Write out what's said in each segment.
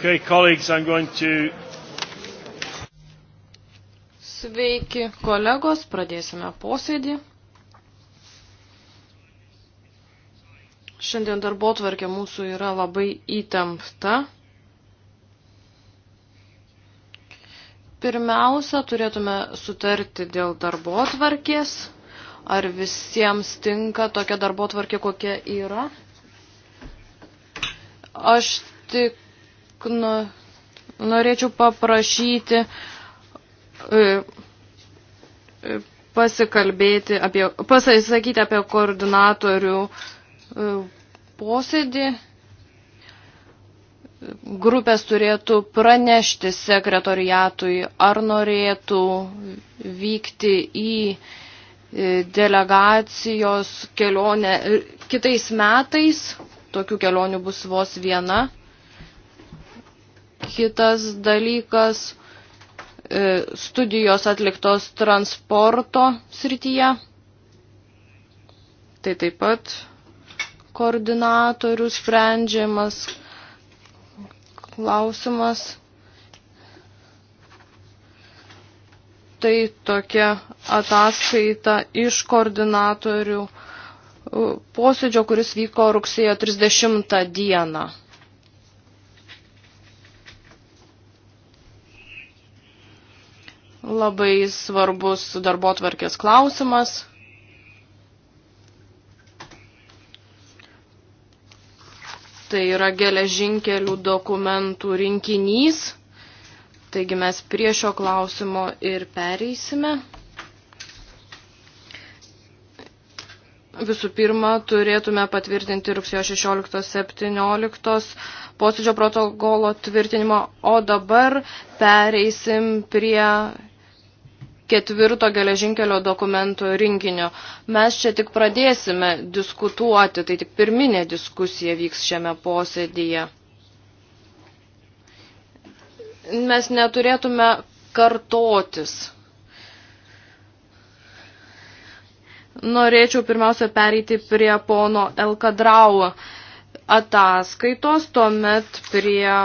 Okay, colleagues, I'm going to... Sveiki, kolegos, pradėsime posėdį. Šiandien darbo tvarkė mūsų yra labai įtempta. Pirmiausia, turėtume sutarti dėl darbo tvarkės. Ar visiems tinka tokia darbo tvarkė, kokia yra? Aš tik tik nu, norėčiau paprašyti e, e, pasikalbėti apie, pasisakyti apie koordinatorių e, posėdį. Grupės turėtų pranešti sekretoriatui, ar norėtų vykti į delegacijos kelionę kitais metais. Tokių kelionių bus vos viena. Kitas dalykas e, - studijos atliktos transporto srityje. Tai taip pat koordinatorių sprendžiamas klausimas. Tai tokia ataskaita iš koordinatorių e, posėdžio, kuris vyko rugsėjo 30 dieną. labai svarbus darbo tvarkės klausimas. Tai yra geležinkelių dokumentų rinkinys. Taigi mes prie šio klausimo ir pereisime. Visų pirma, turėtume patvirtinti rugsėjo 16-17 posėdžio protokolo tvirtinimo, o dabar pereisim prie ketvirto geležinkelio dokumento rinkinio. Mes čia tik pradėsime diskutuoti, tai tik pirminė diskusija vyks šiame posėdyje. Mes neturėtume kartotis. Norėčiau pirmiausia pereiti prie pono Elkadrau ataskaitos, tuomet prie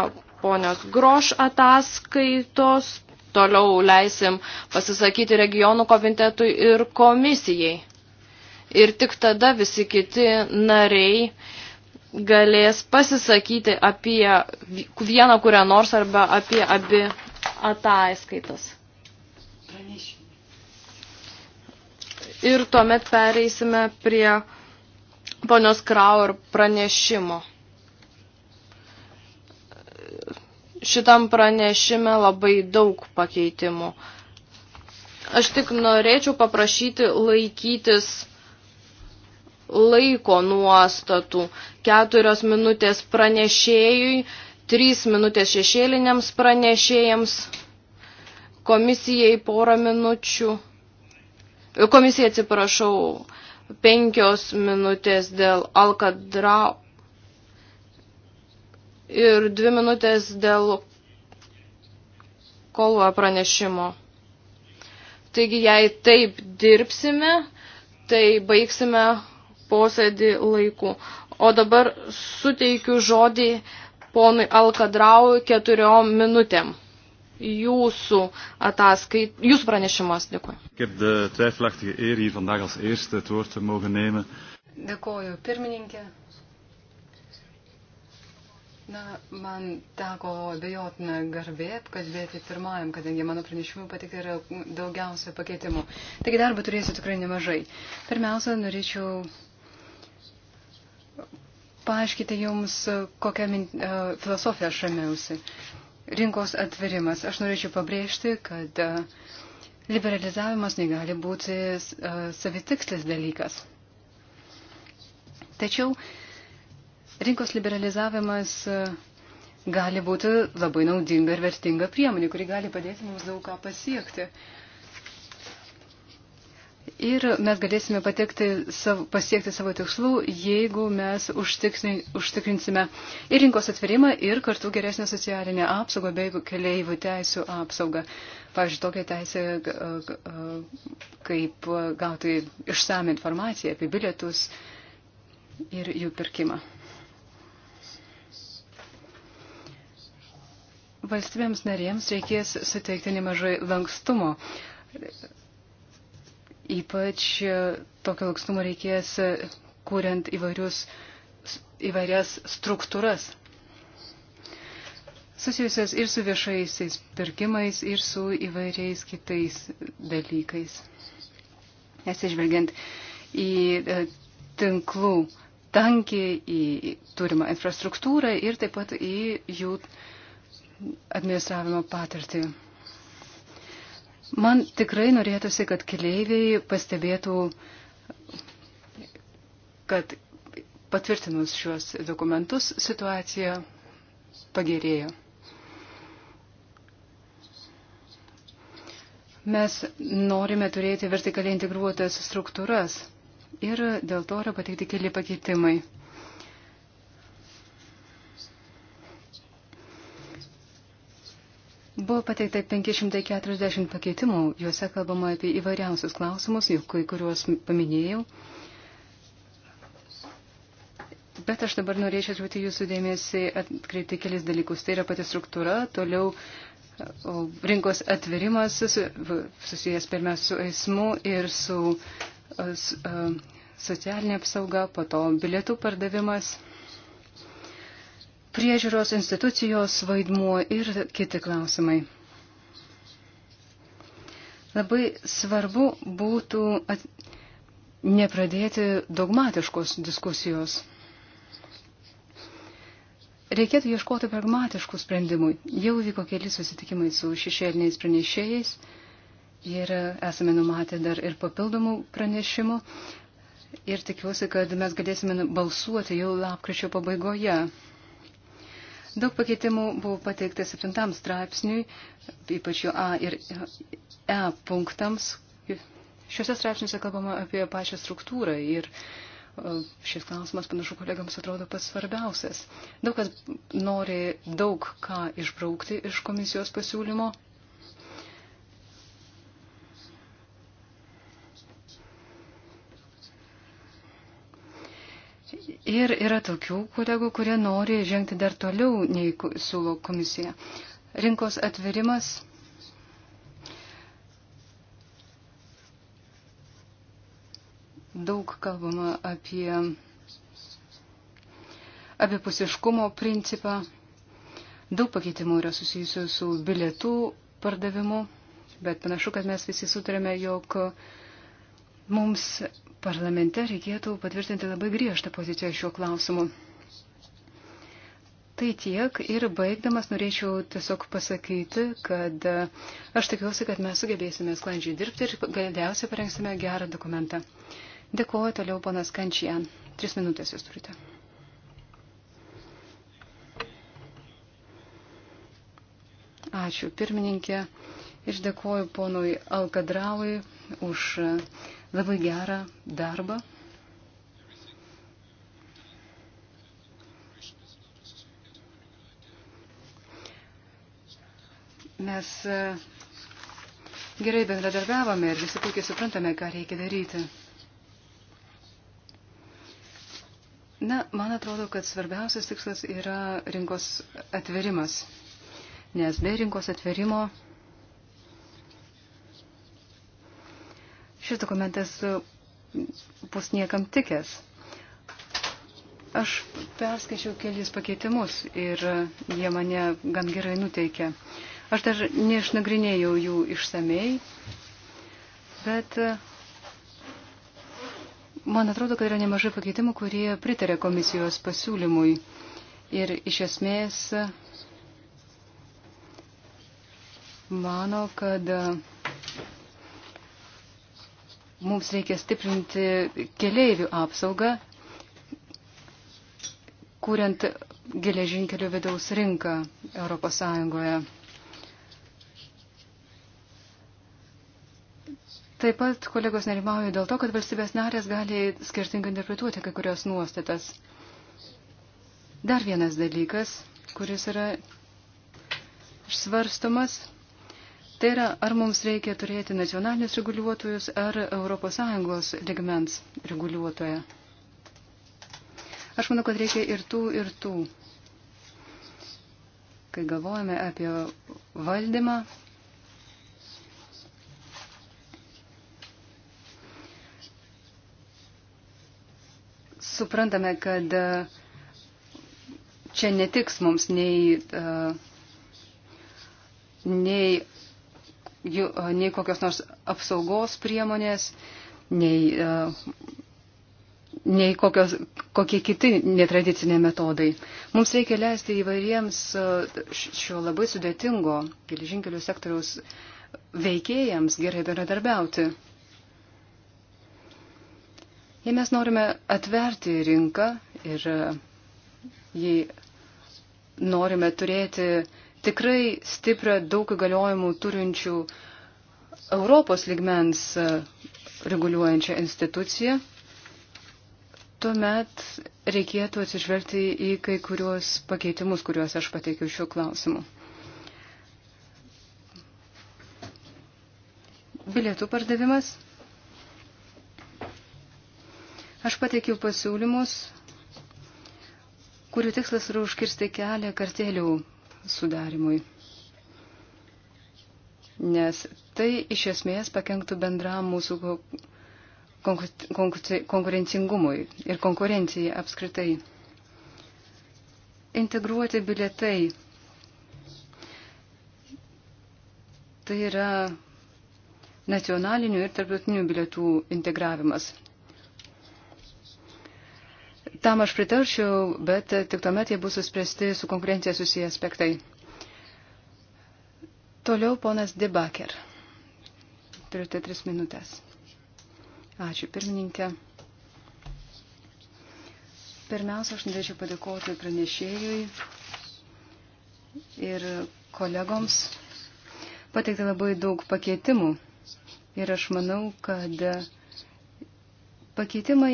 ponios Groš ataskaitos, toliau leisim pasisakyti regionų komitetui ir komisijai. Ir tik tada visi kiti nariai galės pasisakyti apie vieną kurią nors arba apie abi ataskaitas. Ir tuomet pereisime prie ponios Krauer pranešimo. šitam pranešime labai daug pakeitimų. Aš tik norėčiau paprašyti laikytis laiko nuostatų. Keturios minutės pranešėjui, trys minutės šešėliniams pranešėjams, komisijai porą minučių. Komisija atsiprašau, penkios minutės dėl Alkadrao ir dvi minutės dėl koluo pranešimo. Taigi, jei taip dirbsime, tai baigsime posėdį laiku. O dabar suteikiu žodį ponui Alkadrau keturiom minutėm. Jūsų ataskait, jūsų pranešimas, dėkuoju. Dėkuoju, pirmininkė. Na, man teko abejotina garbė apkalbėti pirmajam, kadangi mano pranešimų patikta yra daugiausia pakeitimų. Taigi darbą turėsiu tikrai nemažai. Pirmiausia, norėčiau paaiškinti Jums, kokią min, uh, e, filosofiją aš ramiausi. Rinkos atvirimas. Aš norėčiau pabrėžti, kad uh, liberalizavimas negali būti uh, savitikslis dalykas. Tačiau uh, Rinkos liberalizavimas e, gali būti labai naudinga ir vertinga priemonė, kuri gali padėti mums daug ką pasiekti. Ir mes galėsime patekti, savo, pasiekti savo tikslų, jeigu mes užtikrinsime ir rinkos atvirimą, ir kartu geresnę socialinę apsaugą bei keliaivių teisų apsaugą. Pavyzdžiui, tokia teisė, e, e, kaip gauti išsame informaciją apie bilietus ir jų pirkimą. valstybėms narėms reikės suteikti nemažai lankstumo. Ypač e, tokio lankstumo reikės e, kuriant įvairius, įvairias struktūras susijusias ir su viešaisiais pirkimais, ir su įvairiais kitais dalykais. Nesižvelgiant į e, tinklų tankį, į turimą infrastruktūrą ir taip pat į jų uh, administravimo patirtį. Man tikrai norėtųsi, kad keleiviai pastebėtų, kad patvirtinus šiuos dokumentus situacija pagerėjo. Mes norime turėti vertikaliai integruotas struktūras ir dėl to yra pateikti keli pakeitimai. Buvo pateikta 540 pakeitimų, juose kalbama apie įvairiausius klausimus, jau kai kuriuos paminėjau. Bet aš dabar norėčiau atkreipti jūsų dėmesį, atkreipti kelis dalykus. Tai yra pati struktūra, toliau rinkos atvirimas susijęs pirmiausia su eismu ir su socialinė apsauga, po to bilietų pardavimas priežiūros institucijos vaidmuo ir kiti klausimai. Labai svarbu būtų at... nepradėti dogmatiškos diskusijos. Reikėtų ieškoti pragmatiškų sprendimų. Jau vyko keli susitikimai su šešėliniais pranešėjais ir esame numatę dar ir papildomų pranešimų. Ir tikiuosi, kad mes galėsime balsuoti jau lapkričio pabaigoje. Daug pakeitimų buvo pateikta septintam straipsniui, ypač jo A ir E punktams. Šiuose straipsniuose kalbama apie pačią struktūrą ir e, šis klausimas, panašu, kolegams atrodo pats svarbiausias. Daug kas nori daug ką išbraukti iš komisijos pasiūlymo, Ir yra tokių kolegų, kurie nori žengti dar toliau nei siūlo komisija. Rinkos atvirimas. Daug kalbama apie abipusiškumo principą. Daug pakeitimų yra susijusių su bilietų pardavimu, bet panašu, kad mes visi sutarėme, jog mums parlamente reikėtų patvirtinti labai griežtą poziciją šiuo klausimu. Tai tiek ir baigdamas norėčiau tiesiog pasakyti, kad e, aš tikiuosi, kad mes sugebėsime sklandžiai dirbti ir galiausiai parengsime gerą dokumentą. Dėkuoju toliau, ponas Kančijan. Tris minutės jūs turite. Ačiū pirmininkė ir dėkuoju ponui Alkadraui už labai gerą darbą. Mes e, gerai bendradarbiavome ir visi puikiai suprantame, ką reikia daryti. Na, man atrodo, kad svarbiausias tikslas yra rinkos atverimas, nes be rinkos atverimo šis dokumentas mm, bus niekam tikęs. Aš perskaičiau kelis pakeitimus ir jie mane gan gerai nuteikė. Aš dar neišnagrinėjau jų išsamei, bet e, man atrodo, kad yra nemažai pakeitimų, kurie pritarė komisijos pasiūlymui. Ir iš esmės mano, kad mums reikia stiprinti keleivių apsaugą, kuriant geležinkelio vidaus rinką Europos Sąjungoje. Taip pat kolegos nerimauja dėl to, kad valstybės narės gali skirtingai interpretuoti kai kurios nuostatas. Dar vienas dalykas, kuris yra svarstomas Tai yra, ar mums reikia turėti nacionalinius reguliuotojus ar ES ligmens reguliuotoją. Aš manau, kad reikia ir tų, ir tų. Kai galvojame apie valdymą, suprantame, kad čia netiks mums nei, nei jų, e, nei kokios nors apsaugos priemonės, nei, e, nei kokios, kokie kiti netradiciniai metodai. Mums reikia leisti įvairiems e, šio labai sudėtingo geležinkelių sektoriaus veikėjams gerai bendradarbiauti. Jei mes norime atverti rinką ir jei norime turėti uh, tikrai stiprią daug įgaliojimų turinčių Europos ligmens e, reguliuojančią instituciją, tuomet reikėtų atsižvelgti į kai kuriuos pakeitimus, kuriuos aš pateikiu šiuo klausimu. Bilietų pardavimas. Aš pateikiau pasiūlymus, kurių tikslas yra užkirsti kelią kartelių sudarimui. Nes tai iš esmės pakenktų bendram mūsų konkurencingumui ir konkurencijai apskritai. Integruoti bilietai. Tai yra nacionalinių ir tarptautinių bilietų integravimas. Tam aš pritarčiau, bet tik tuomet jie bus suspręsti su konkurencija susiję aspektai. Toliau ponas Debaker. Turite tris minutės. Ačiū, pirmininkė. Pirmiausia, aš norėčiau padėkoti pranešėjui ir kolegoms. Pateikta labai daug pakeitimų. Ir aš manau, kad pakeitimai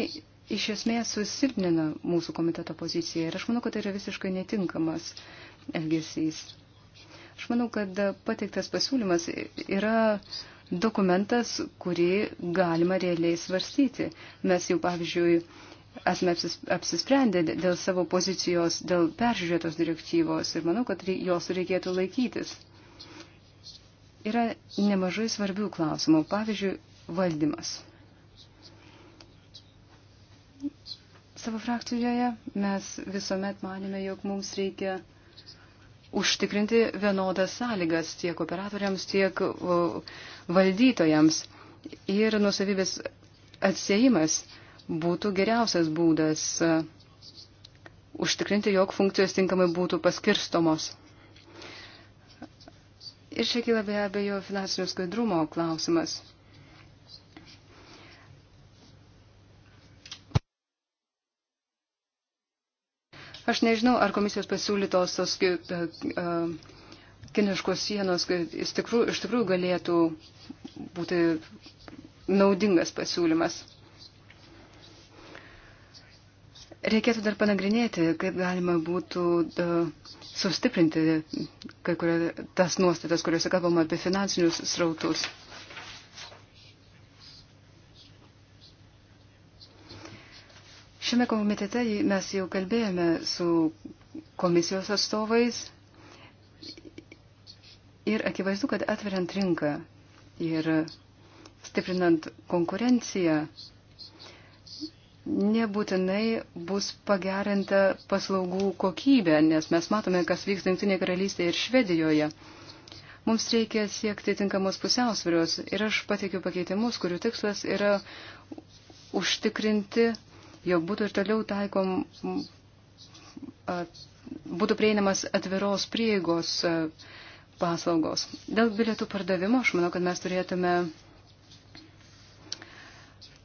iš esmės susilpnina mūsų komiteto poziciją ir aš manau, kad tai yra visiškai netinkamas elgesys. Aš manau, kad pateiktas pasiūlymas yra dokumentas, kurį galima realiai svarstyti. Mes jau, pavyzdžiui, esame apsisprendę dėl savo pozicijos, dėl peržiūrėtos direktyvos ir manau, kad jos reikėtų laikytis. Yra nemažai svarbių klausimų, pavyzdžiui, valdymas savo frakcijoje mes visuomet manėme, jog mums reikia užtikrinti vienodas sąlygas tiek operatoriams, tiek valdytojams. Ir nusavybės atsėjimas būtų geriausias būdas e, užtikrinti, jog funkcijos tinkamai būtų paskirstomos. Ir čia kyla be abejo finansinio skaidrumo klausimas. Aš nežinau, ar komisijos pasiūlytos tos e, e, kiniškos sienos iš tikrųjų, iš tikrųjų galėtų būti naudingas pasiūlymas. Reikėtų dar panagrinėti, kaip galima būtų da, e, sustiprinti kai kurio, tas nuostatas, kuriuose kalbama apie finansinius srautus. Šiame komitete mes jau kalbėjome su komisijos atstovais ir akivaizdu, kad atveriant rinką ir stiprinant konkurenciją nebūtinai bus pagerinta paslaugų kokybė, nes mes matome, kas vyksta Junktinėje karalystėje ir Švedijoje. Mums reikia siekti tinkamos pusiausvėros ir aš pateikiu pakeitimus, kurių tikslas yra užtikrinti jog būtų ir toliau taikom, būtų prieinamas atviros prieigos paslaugos. Dėl bilietų pardavimo aš manau, kad mes turėtume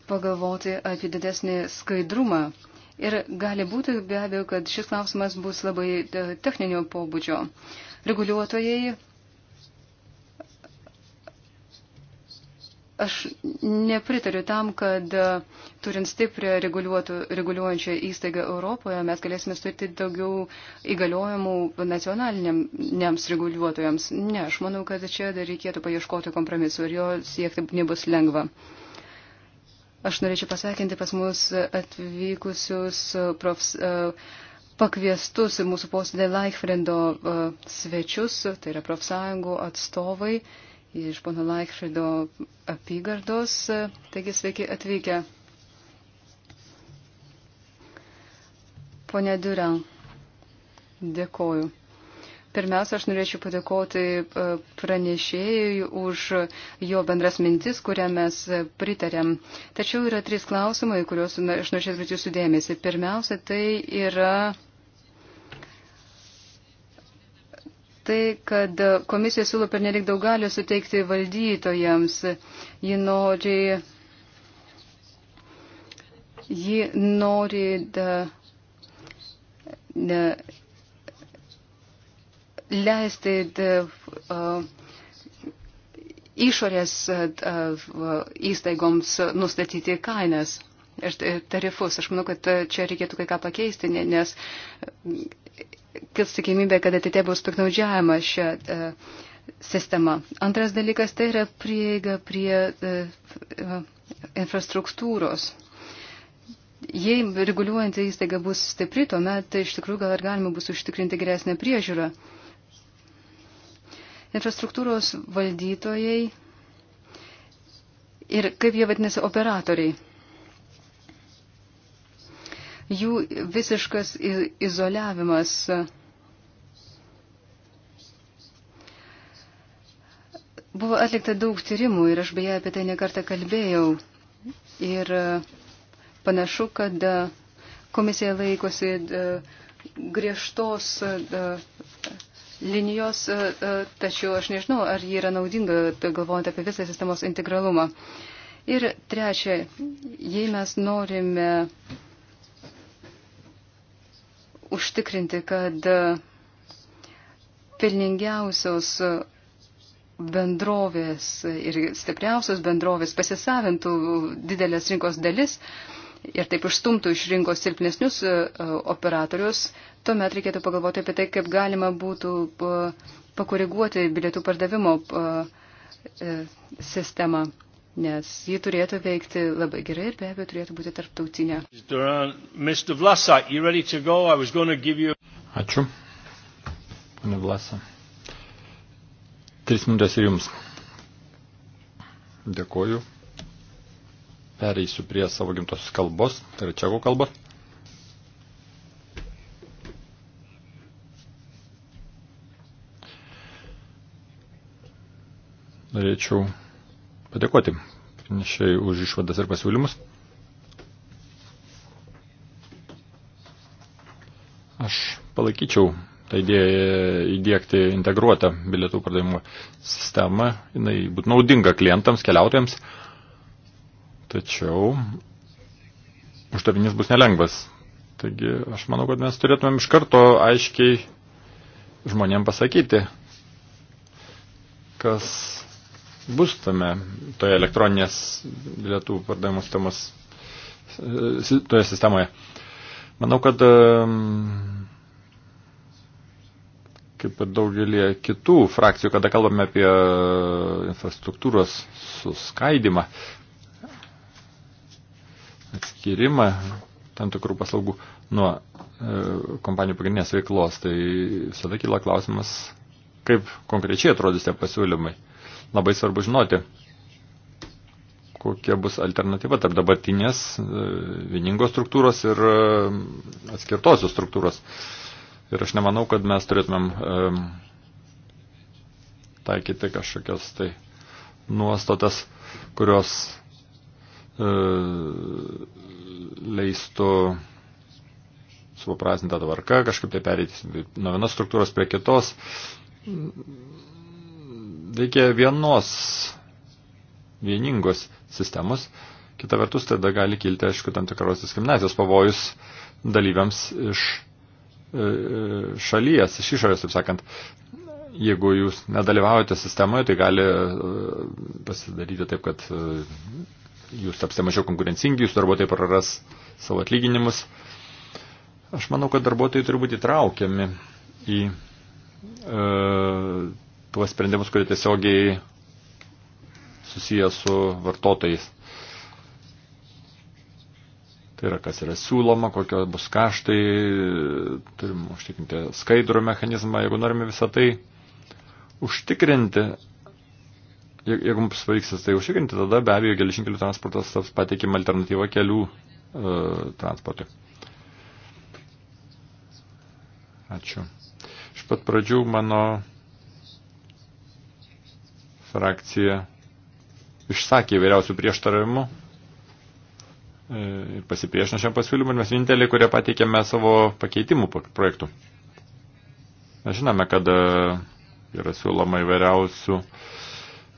pagalvoti apie didesnį skaidrumą. Ir gali būti be abejo, kad šis klausimas bus labai e, techninio pobūdžio. Reguliuotojai Aš nepritariu tam, kad e, turint stiprią reguliuojančią įstaigą Europoje, mes galėsime turėti daugiau įgaliojimų nacionaliniams reguliuotojams. Ne, aš manau, kad čia dar reikėtų paieškoti kompromisu ir jo siekti nebus lengva. Aš norėčiau pasveikinti pas mus atvykusius e, profs, e, pakviestus mūsų posėdė Laikfrendo svečius, tai yra profsąjungų atstovai iš pono Laikšrido apygardos. Taigi sveiki atvykę. Pone Duran, dėkoju. Pirmiausia, aš norėčiau padėkoti e, pranešėjui už jo bendras mintis, kurią mes pritarėm. Tačiau yra trys klausimai, kuriuos aš norėčiau atkreipti jūsų dėmesį. Pirmiausia, tai yra tai, kad komisija siūlo per nelik daug galių suteikti valdytojams. Ji nori, ji nori da, ne, leisti da, uh, išorės uh, įstaigoms nustatyti kainas ir tarifus. Aš manau, kad čia reikėtų kai ką pakeisti, nes kils tikimybė, kad ateitie bus piknaudžiavama šią e, sistemą. Antras dalykas tai yra prieiga prie e, infrastruktūros. Jei reguliuojantį įstaigą bus stipri, tuomet tai iš tikrųjų gal ir galima bus užtikrinti geresnę priežiūrą. Infrastruktūros valdytojai ir kaip jie vadinasi operatoriai jų visiškas izoliavimas. Buvo atlikta daug tyrimų ir aš beje apie tai nekartą kalbėjau. Ir e, panašu, kad e, komisija laikosi e, griežtos linijos, tačiau aš nežinau, ar ji yra naudinga, tai galvojant apie visą sistemos integralumą. Ir trečia, jei mes norime užtikrinti, kad pelningiausios bendrovės ir stipriausios bendrovės pasisavintų didelės rinkos dalis ir taip išstumtų iš rinkos silpnesnius e, operatorius, tuomet reikėtų pagalvoti apie tai, kaip galima būtų e, pakoreguoti bilietų pardavimo e, sistemą nes ji turėtų veikti labai gerai ir be abejo turėtų būti tarptautinė. Ačiū. Pane Vlasa. Tris minutės ir jums. Dėkuoju. Pereisiu prie savo gimtosios kalbos, tai yra čekų kalba. Norėčiau padėkoti pranešėjai už išvadas ir pasiūlymus. Aš palaikyčiau tą idėją įdėkti integruotą bilietų pardavimo sistemą. Jis būtų naudinga klientams, keliautojams. Tačiau uždavinys bus nelengvas. Taigi aš manau, kad mes turėtumėm iš karto aiškiai žmonėm pasakyti, kas bus tame, toje elektroninės bilietų pardavimo sistemos, toje sistemoje. Manau, kad kaip ir daugelį kitų frakcijų, kada kalbame apie infrastruktūros suskaidimą, atskirimą tam tikrų paslaugų nuo e, kompanijų pagrindinės veiklos, tai visada kyla klausimas, kaip konkrečiai atrodys tie pasiūlymai labai svarbu žinoti, kokia bus alternatyva tarp dabartinės e, vieningos struktūros ir e, atskirtosios struktūros. Ir aš nemanau, kad mes turėtumėm e, taikyti kažkokias tai nuostatas, kurios leistų supaprasintą tvarką, kažkaip tai perėti nuo vienos struktūros prie kitos reikia vienos, vieningos sistemos. Kita vertus, tada gali kilti, aišku, tam tikros diskriminacijos pavojus dalyviams iš e, šalies, iš išorės, taip sakant. Jeigu jūs nedalyvaujate sistemoje, tai gali e, pasidaryti taip, kad e, jūs tapsite mažiau konkurencingi, jūsų darbuotojai praras savo atlyginimus. Aš manau, kad darbuotojai turi būti traukiami į e, tuos sprendimus, kurie tiesiogiai susiję su vartotojais. Tai yra, kas yra siūloma, kokio bus kaštai, turim užtikrinti skaidrų mechanizmą, jeigu norime visą tai užtikrinti, jeigu mums pavyksis tai užtikrinti, tada be abejo geležinkelių transportas taps pateikim alternatyvą kelių e, transportui. Ačiū. Iš pat pradžių mano frakcija išsakė įvairiausių prieštaravimų e, ir pasipriešino šiam pasiūlymui, ir mes vieninteliai, kurie pateikėme savo pakeitimų projektų. Mes žinome, kad e, yra siūloma įvairiausių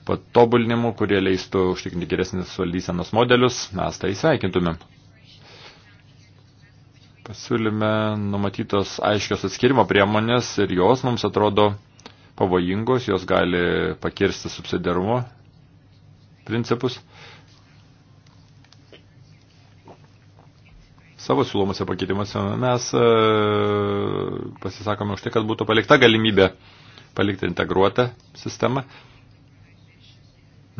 patobulinimų, kurie leistų užtikrinti geresnis valdysenos modelius, mes tai sveikintumėm. Pasiūlyme numatytos aiškios atskirimo priemonės ir jos mums atrodo pavojingos, jos gali pakirsti subsidiarumo principus. Savo siūlomose pakeitimuose mes e, pasisakome už tai, kad būtų palikta galimybė palikti integruotą sistemą.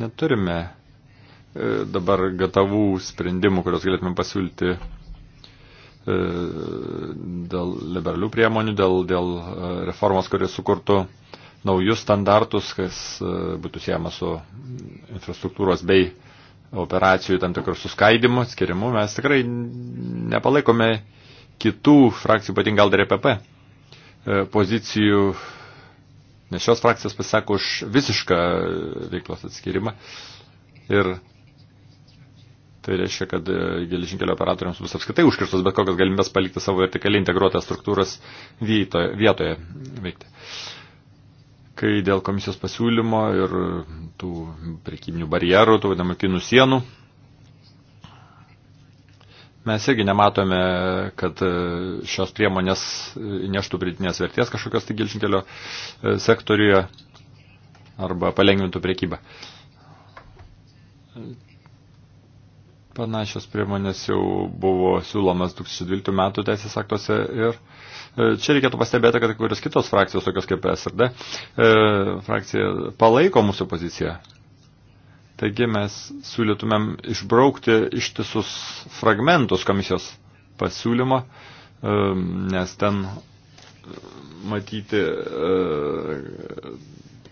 Neturime e, dabar gatavų sprendimų, kurios galėtume pasiūlyti e, dėl liberalių priemonių, dėl, dėl reformos, kuris sukurtų naujus standartus, kas e, būtų siejama su infrastruktūros bei operacijų tam tikrų suskaidimų, skirimų. Mes tikrai nepalaikome kitų frakcijų, ypatingai gal dar EPP e, pozicijų, nes šios frakcijos pasisako už visišką veiklos atskirimą. Ir Tai reiškia, kad e, geležinkelio operatoriams bus apskaitai užkirstos bet kokias galimybės palikti savo vertikaliai integruotas struktūras vietoje, vietoje veikti kai dėl komisijos pasiūlymo ir tų prekybinių barjerų, tų vadinamų kinų sienų, mes irgi nematome, kad šios priemonės neštų pridinės vertės kažkokios tai gilžinkelio e, sektoriuje arba palengvintų priekybą. Panašios priemonės jau buvo siūlomas 2012 metų teisės aktuose ir E, čia reikėtų pastebėti, kad kurios kitos frakcijos, tokios kaip SRD, e, frakcija palaiko mūsų poziciją. Taigi mes siūlytumėm išbraukti ištisus fragmentus komisijos pasiūlymo, e, nes ten matyti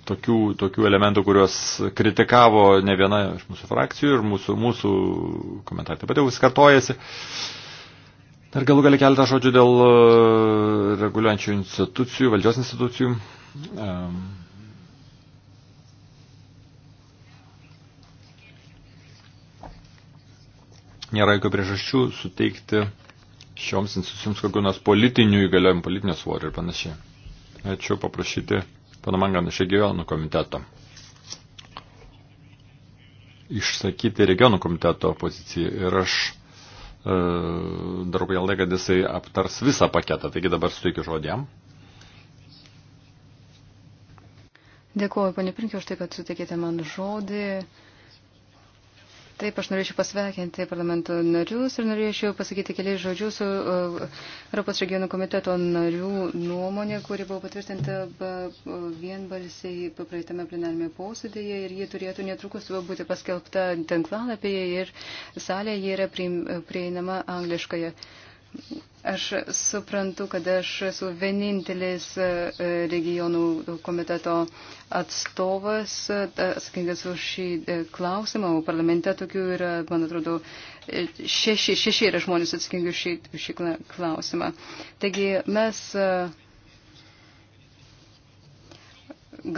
tokių, tokių elementų, kuriuos kritikavo ne viena iš mūsų frakcijų ir mūsų, mūsų komentarai taip pat jau vis kartojasi. Uh, Dar galų gali keletą žodžių dėl e, reguliuojančių institucijų, valdžios institucijų. Nėra jokio priežasčių suteikti šioms institucijoms kokiu nors politinių įgaliojimų, politinio svorio ir panašiai. Ačiū paprašyti pana Manganą iš regionų komiteto. Išsakyti regionų komiteto poziciją ir aš E, darau prielaidą, kad jisai aptars visą paketą. Taigi dabar suteikiu žodį jam. Dėkuoju, panė Prinkė, už tai, kad sutikėte man žodį. Taip, aš norėčiau pasveikinti parlamento narius ir norėčiau pasakyti keliais žodžius su uh, Europos regionų komiteto narių nuomonė, kuri buvo patvirtinta vienbalsiai praeitame plenarime posėdėje ir ji turėtų netrukus būti paskelbta tinklalapyje ir salėje yra prieinama angliškoje Aš suprantu, kad aš esu vienintelis e, regionų komiteto atstovas, e, atsakingas už šį e, klausimą, o parlamente tokių yra, man atrodo, šeši, šeši yra žmonės atsakingi už šį, šį klausimą. Taigi mes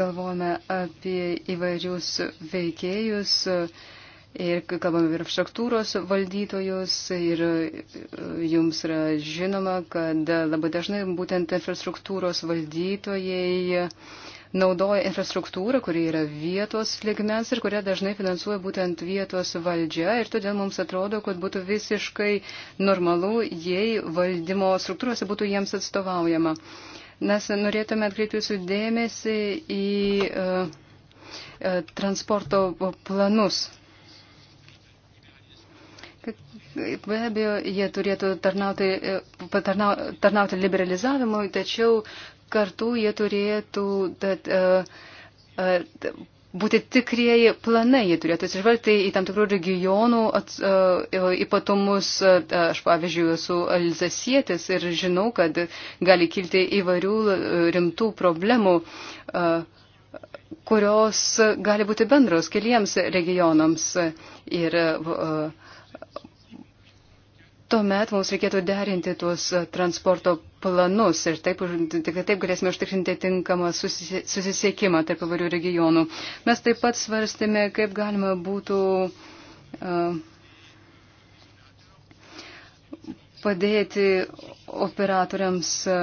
galvojame apie įvairius veikėjus, uh, Ir kalbame ir infrastruktūros valdytojus, ir e, jums yra žinoma, kad labai dažnai būtent infrastruktūros valdytojai naudoja infrastruktūrą, kuri yra vietos ligmens ir kurią dažnai finansuoja būtent vietos valdžia. Ir todėl mums atrodo, kad būtų visiškai normalu, jei valdymo struktūrose būtų jiems atstovaujama. Mes norėtume atkreipti jūsų dėmesį į uh, uh, transporto planus Be abejo, jie turėtų tarnauti, e, patarnau, tarnauti liberalizavimui, tačiau kartu jie turėtų tad, uh, uh, būti tikrieji planai, jie turėtų atsižvelgti į tam tikrų regionų at, uh, ypatumus. Aš, pavyzdžiui, esu Alzasietis ir žinau, kad gali kilti įvairių rimtų problemų. Uh, kurios gali būti bendros keliems regionams ir uh, tuomet mums reikėtų derinti tuos e, transporto planus ir taip, tik taip galėsime užtikrinti tinkamą susisiekimą tarp įvairių regionų. Mes taip pat svarstėme, kaip galima būtų e, padėti operatoriams e,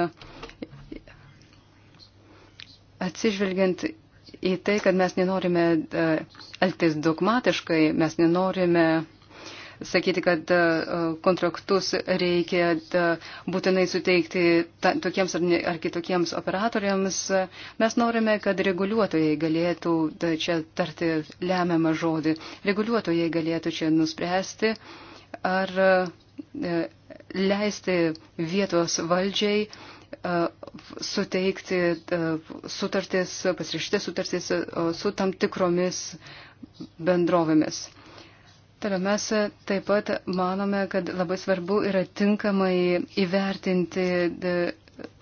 atsižvelgiant į tai, kad mes nenorime elgtis dogmatiškai, mes nenorime sakyti, kad e, kontraktus reikia e, būtinai suteikti tokiems ar kitokiems operatoriams. Mes norime, kad reguliuotojai galėtų e, čia tarti lemiamą žodį. Reguliuotojai galėtų čia nuspręsti, ar leisti vietos valdžiai suteikti sutartis, pasirašyti sutartis su tam tikromis bendrovėmis. Toliau mes taip pat manome, kad labai svarbu yra tinkamai įvertinti de,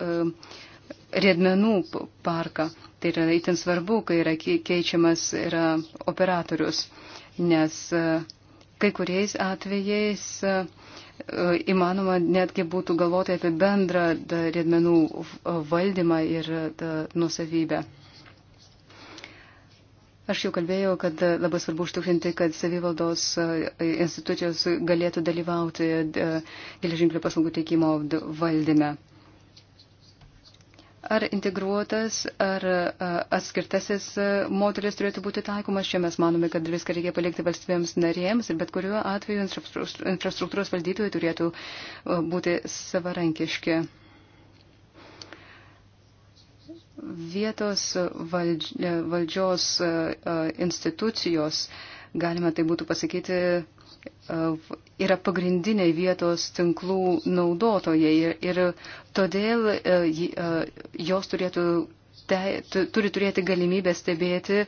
uh, e, riedmenų parką. Tai yra itin svarbu, kai yra keičiamas yra operatorius, nes uh, kai kuriais atvejais uh, įmanoma netgi būtų galvoti apie bendrą da, riedmenų valdymą ir da, nusavybę. Aš jau kalbėjau, kad labai svarbu užtikrinti, kad savivaldos e, institucijos galėtų dalyvauti e, geležinkelio paslaugų teikimo valdyme. Ar integruotas, ar e, atskirtasis modelis turėtų būti taikomas, čia mes manome, kad viską reikia palikti valstybėms narėms ir bet kuriuo atveju infrastruktūros valdytojai turėtų būti savarankiški vietos e, valdžios e, e, institucijos, galima tai būtų pasakyti, yra pagrindiniai vietos tinklų naudotojai ir, ir todėl jos turėtų, te, turi turėti galimybę stebėti,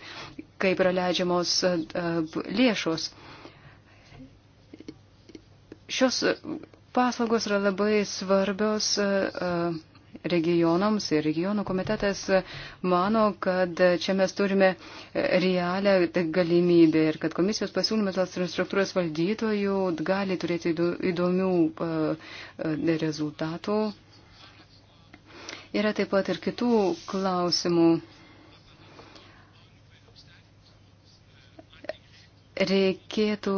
kaip yra leidžiamos lėšos. Šios paslaugos yra labai svarbios. Uh, regionams ir regionų komitetas mano, kad čia mes turime realią galimybę ir kad komisijos pasiūlymas dėl struktūros valdytojų gali turėti įdomių e, rezultatų. Yra taip pat ir kitų klausimų. Reikėtų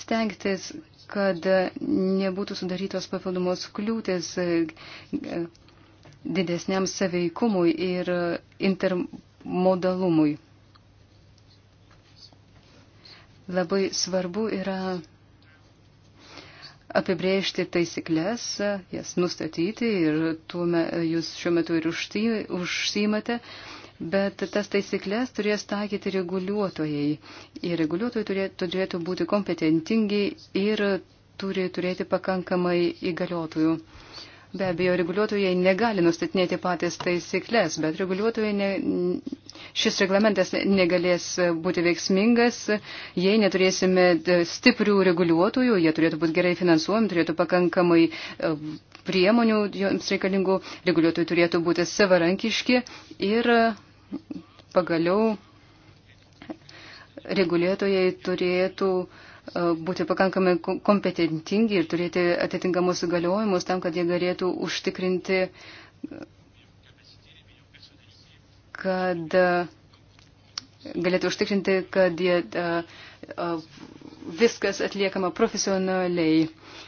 stengtis, kad nebūtų sudarytos papildomos kliūtis e, didesniam saveikumui ir intermodalumui. Labai svarbu yra apibrėžti taisyklės, jas nustatyti ir tuo jūs šiuo metu ir užsimate. Užsi bet tas taisyklės turės taikyti reguliuotojai. Ir reguliuotojai turėtų, turėtų būti kompetentingi ir turi turėti pakankamai įgaliotojų. Be abejo, reguliuotojai negali nustatinėti patys taisyklės, bet reguliuotojai ne, šis reglamentas negalės būti veiksmingas, jei neturėsime stiprių reguliuotojų, jie turėtų būti gerai finansuojami, turėtų pakankamai e, priemonių joms reikalingų, reguliuotojai turėtų būti savarankiški ir Pagaliau reguliuotojai turėtų e, būti pakankamai kompetentingi ir turėti atitinkamus įgaliojimus tam, kad jie galėtų užtikrinti, kad galėtų užtikrinti, kad jie, e, e, viskas atliekama profesionaliai. Uh,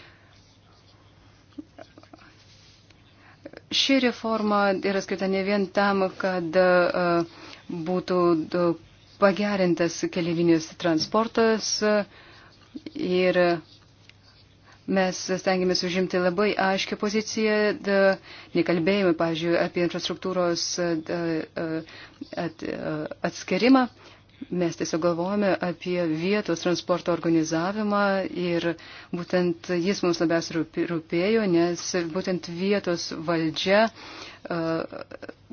Ši reforma yra skirta ne vien tam, kad e, būtų pagerintas keliavinis transportas ir mes stengiamės užimti labai aiškę poziciją, da, nekalbėjimai, pavyzdžiui, apie infrastruktūros da, e, at, e, atskirimą. At, Mes tiesiog galvojame apie vietos transporto organizavimą ir būtent jis mums labiausiai rūpėjo, nes būtent vietos valdžia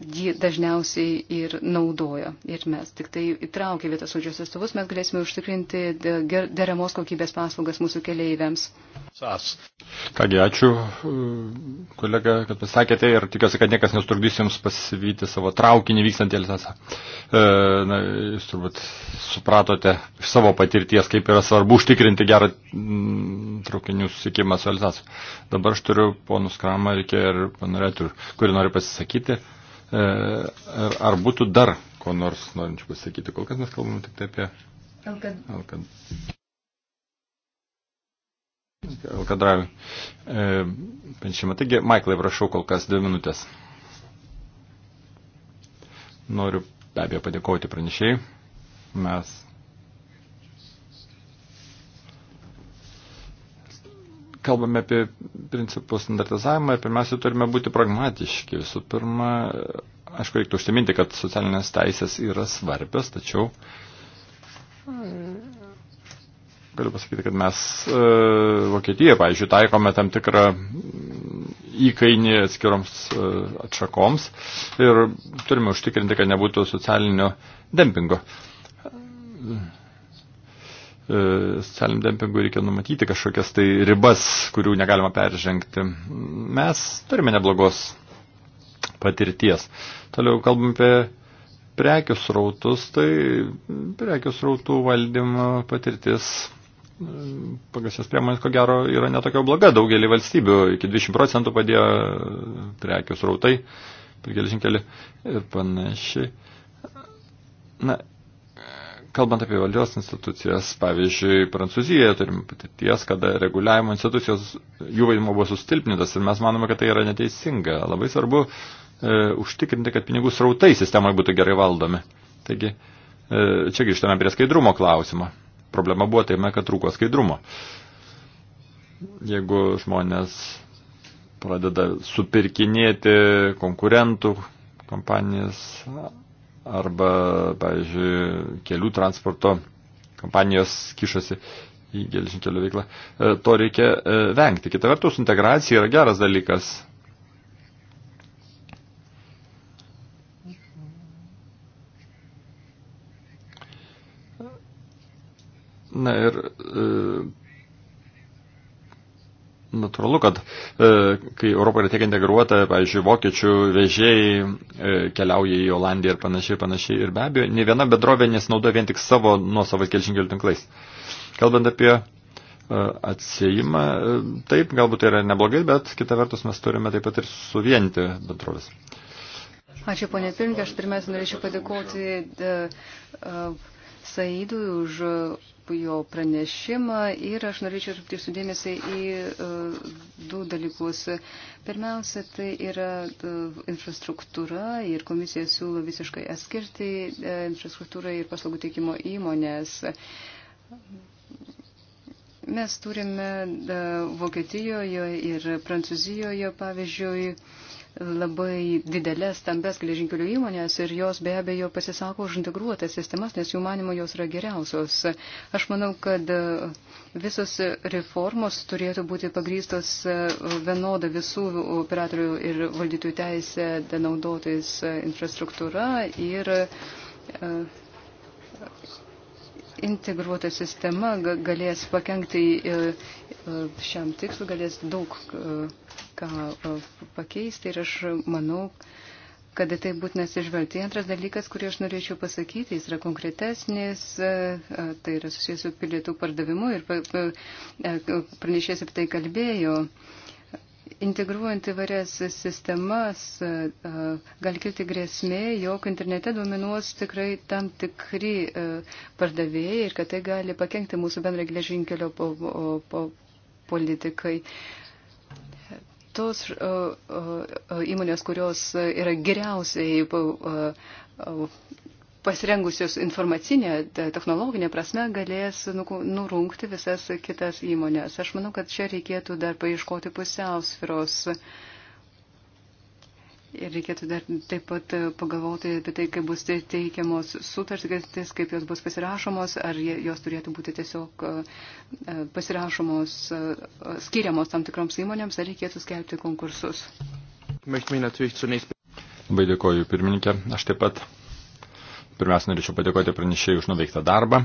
jį dažniausiai ir naudoja. Ir mes tik tai įtraukę vietos valdžios atstovus mes galėsime užtikrinti deramos kokybės paslaugas mūsų keleiviams. Sas. Kągi, ačiū kolega, kad pasakėte ir tikiuosi, kad niekas nesutrukdys jums pasivyti savo traukinį vykstant į Elsasą. E, na, jūs turbūt supratote iš savo patirties, kaip yra svarbu užtikrinti gerą mm, traukinių susikimą su Elsasu. Dabar aš turiu ponus Kramą ir Panuretur, kuri nori pasakyti pasisakyti, e, ar, ar būtų dar ko nors norinčių pasisakyti. Kol kas mes kalbame tik tai apie. Alkad. Alkad. Alkadravi. E, penšimą. Taigi, Maiklai, prašau kol kas dvi minutės. Noriu be abejo padėkoti pranešėjai. Mes kalbame apie principų standartizavimą, pirmiausia, turime būti pragmatiški. Visų pirma, aišku, reiktų užsiminti, kad socialinės teisės yra svarbios, tačiau galiu pasakyti, kad mes e, Vokietijoje, pavyzdžiui, taikome tam tikrą įkainį atskiroms e, atšakoms ir turime užtikrinti, kad nebūtų socialinio dempingo. E, E, socialiniam dempingui reikia numatyti kažkokias tai ribas, kurių negalima peržengti. Mes turime neblogos patirties. Toliau kalbam apie prekių srautus, tai prekių srautų valdymo patirtis e, pagal šias priemonės, ko gero, yra netokia bloga daugelį valstybių. Iki 20 procentų padėjo prekių srautai per geležinkelį ir panašiai. Na, Kalbant apie valdžios institucijas, pavyzdžiui, Prancūzijoje turime patirties, kada reguliavimo institucijos jų vaidmo buvo sustilpnintas ir mes manome, kad tai yra neteisinga. Labai svarbu e, užtikrinti, kad pinigų srautai sistemoje būtų gerai valdomi. Taigi, e, čia grįžtame prie skaidrumo klausimo. Problema buvo tame, kad trūko skaidrumo. Jeigu žmonės pradeda supirkinėti konkurentų kompanijas arba, pavyzdžiui, kelių transporto kompanijos kišasi į gelžinkelio veiklą. E, to reikia e, vengti. Kita vertus, integracija yra geras dalykas. Na ir e, Natūralu, kad e, kai Europa yra tiek integruota, pavyzdžiui, vokiečių vežėjai e, keliauja į Olandiją ir panašiai, panašiai. Ir be abejo, ne viena bedrovė nesinaudoja vien tik savo nuosavais kelšinkelių tinklais. Kalbant apie e, atsėjimą, taip, galbūt tai yra neblogai, bet kita vertus mes turime taip pat ir suvienti bedrovės. Ačiū, ponė Pirmke, aš pirmiausia norėčiau padėkoti Saidui už jo pranešimą ir aš norėčiau atkreipti sudėmėsi į uh, du dalykus. Pirmiausia, tai yra uh, infrastruktūra ir komisija siūlo visiškai atskirti uh, infrastruktūrą ir paslaugų teikimo įmonės. Mes turime uh, Vokietijoje ir Prancūzijoje, pavyzdžiui, uh, labai didelės, stambes geležinkelių įmonės ir jos be abejo pasisako už integruotas sistemas, nes jų manimo jos yra geriausios. Aš manau, kad e, visos reformos turėtų būti pagrystos e, vienoda visų operatorių ir valdytojų teisė naudotis e, infrastruktūra ir integruota sistema galės pakengti šiam tikslu, galės daug ką pakeisti ir aš manau, kad tai būtinas išvelgti. Antras dalykas, kurį aš norėčiau pasakyti, jis yra konkretesnis, e, e, tai yra susijęs su pilietų pardavimu ir e, pranešės apie tai kalbėjo. Integruojant įvairias sistemas gali kilti grėsmė, jog internete dominuos tikrai tam tikri pardavėjai ir kad tai gali pakengti mūsų bendrai geležinkelio politikai tos e, e, e, įmonės, kurios yra geriausiai pasirengusios informacinė, technologinė prasme galės nurungti visas kitas įmonės. Aš manau, kad čia reikėtų dar paieškoti pusiausviros. Uh, Ir reikėtų dar taip pat e, pagalvoti apie tai, kaip bus teikiamos sutartys, kaip jos bus pasirašomos, ar jos turėtų būti tiesiog e, e, pasirašomos, skiriamos tam tikroms įmonėms, ar reikėtų skelbti konkursus. Labai dėkoju pirmininkė. Aš taip pat pirmiausia norėčiau padėkoti pranešėjai už nuveiktą darbą.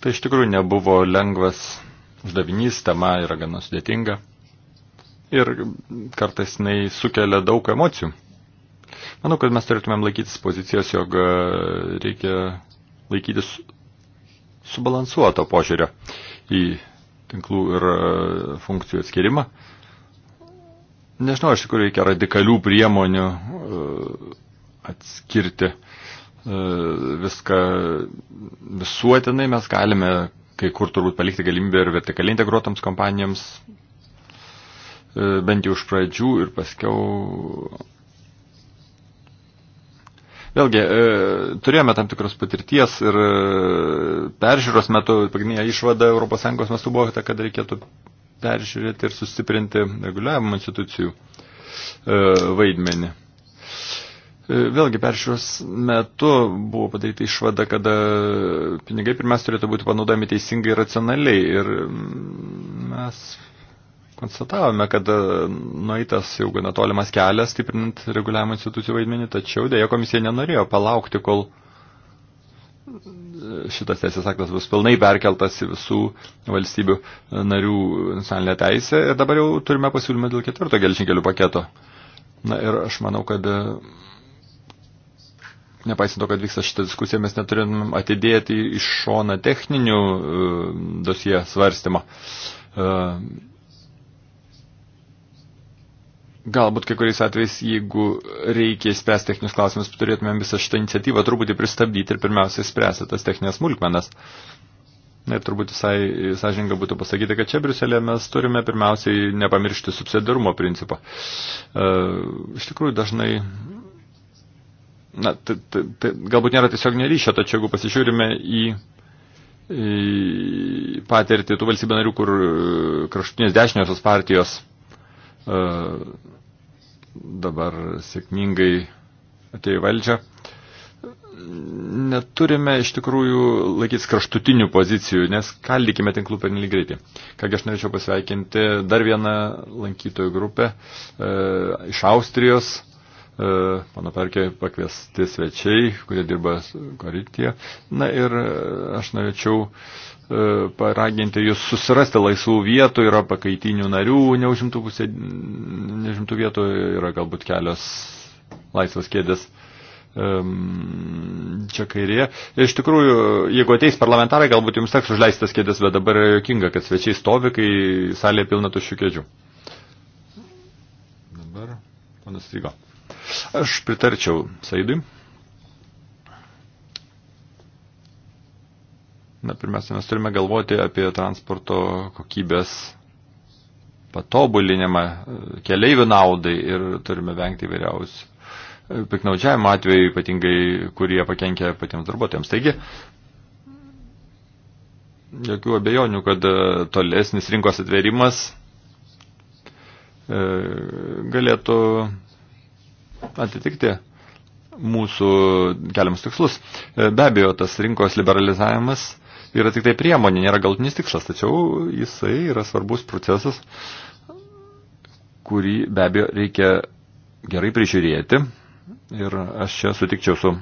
Tai iš tikrųjų nebuvo lengvas uždavinys, tema yra gana sudėtinga ir kartais jinai sukelia daug emocijų. Manau, kad mes turėtumėm laikytis pozicijos, jog e, reikia laikytis subalansuoto požiūrio į tinklų ir e, funkcijų atskirimą. Nežinau, iš tikrųjų reikia radikalių priemonių e, atskirti viską visuotinai, mes galime kai kur turbūt palikti galimybę ir vertikaliai integruotams kompanijoms E, bent jau iš pradžių ir paskiau. Vėlgi, e, turėjome tam tikros patirties ir e, peržiūros metu pagrindinė išvada ES mestu buvo, kad reikėtų peržiūrėti ir sustiprinti reguliavimo institucijų vaidmenį. Vėlgi peržiūros metu buvo padaryta išvada, kada pinigai pirmiausia turėtų būti panaudojami teisingai ir racionaliai. Ir mm, mes Konstatavome, kad e, nueitas jau gana tolimas kelias, stiprinant reguliavimo institucijų vaidmenį, tačiau dėja komisija nenorėjo palaukti, kol e, šitas teisės aktas bus pilnai perkeltas į visų valstybių e, narių nacionalinę teisę ir dabar jau turime pasiūlymą dėl ketvirto gelžinkelių paketo. Na ir aš manau, kad nepaisant to, kad vyksta šitą diskusiją, mes neturėtumėm atidėti iš šona techninių dosie svarstymo. Uh, Galbūt kai kuriais atvejais, jeigu reikia spręsti techninius klausimus, turėtumėm visą šitą iniciatyvą truputį pristabdyti ir pirmiausiai spręsti tas techninės smulkmenas. Ir turbūt visai sąžininga būtų pasakyti, kad čia Briuselėje mes turime pirmiausiai nepamiršti subsidarumo principo. E, iš tikrųjų, dažnai, na, t, t, t, galbūt nėra tiesiog neryšio, tačiau jeigu pasižiūrime į patirtį tų valstybių narių, kur e, kraštutinės dešiniosios partijos E, dabar sėkmingai atėjo valdžia. Neturime iš tikrųjų laikytis kraštutinių pozicijų, nes kaldykime tinklų per greitai. Kągi aš norėčiau pasveikinti dar vieną lankytojų grupę e, iš Austrijos. E, mano perkė pakviesti svečiai, kurie dirba Koritėje. Na ir e, aš norėčiau e, paraginti jūs susirasti laisvų vietų, yra pakaitinių narių, neužimtų, pusė, neužimtų vietų, yra galbūt kelios laisvos kėdės čia kairėje. Iš tikrųjų, jeigu ateis parlamentarai, galbūt jums teks užleisti tas kėdės, bet dabar yra jokinga, kad svečiai stovi, kai salėje pilna tuščių kėdžių. Dabar, panas Rygo. Aš pritarčiau Saidui. Na, pirmiausia, mes turime galvoti apie transporto kokybės patobulinimą keleivių naudai ir turime vengti įvairiausių e, piknaudžiavimo atveju, ypatingai, kurie pakenkia patiems darbuotojams. Taigi, jokių abejonių, kad e, tolesnis rinkos atverimas e, galėtų atitikti mūsų keliamus tikslus. E, be abejo, tas rinkos liberalizavimas yra tik tai priemonė, nėra galtinis tikslas, tačiau jisai yra svarbus procesas, kurį be abejo reikia gerai prižiūrėti ir aš čia sutikčiau su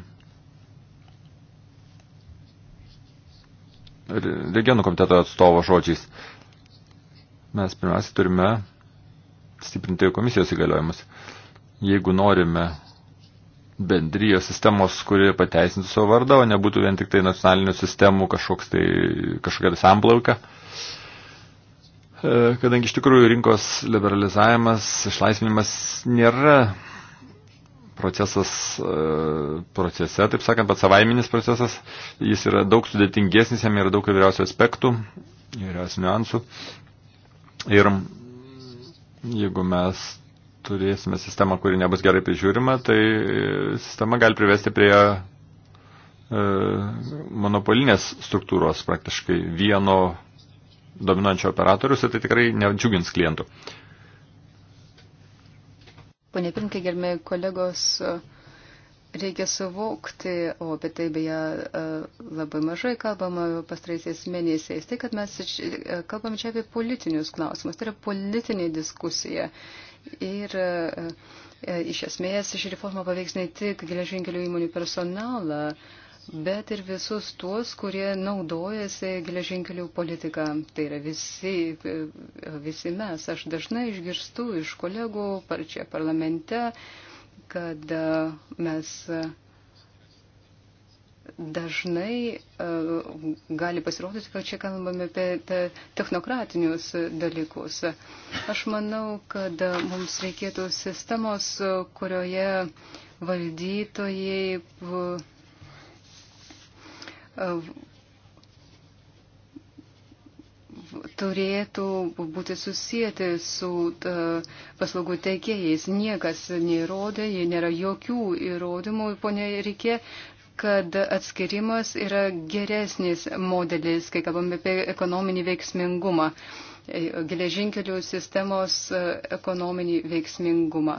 regionų komiteto atstovo žodžiais. Mes pirmiausia turime stiprinti komisijos įgaliojimus jeigu norime bendrijos sistemos, kuri pateisintų savo vardą, o nebūtų vien tik tai nacionalinių sistemų kažkoks tai, kažkokia tai samplauka. E, kadangi iš tikrųjų rinkos liberalizavimas, išlaisvinimas nėra procesas, e, procese, taip sakant, pats savaiminis procesas, jis yra daug sudėtingesnis, jam yra daug įvairiausių aspektų, įvairiausių niuansų. Ir jeigu mes turėsime sistemą, kuri nebus gerai prižiūrima, tai e, sistema gali privesti prie e, monopolinės struktūros praktiškai vieno dominančio operatorius ir tai tikrai nedžiugins klientų. Pone Pirinkai, gerbėjai kolegos, reikia suvokti, o apie tai beje e, labai mažai kalbama pastraisiais mėnesiais, tai kad mes kalbam čia apie politinius klausimus, tai yra politinė diskusija. Ir e, e, iš esmės ši reforma paveiks ne tik geležinkelių įmonių personalą, bet ir visus tuos, kurie naudojasi geležinkelių politiką. Tai yra visi, e, visi mes. Aš dažnai išgirstu iš kolegų čia parlamente, kad mes dažnai e, gali pasirodyti, kad čia kalbame apie technokratinius dalykus. Aš manau, kad mums reikėtų sistemos, kurioje valdytojai e, turėtų būti susijęti su e, paslaugų teikėjais. Niekas neįrodė, nėra jokių įrodymų, ponė Rikė, kad atskirimas yra geresnis modelis, kai kalbame apie ekonominį veiksmingumą, e, geležinkelių sistemos e, ekonominį veiksmingumą.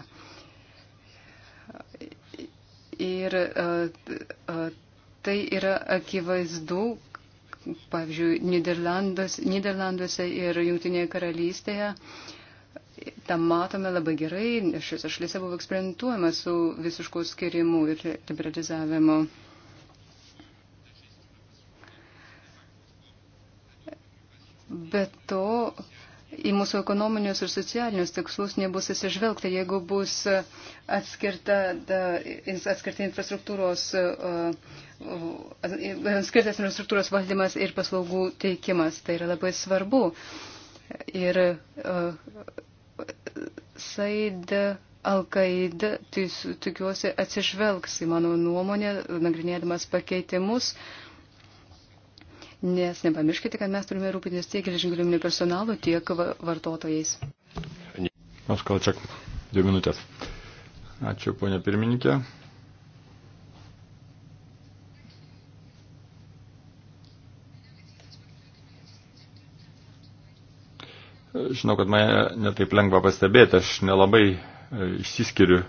Ir e, tai yra akivaizdu, pavyzdžiui, Niderlanduose, Niderlanduose ir Junktinėje karalystėje. Tam matome labai gerai, šiuose šalyse buvo eksperimentuojama su visišku skirimu ir liberalizavimu. Bet to į mūsų ekonominius ir socialinius tikslus nebus atsižvelgta, jeigu bus e, atskirta, atskirta infrastruktūros, e, e, atskirtas infrastruktūros valdymas ir paslaugų teikimas. Tai yra labai svarbu. Ir Said Alkaida, tikiuosi, atsižvelgs į mano nuomonę, nagrinėdamas pakeitimus. Uh, nes nepamirškite, kad mes turime rūpintis tiek geležinkeliniu personalu, tiek vartotojais. Aš kalčiak, dvi minutės. Ačiū, ponė pirmininkė. Žinau, kad mane netaip lengva pastebėti, aš nelabai e, išsiskiriu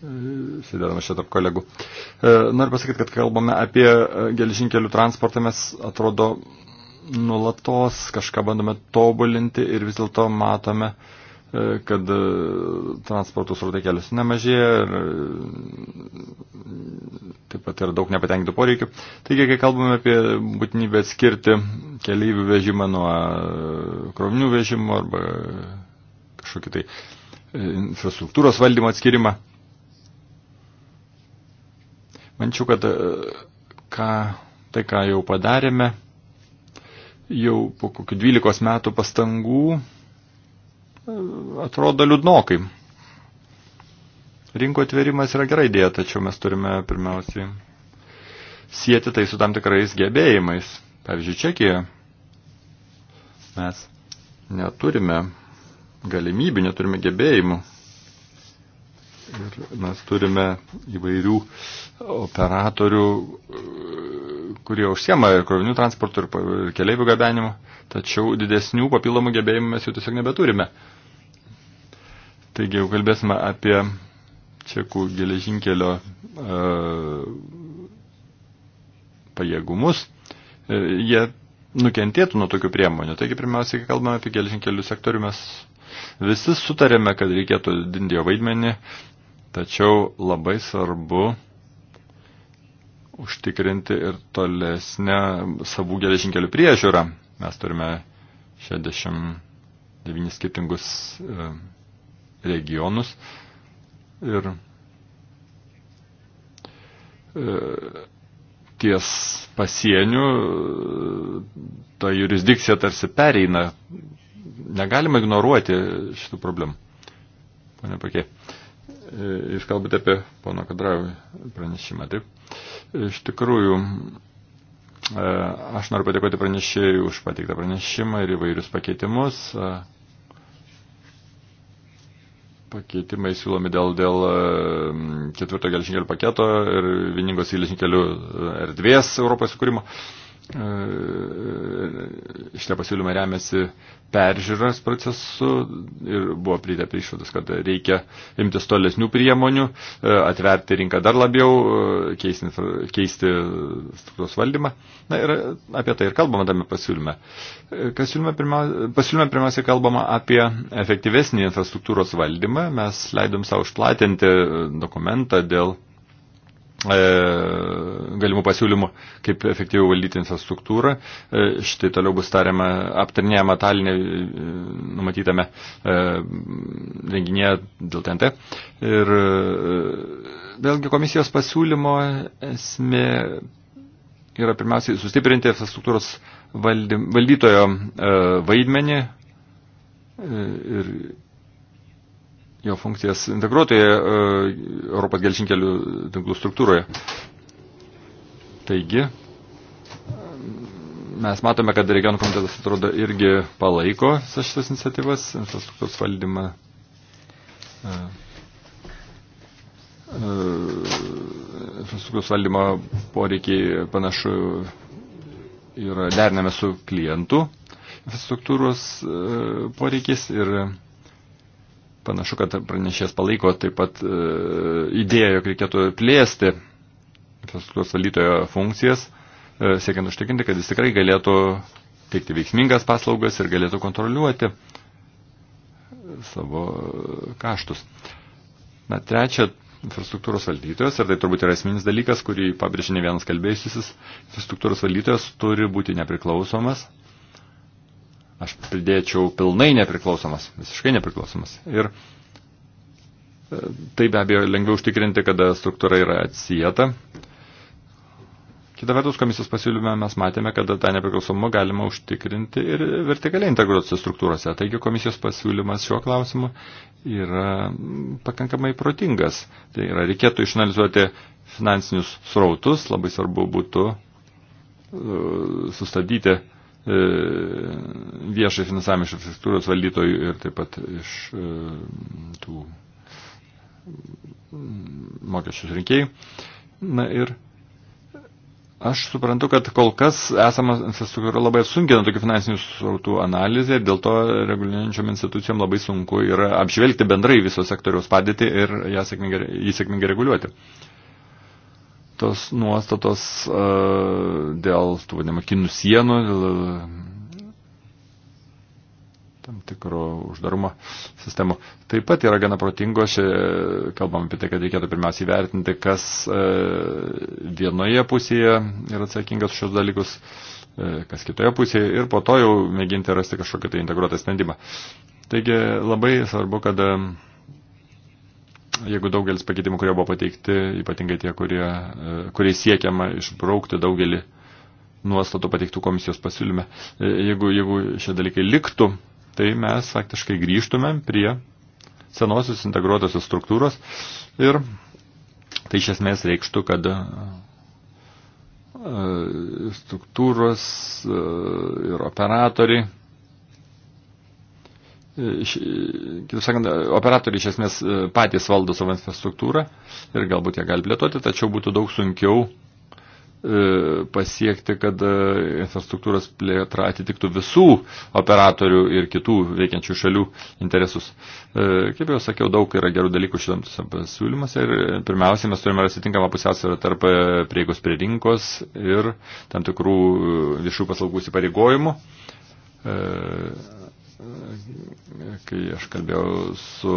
sėdėdama šitą kolegų. E, noriu pasakyti, kad kalbame apie e, geležinkelių transportą, mes atrodo nulatos kažką bandome tobulinti ir vis dėlto matome, e, kad transporto srautai kelias nemažėja ir taip pat yra daug nepatenkintų poreikių. Taigi, kai kalbame apie būtinybę atskirti keleivių vežimą nuo krovinių vežimo arba kažkokį tai infrastruktūros valdymo atskirimą, Mančiau, kad e, ką, tai, ką jau padarėme, jau po kokių 12 metų pastangų e, atrodo liūdnokai. Rinko atverimas yra gerai idėja, tačiau mes turime pirmiausiai sieti tai su tam tikrais gebėjimais. Pavyzdžiui, Čekijoje mes neturime galimybių, neturime gebėjimų Ir mes turime įvairių operatorių, kurie užsiema ir krovinių transportų, ir keliaivių gabenimu, tačiau didesnių papildomų gebėjimų mes jų tiesiog nebeturime. Taigi, jau kalbėsime apie čekų geležinkelio e, pajėgumus, e, jie nukentėtų nuo tokių priemonių. Taigi, pirmiausia, kai kalbame apie geležinkelių sektorių, mes visi sutarėme, kad reikėtų dindėjo vaidmenį, Tačiau labai svarbu užtikrinti ir tolesnę savų geležinkelių priežiūrą. Mes turime 69 skirtingus e, regionus ir e, ties pasieniu ta jurisdikcija tarsi pereina. Negalima ignoruoti šitų problemų. Pane Pakė. Uh, E, jūs kalbate apie pono Kadravį pranešimą, taip? Iš tikrųjų, e, aš noriu padėkoti pranešėjui už pateiktą pranešimą ir įvairius pakeitimus. E, pakeitimai siūlomi dėl, dėl ketvirto geležinkelių paketo ir vieningos geležinkelių erdvės Europos sukūrimo. Uh, E, šitie pasiūlymai remiasi peržiūros procesu ir buvo pridė prie išvados, kad reikia imtis tolesnių priemonių, e, atverti rinką dar labiau, e, keisti, keisti struktūros valdymą. Na ir apie tai ir kalbama tame pasiūlyme. Pasiūlyme pirmiausia, pirmiausia kalbama apie efektyvesnį infrastruktūros valdymą. Mes leidom savo išplatinti dokumentą dėl E, galimų pasiūlymų, kaip efektyviau valdyti infrastruktūrą. E, štai toliau bus tariama, aptarnėjama talinė e, numatytame renginėje dėl TNT. Ir vėlgi komisijos pasiūlymo esmė yra pirmiausiai sustiprinti infrastruktūros valdy, valdytojo vaidmenį ir jo funkcijas integruotoje Europos gelžinkelių tinklų struktūroje. Taigi, mes matome, kad regionų komitetas atrodo irgi palaiko visas šitas iniciatyvas, infrastruktūros valdymą. E, e, infrastruktūros valdymo poreikiai panašu yra derinami su klientų infrastruktūros e, poreikis ir Panašu, kad pranešės palaiko taip pat e, idėją, jog reikėtų plėsti infrastruktūros valytojo funkcijas, e, siekiant užtikrinti, kad jis tikrai galėtų teikti veiksmingas paslaugas ir galėtų kontroliuoti savo kaštus. Na, trečia, infrastruktūros valdytojas, ir tai turbūt yra esminis dalykas, kurį pabrėžė ne vienas kalbėjusis, infrastruktūros valdytojas turi būti nepriklausomas Aš pridėčiau pilnai nepriklausomas, visiškai nepriklausomas. Ir e, tai be abejo lengviau užtikrinti, kada struktūra yra atsijata. Kita vertus, komisijos pasiūlyme mes matėme, kad tą nepriklausomumą galima užtikrinti ir vertikaliai integruotose struktūrose. Taigi komisijos pasiūlymas šiuo klausimu yra pakankamai protingas. Tai yra, reikėtų išanalizuoti finansinius srautus, labai svarbu būtų e, sustabdyti uh, E, viešai finansavimą iš infrastruktūros valdytojų ir taip pat iš e, tų mm, mokesčių rinkėjų. Na ir aš suprantu, kad kol kas esama infrastruktūra labai sunkina tokių finansinių srautų analizę ir dėl to reguliuojančiom institucijom labai sunku yra apžvelgti bendrai viso sektoriaus padėtį ir ją sėkmingai, jį sėkmingai reguliuoti. Uh, tos nuostatos e, dėl tų vadinamų kinų sienų, dėl e, tam tikro uždarumo sistemų. Taip pat yra gana protingos, kalbam apie tai, kad reikėtų pirmiausiai vertinti, kas e, vienoje pusėje yra atsakingas šios dalykus, kas kitoje pusėje ir po to jau mėginti rasti kažkokį tai integruotą sprendimą. Taigi labai svarbu, kad jeigu daugelis pakeitimų, kurie buvo pateikti, ypatingai tie, kurie, e, kurie siekiama išbraukti daugelį nuostatų pateiktų komisijos pasiūlyme, e, jeigu, jeigu šie dalykai liktų, tai mes faktiškai grįžtume prie senosios integruotosios struktūros ir tai iš esmės reikštų, kad e, struktūros ir operatoriai E, kitus sakant, e, operatoriai iš esmės e, patys valdo savo infrastruktūrą ir galbūt jie gali plėtoti, tačiau būtų daug sunkiau pasiekti, kad infrastruktūros plėtra atitiktų visų operatorių ir kitų veikiančių šalių interesus. Kaip jau sakiau, daug yra gerų dalykų šitams pasiūlymuose ir pirmiausia, mes turime rasti tinkamą pusiausvyrą tarp prieigos prie rinkos ir tam tikrų viešų paslaugų įsipareigojimų kai aš kalbėjau su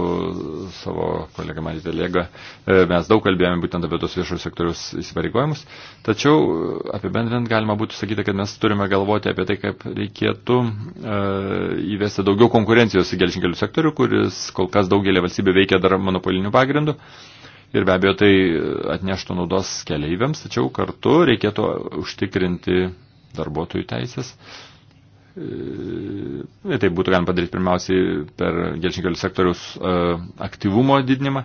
savo kolega Maitelėga, e, mes daug kalbėjome būtent apie tos viešojo sektoriaus įsipareigojimus, tačiau e, apibendrinant galima būtų sakyti, kad mes turime galvoti apie tai, kaip reikėtų e, įvesti daugiau konkurencijos į gelžinkelių sektorių, kuris kol kas daugelį valstybių veikia dar monopolinių pagrindų. Ir be abejo, tai atneštų naudos keleiviams, tačiau kartu reikėtų užtikrinti darbuotojų teisės. Uh, Ir e, tai būtų galima padaryti pirmiausiai per gelžinkelių sektoriaus e, aktyvumo didinimą.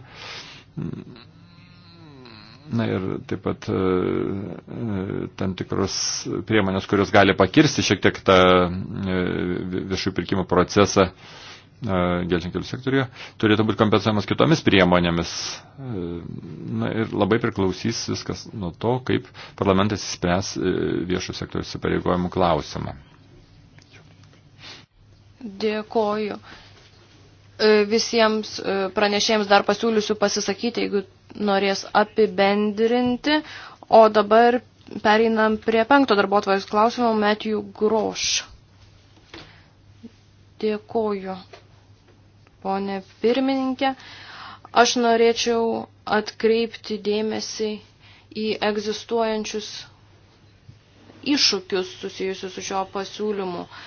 Na ir taip pat e, tam tikros priemonės, kurios gali pakirsti šiek tiek tą viešų pirkimų procesą gelžinkelių sektoriuje, turėtų būti kompensuojamas kitomis priemonėmis. Na ir labai priklausys viskas nuo to, kaip parlamentas įspręs viešų sektorių įsipareigojimų klausimą. Dėkoju e, visiems e, pranešėjams dar pasiūlysiu pasisakyti, jeigu norės apibendrinti. O dabar pereinam prie penkto darbo atvarės klausimo, Metijų Groš. Dėkoju, ponė pirmininkė. Aš norėčiau atkreipti dėmesį į egzistuojančius iššūkius susijusius su šio pasiūlymu. Uh,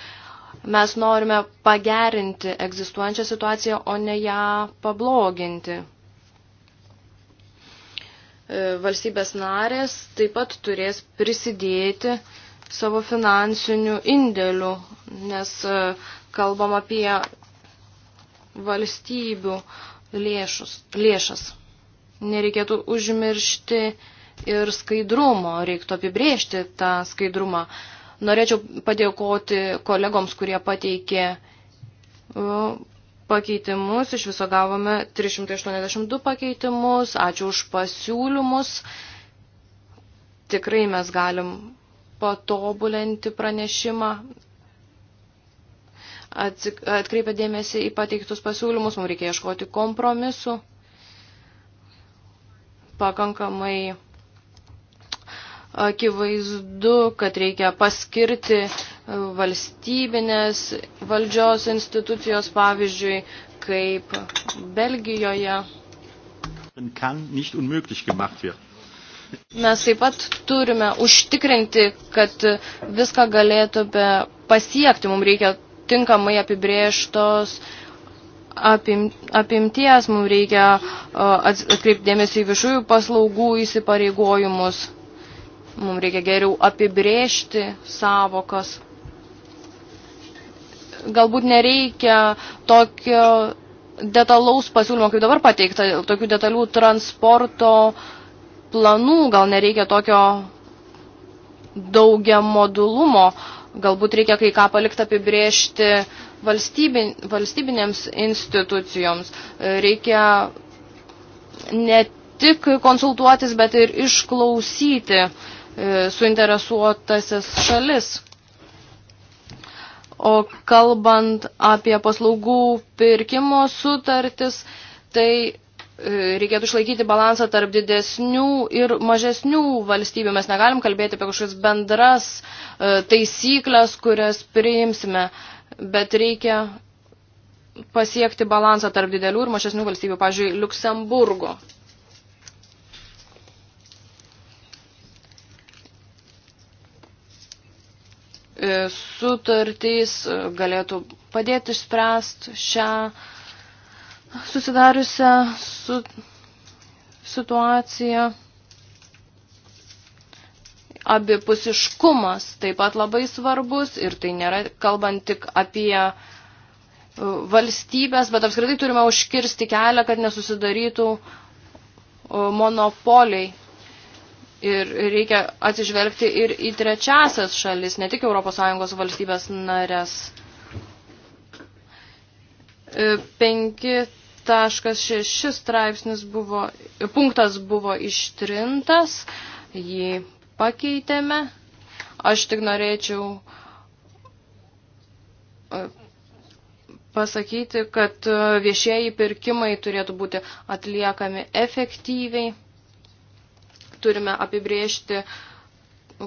Mes norime pagerinti egzistuojančią situaciją, o ne ją pabloginti. E, valstybės narės taip pat turės prisidėti savo finansinių indėlių, nes e, kalbam apie valstybių lėšus, lėšas. Nereikėtų užmiršti ir skaidrumo, reiktų apibriežti tą skaidrumą. Norėčiau padėkoti kolegoms, kurie pateikė e, pakeitimus. Iš viso gavome 382 pakeitimus. Ačiū už pasiūlymus. Tikrai mes galim patobulinti pranešimą. Atkreipia dėmesį į pateiktus pasiūlymus, mums reikia ieškoti kompromisu. Pakankamai akivaizdu, kad reikia paskirti e, valstybinės valdžios institucijos, pavyzdžiui, kaip Belgijoje. Mes taip pat turime užtikrinti, kad viską galėtume pasiekti. Mums reikia tinkamai apibrėžtos apim, apimties, mums reikia e, atkreipdėmėsi į viešųjų paslaugų įsipareigojimus. Mums reikia geriau apibrėžti savokas. Galbūt nereikia tokio detalaus pasiūlymo, kaip dabar pateikta, tokių detalių transporto planų, gal nereikia tokio daugia modulumo, galbūt reikia kai ką palikti apibriežti valstybin, valstybinėms institucijoms. Reikia ne tik konsultuotis, bet ir išklausyti E, suinteresuotasis šalis. O kalbant apie paslaugų pirkimo sutartis, tai e, reikėtų išlaikyti balansą tarp didesnių ir mažesnių valstybių. Mes negalim kalbėti apie kažkokias bendras e, taisyklės, kurias priimsime, bet reikia pasiekti balansą tarp didelių ir mažesnių valstybių, pavyzdžiui, Luksemburgo. E, sutartys e, galėtų padėti išspręsti šią susidariusią su, situaciją. Abipusiškumas taip pat labai svarbus ir tai nėra kalbant tik apie e, valstybės, bet apskritai turime užkirsti kelią, kad nesusidarytų monopoliai Ir reikia atsižvelgti ir į trečiasias šalis, ne tik ES valstybės narės. 5.6 e, straipsnis buvo, punktas buvo ištrintas, jį pakeitėme. Aš tik norėčiau e, pasakyti, kad e, viešieji pirkimai turėtų būti atliekami efektyviai turime apibriežti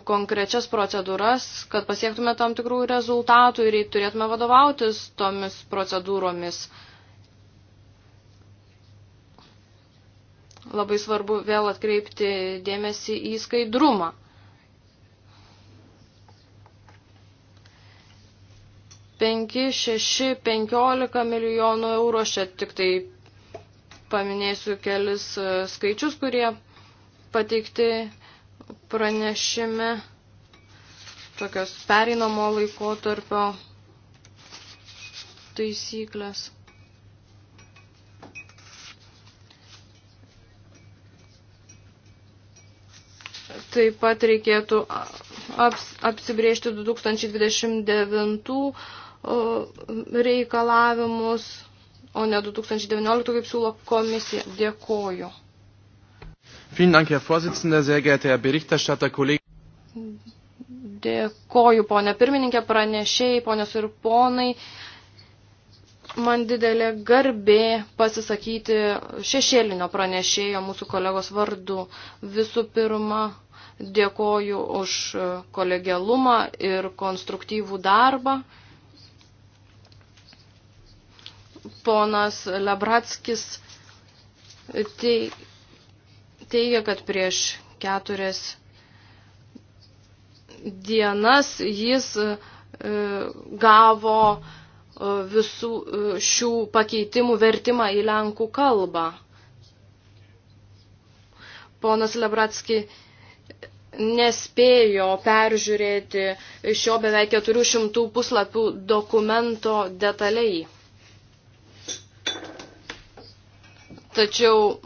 konkrečias procedūras, kad pasiektume tam tikrų rezultatų ir turėtume vadovautis tomis procedūromis. Labai svarbu vėl atkreipti dėmesį į skaidrumą. Penki, šeši, penkiolika milijonų eurų, aš čia tik tai paminėsiu kelis e, skaičius, kurie pateikti pranešime tokios pereinamo laikotarpio taisyklės. Taip pat reikėtų aps, apsibriežti 2029 reikalavimus, o ne 2019, kaip siūlo komisija. Dėkoju. Vielen Dank, Herr Vorsitzender, sehr geehrter Herr Berichterstatter, Kollege. Dėkoju, ponė pirmininkė, pranešėjai, ponios ir ponai. Man didelė garbė pasisakyti šešėlinio pranešėjo mūsų kolegos vardu. Visų pirma, dėkoju už kolegialumą ir konstruktyvų darbą. Ponas Lebratskis tai teigia, kad prieš keturias dienas jis e, gavo e, visų e, šių pakeitimų vertimą į lenkų kalbą. Ponas Lebratski nespėjo peržiūrėti šio beveik 400 puslapių dokumento detaliai. Tačiau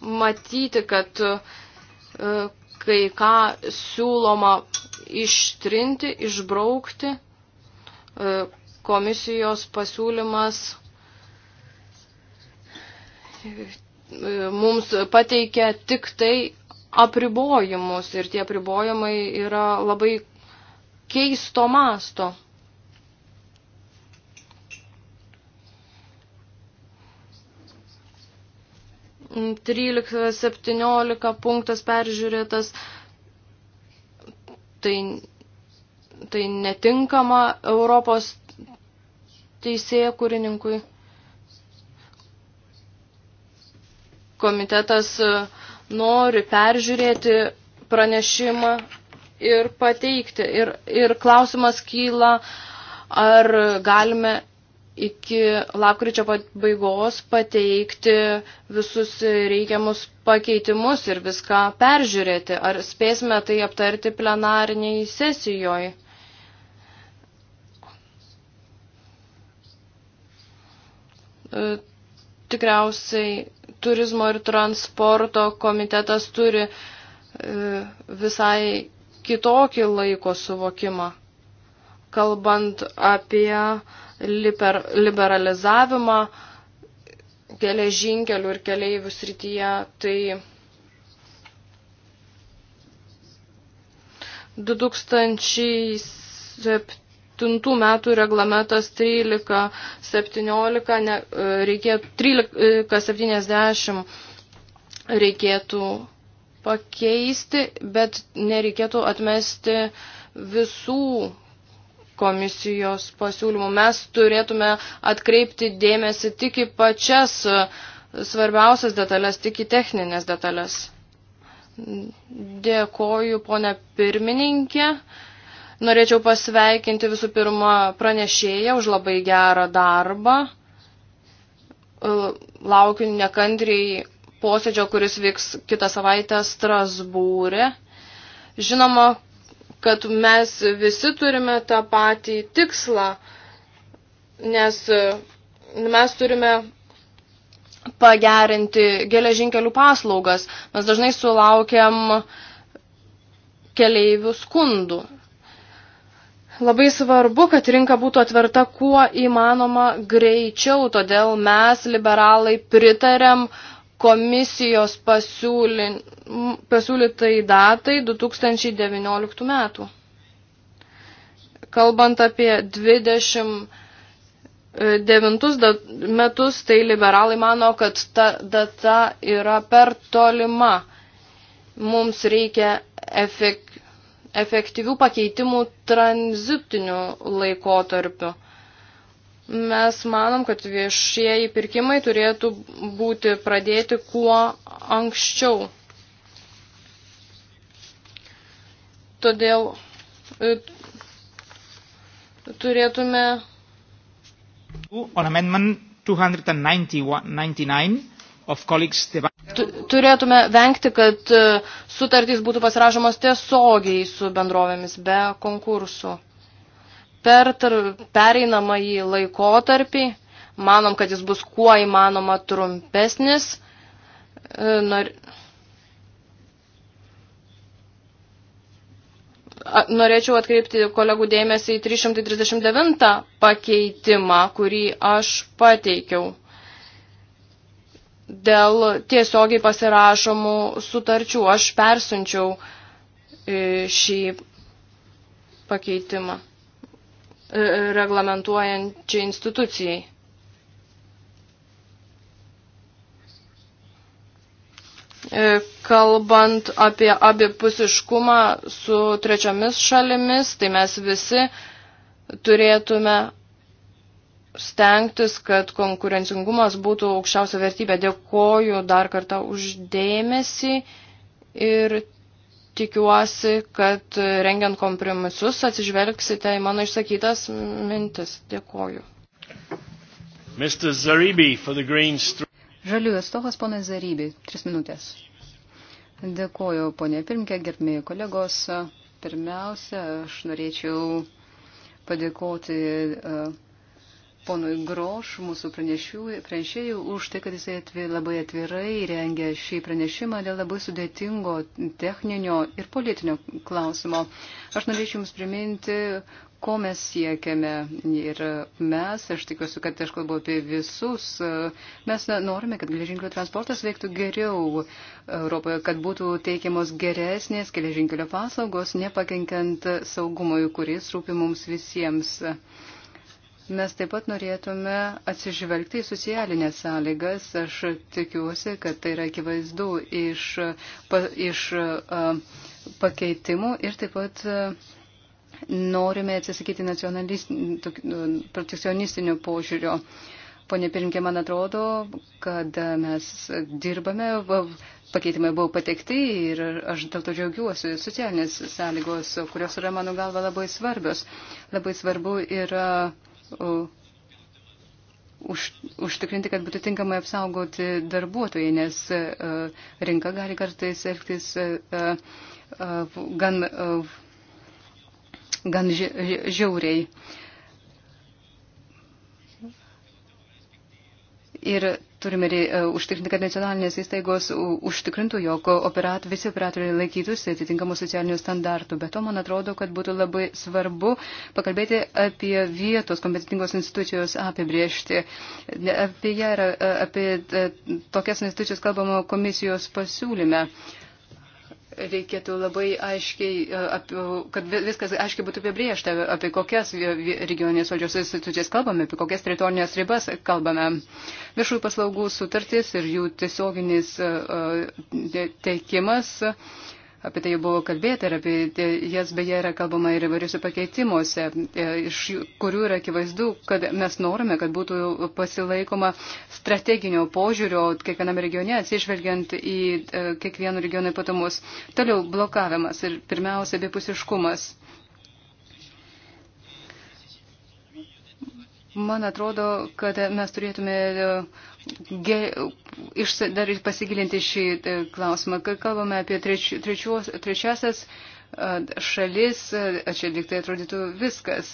matyti, kad e, kai ką siūloma ištrinti, išbraukti. E, komisijos pasiūlymas e, mums pateikia tik tai apribojimus ir tie apribojimai yra labai keisto masto. 13-17 punktas peržiūrėtas, tai, tai netinkama Europos teisėje kūrininkui. Komitetas nori peržiūrėti pranešimą ir pateikti. Ir, ir klausimas kyla, ar galime iki lapkričio pabaigos pateikti visus reikiamus pakeitimus ir viską peržiūrėti. Ar spėsime tai aptarti plenariniai sesijoje? Tikriausiai turizmo ir transporto komitetas turi e, visai kitokį laiko suvokimą. Kalbant apie uh, liber, liberalizavimą geležinkelių ir keleivių srityje, tai 2007 metų reglamentas 13.17 reikėtų 13.70 reikėtų pakeisti, bet nereikėtų atmesti visų komisijos pasiūlymų. Mes turėtume atkreipti dėmesį tik į pačias e, svarbiausias detalės, tik į techninės detalės. Dėkoju, ponė pirmininkė. Norėčiau pasveikinti visų pirma pranešėją už labai gerą darbą. E, laukiu nekantriai posėdžio, kuris vyks kitą savaitę Strasbūrė. Žinoma, kad mes visi turime tą patį tikslą, nes e, mes turime pagerinti geležinkelių paslaugas. Mes dažnai sulaukiam keleivių skundų. Labai svarbu, kad rinka būtų atverta kuo įmanoma greičiau, todėl mes, liberalai, pritarėm uh, komisijos pasiūly, pasiūlytai datai 2019 metų. Kalbant apie 29 metus, tai liberalai mano, kad ta data yra per tolima. Mums reikia efek, efektyvių pakeitimų tranzitiniu laikotarpiu. Mes manom, kad viešieji pirkimai turėtų būti pradėti kuo anksčiau. Todėl e, turėtume. On amendment 299 of colleagues turėtume vengti, kad e, sutartys būtų pasirašomos tiesiogiai su bendrovėmis be konkursų per pereinamąjį laikotarpį, manom, kad jis bus kuo įmanoma trumpesnis. E, nor... Norėčiau atkreipti kolegų dėmesį į 339 pakeitimą, kurį aš pateikiau dėl tiesiogiai pasirašomų sutarčių. Aš persunčiau e, šį pakeitimą. E, reglamentuojančiai institucijai. E, kalbant apie abipusiškumą su trečiomis šalimis, tai mes visi turėtume stengtis, kad konkurencingumas būtų aukščiausia vertybė. Dėkoju dar kartą uždėmesį ir tikiuosi, kad rengiant kompromisus atsižvelgsite į mano išsakytas mintis. Dėkoju. Žaliųjų atstovas ponas Zarybi, tris minutės. Dėkoju, ponė pirmkė, gerbėjai kolegos. Pirmiausia, aš norėčiau padėkoti uh, ponui Groš, mūsų pranešėjui, už tai, kad jisai atvir, labai atvirai rengė šį pranešimą dėl labai sudėtingo techninio ir politinio klausimo. Aš norėčiau Jums priminti, ko mes siekiame ir mes, aš tikiuosi, kad aš kalbu apie visus, mes norime, kad geležinkelio transportas veiktų geriau Europoje, kad būtų teikiamos geresnės geležinkelio paslaugos, nepakenkiant saugumui, kuris rūpi mums visiems. Mes taip pat norėtume atsižvelgti į socialinės sąlygas. Aš tikiuosi, kad tai yra akivaizdu iš, pa, iš a, pakeitimų ir taip pat a, norime atsisakyti nu, protekcionistinio požiūrio. Pone Pirinkė, man atrodo, kad mes dirbame, pakeitimai buvo patekti ir aš dėl to džiaugiuosi. Socialinės sąlygos, kurios yra mano galva labai svarbios. Labai svarbu yra. Ir už, užtikrinti, kad būtų tinkamai apsaugoti darbuotojai, nes uh, rinka gali kartais elgtis uh, uh, gan, uh, gan ži, žiauriai. Ir turime e, užtikrinti, kad nacionalinės įstaigos užtikrintų, jog operat, visi operatoriai laikytųsi atitinkamų socialinių standartų. Bet to, man atrodo, kad būtų labai svarbu pakalbėti apie vietos kompetitingos institucijos apibriežti. Apie, ją, e, apie e, tokias institucijas kalbama komisijos pasiūlyme. Uh, reikėtų labai aiškiai, e, kad viskas aiškiai būtų apibriešta, apie kokias regioninės valdžios institucijas kalbame, apie kokias teritorinės ribas kalbame. Viešųjų paslaugų sutartis ir jų tiesioginis e, e, teikimas. Uh, Apie tai jau buvo kalbėta ir apie jas beje yra kalbama ir įvairiuose pakeitimuose, e, iš kurių yra akivaizdu, kad mes norime, kad būtų pasilaikoma strateginio požiūrio kiekvienam regione, atsižvelgiant į e, kiekvieno regiono ypatumus. Toliau blokavimas ir pirmiausia, abipusiškumas. Man atrodo, kad mes turėtume e, dar pasigilinti šį e, klausimą. Kai kalbame apie treč, trečios, trečiasias e, šalis, čia liktai atrodytų viskas.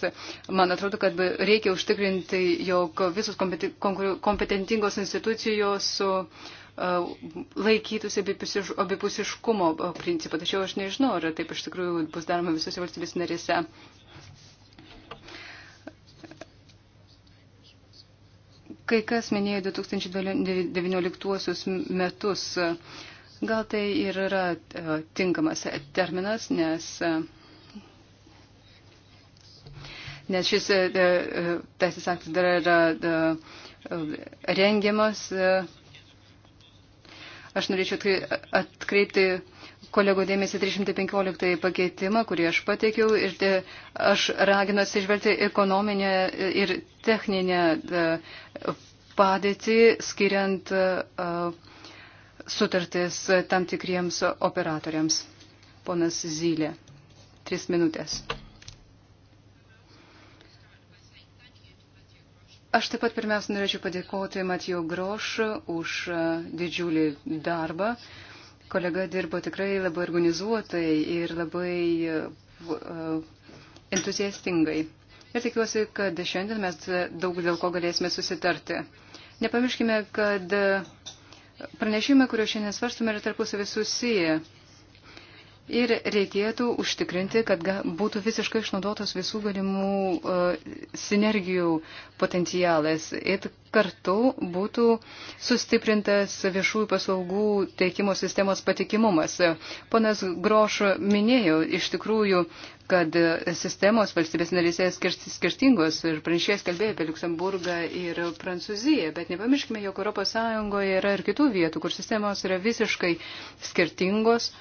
Man atrodo, kad reikia užtikrinti, jog visos kompetentingos institucijos laikytųsi abipusiškumo principą. Tačiau aš nežinau, ar taip iš tikrųjų bus daroma visose valstybės narėse. Kai kas minėjo 2019 metus, gal tai ir yra e, tinkamas terminas, nes, e, nes šis e, teisės aktas dar yra rengiamas. Aš norėčiau atkreipti kolego dėmesį 315 pakeitimą, kurį aš pateikiau ir te, aš raginu atsižvelgti ekonominę e, ir techninę e, padėtį, skiriant e, sutartis tam tikriems operatoriams. Ponas Zylė, tris minutės. Aš taip pat pirmiausia norėčiau padėkoti Matijo Groš už didžiulį darbą. Uh, Kolega dirbo tikrai labai organizuotai ir labai e, entuziastingai. Ir tikiuosi, kad šiandien mes daug dėl ko galėsime susitarti. Nepamirškime, kad pranešimai, kuriuos šiandien svarstome, yra tarpusavį susiję. Ir reikėtų užtikrinti, kad būtų visiškai išnaudotos visų galimų e, sinergijų potencialas ir kartu būtų sustiprintas viešųjų paslaugų teikimo sistemos patikimumas. Ponas Groš minėjo iš tikrųjų, kad sistemos valstybės narysės skirtingos ir pranešėjas kalbėjo apie Luksemburgą ir Prancūziją, bet nepamirškime, jog ES yra ir kitų vietų, kur sistemos yra visiškai skirtingos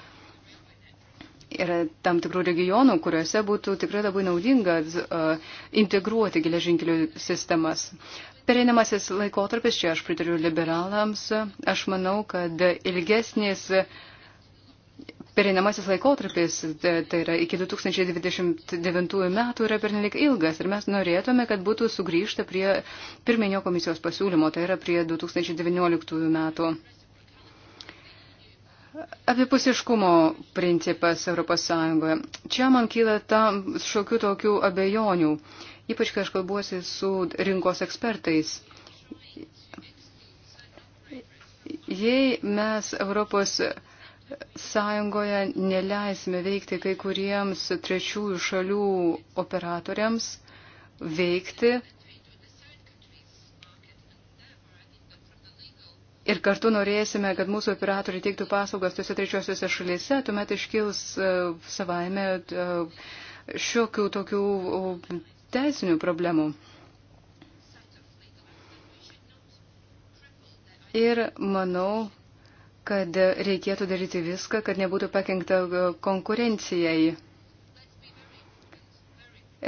Yra tam tikrų regionų, kuriuose būtų tikrai labai naudinga e, integruoti geležinkelių sistemas. Pereinamasis laikotarpis, čia aš pritariu liberalams, aš manau, kad ilgesnis Pereinamasis laikotarpis, tai, tai yra iki 2029 metų, yra pernelik ilgas ir mes norėtume, kad būtų sugrįžta prie pirminio komisijos pasiūlymo, tai yra prie 2019 metų. Abipusiškumo principas ES. Čia man kyla tam šiokių tokių abejonių, ypač kai aš kalbuosi su rinkos ekspertais. Jei mes Europos Sąjungoje neleisime veikti kai kuriems trečiųjų šalių operatoriams, veikti, ir kartu norėsime, kad mūsų operatoriai teiktų paslaugas tose trečiosiuose šalyse, tuomet iškils e, savaime e, šiokių tokių e, teisinių problemų. Ir manau, kad reikėtų daryti viską, kad nebūtų pakengta konkurencijai.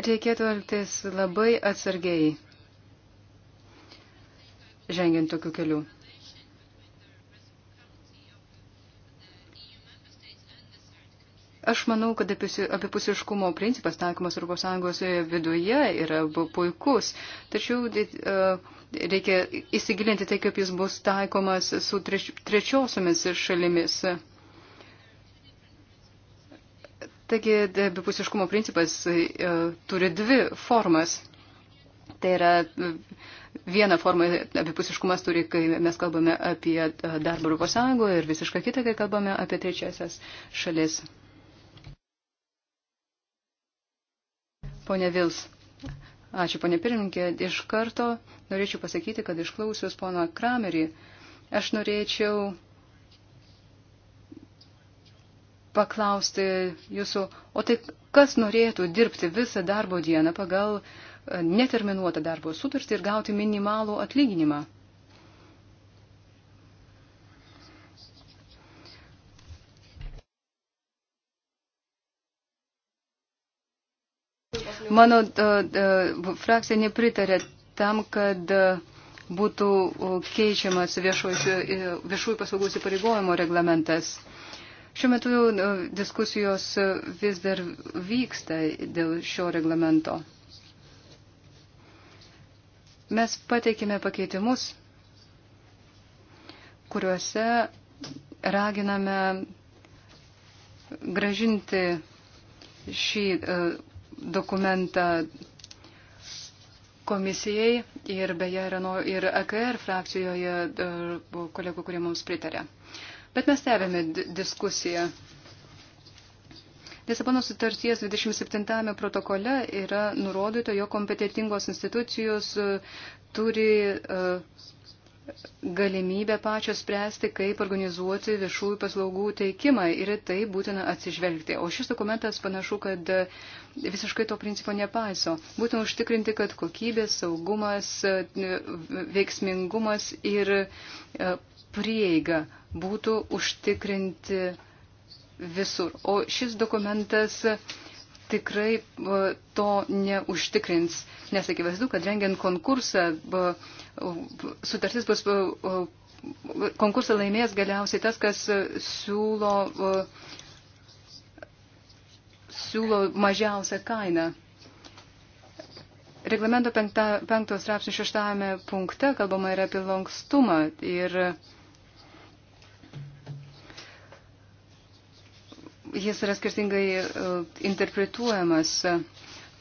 Reikėtų elgtis labai atsargiai, žengiant tokiu keliu. Aš manau, kad apipusiškumo principas taikomas ES viduje yra puikus, tačiau reikia įsigilinti tai, kaip jis bus taikomas su trečiosiomis šalimis. Taigi, abipusiškumo principas turi dvi formas. Tai yra viena forma abipusiškumas turi, kai mes kalbame apie darbą Europos Sąjungoje ir visiškai kitą, kai kalbame apie trečiasias šalis. Pone Vils. Ačiū, ponė pirmininkė. Iš karto norėčiau pasakyti, kad išklausius pono Kramerį, aš norėčiau paklausti jūsų, o tai kas norėtų dirbti visą darbo dieną pagal neterminuotą darbo sutartį ir gauti minimalų atlyginimą? Mano frakcija nepritarė tam, kad būtų keičiamas e, viešųjų paslaugų įsipareigojimo reglamentas. Šiuo metu diskusijos vis dar vyksta dėl šio reglamento. Mes pateikime pakeitimus, kuriuose raginame gražinti šį dokumentą komisijai ir beje Renault ir AKR e frakcijoje e, kolegų, kurie mums pritarė. Bet mes stebėme diskusiją. Lisabono sutarties 27 protokole yra nurodyta, jo kompetitingos institucijos e, turi uh, galimybę pačios spręsti, kaip organizuoti viešųjų paslaugų teikimą ir tai būtina atsižvelgti. O šis dokumentas panašu, kad visiškai to principo nepaiso. Būtina užtikrinti, kad kokybės, saugumas, veiksmingumas ir e, prieiga būtų užtikrinti visur. O šis dokumentas tikrai e, to neužtikrins, nes akivaizdu, kad rengiant konkursą e, e, sutartis bus. Konkursą laimės galiausiai tas, kas siūlo, siūlo mažiausią kainą. Reglamento penktos rapsnių šeštame punkte kalbama yra apie lankstumą ir jis yra skirtingai e, interpretuojamas.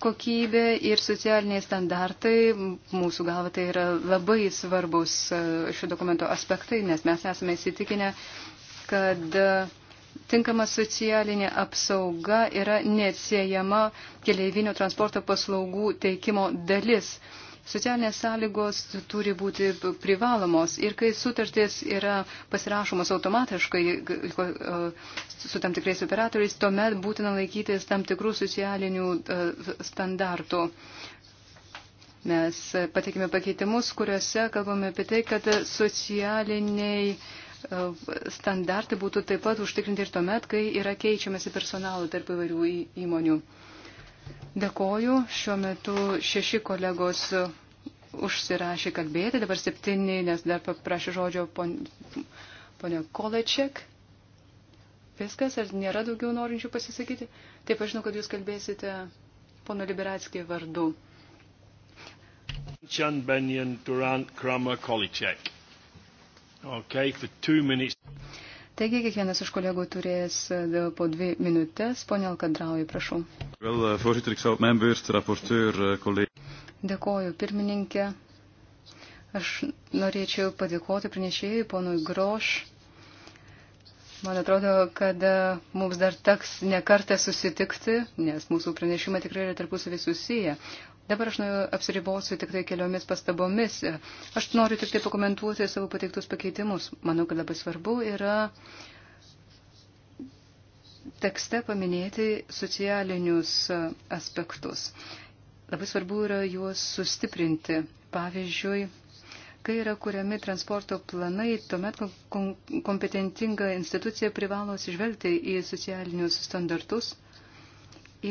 Kokybė ir socialiniai standartai, mūsų galva, tai yra labai svarbus e, šio dokumento aspektai, nes mes esame įsitikinę, kad e, tinkama socialinė apsauga yra neatsiejama keleivinio transporto paslaugų teikimo dalis. Socialinės sąlygos turi būti privalomos ir kai sutartys yra pasirašomos automatiškai e, su tam tikrais operatoriais, tuomet būtina laikytis tam tikrų socialinių e, standartų. Mes patikime pakeitimus, kuriuose kalbame apie tai, kad socialiniai e, standartai būtų taip pat užtikrinti ir tuomet, kai yra keičiamasi personalų tarp įvairių įmonių. Dėkoju. Šiuo metu šeši kolegos užsirašė kalbėti, dabar septyni, nes dar paprašė žodžio pon, ponio Koleček. Viskas, ar nėra daugiau norinčių pasisakyti? Taip, aš žinau, kad jūs kalbėsite pono Liberatskį vardu. Chan Benjan Durant Kramer Kolicek. Okay, for two minutes. Taigi kiekvienas iš kolegų turės e, po dvi minutės. Pone Alkadraui, prašau. Uh, uh, Dėkoju, pirmininkė. Aš norėčiau padėkoti pranešėjai, ponui Groš. Man atrodo, kad e, mums dar teks nekartą susitikti, nes mūsų pranešimai tikrai yra tarpusavį susiję. Dabar aš apsiribosiu tik tai keliomis pastabomis. Aš noriu tik tai pakomentuoti savo pateiktus pakeitimus. Manau, kad labai svarbu yra tekste paminėti socialinius aspektus. Labai svarbu yra juos sustiprinti. Pavyzdžiui, kai yra kuriami transporto planai, tuomet kompetentinga institucija privalo atsižvelgti į socialinius standartus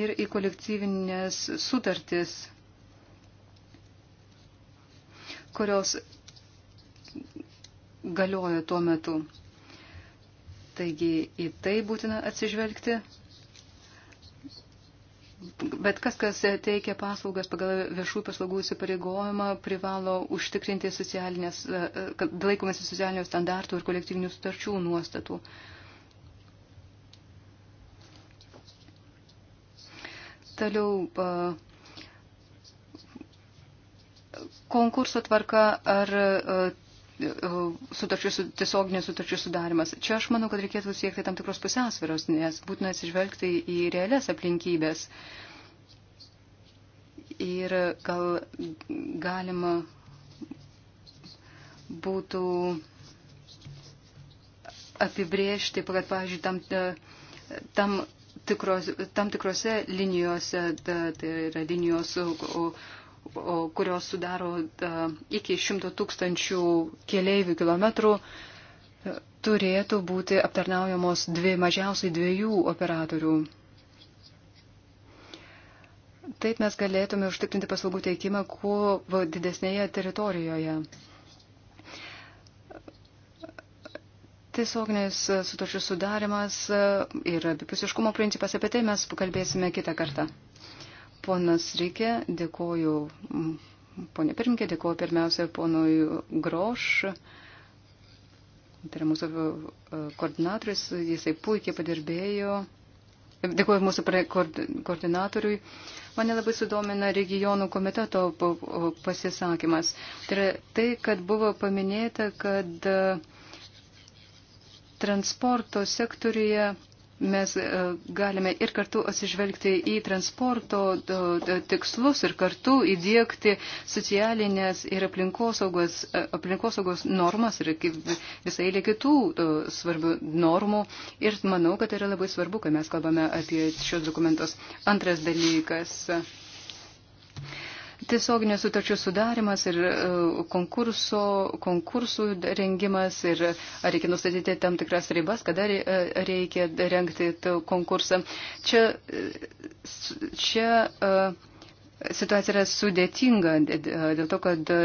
ir į kolektyvinės sutartis kurios galiojo tuo metu. Taigi į tai būtina atsižvelgti. Bet kas, kas teikia paslaugas pagal viešų paslaugų įsipareigojimą, privalo užtikrinti socialinės, laikomasi socialinių standartų ir kolektyvinių sutarčių nuostatų. Toliau konkurso tvarka ar e, e, sutarčių, tiesioginių sutarčių sudarimas. Čia aš manau, kad reikėtų siekti tam tikros pusiausvėros, nes būtina atsižvelgti į realias aplinkybės. Ir gal galima būtų apibriežti, kad, pavyzdžiui, tam, e, tam, tikros, tam tikrose linijose, tai yra linijos, kurios sudaro e, iki 100 tūkstančių keliaivių kilometrų, e, turėtų būti aptarnaujamos dvi, mažiausiai dviejų operatorių. Taip mes galėtume užtikrinti paslaugų teikimą kuo didesnėje teritorijoje. Tiesioginės e, sutarčių sudarimas ir abipusiškumo principas, apie tai mes kalbėsime kitą kartą. Ponas Rikė, dėkoju, ponė pirmkė, dėkoju pirmiausia ponui Groš. Tai yra mūsų e, koordinatorius, jisai puikiai padirbėjo. Dėkuoju mūsų koordinatoriui. Mane labai sudomina regionų komiteto pasisakymas. Tai yra tai, kad buvo paminėta, kad e, transporto sektoriuje mes e, galime ir kartu atsižvelgti į transporto e, e, tikslus ir kartu įdėkti socialinės ir aplinkosaugos, aplinkosaugos normas ir visai lė kitų svarbių normų. Ir manau, kad yra labai svarbu, kai mes kalbame apie šios dokumentus. Antras dalykas tiesioginių sutarčių sudarimas ir e, konkurso, konkursų rengimas ir ar reikia nustatyti tam tikras ribas, kada e, reikia rengti konkursą. Čia, e, čia Situacija yra sudėtinga dėl to, kad e,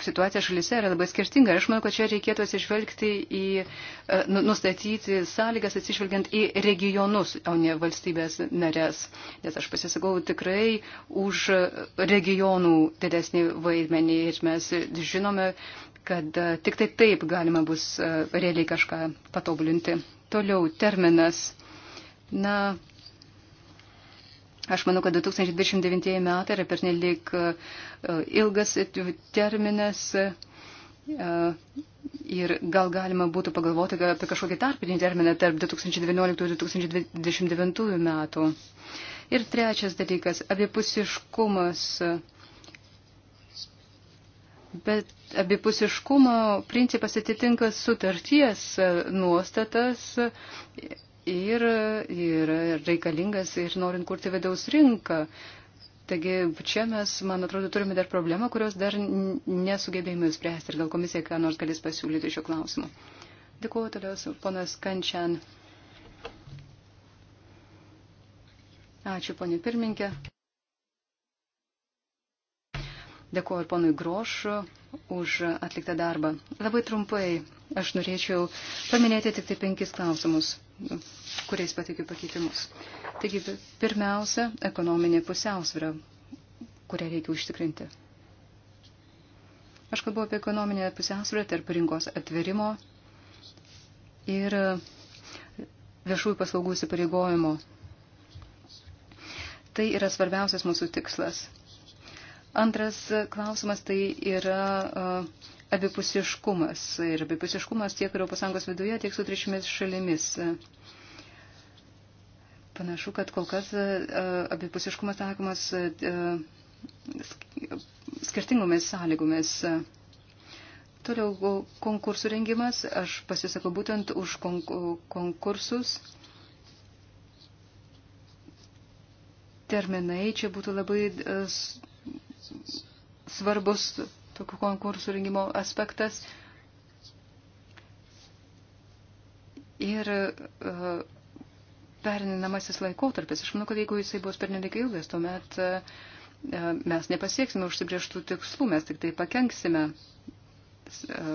situacija šalyse yra labai skirtinga. Aš manau, kad čia reikėtų atsižvelgti į, e, nu, nustatyti sąlygas atsižvelgiant į regionus, o ne valstybės narės. Nes aš pasisakau tikrai už regionų didesnį vaidmenį ir mes žinome, kad e, tik tai taip galima bus realiai kažką patobulinti. Toliau terminas. Na, Aš manau, kad 2029 metai yra pernelik e, ilgas terminas. E, ir gal galima būtų pagalvoti apie kažkokį tarpinį terminą tarp 2019 ir 2029 metų. Ir trečias dalykas - abipusiškumas. Bet abipusiškumo principas atitinka sutarties e, nuostatas ir yra reikalingas ir norint kurti vidaus rinką. Taigi čia mes, man atrodo, turime dar problemą, kurios dar nesugebėjome spręsti ir gal komisija ką nors galės pasiūlyti šio klausimu. Dėkuoju toliau, ponas Kančian. Ačiū, ponė pirminkė. Dėkuoju ir ponui Grošu už atliktą darbą. Labai trumpai aš norėčiau paminėti tik tai penkis klausimus, kuriais patikiu pakeitimus. Taigi, pirmiausia, ekonominė pusiausvyrą, kurią reikia užtikrinti. Aš kalbu apie ekonominę pusiausvyrą tarp rinkos atverimo ir viešųjų paslaugų įsipareigojimo. Tai yra svarbiausias mūsų tikslas. Antras klausimas tai yra e, abipusiškumas. Ir abipusiškumas tiek ES viduje, tiek su trečiomis šalimis. Panašu, kad kol kas e, abipusiškumas taikomas e, skirtingomis sąlygomis. Toliau konkursų rengimas. Aš pasisakau būtent už konkursus. Terminai čia būtų labai svarbus tokių konkursų rengimo aspektas. Ir uh, perinamasis laikotarpis. Aš manau, kad jeigu jisai bus pernelik ilgas, tuomet uh, mes nepasieksime užsibrieštų tikslų, mes tik tai pakenksime uh,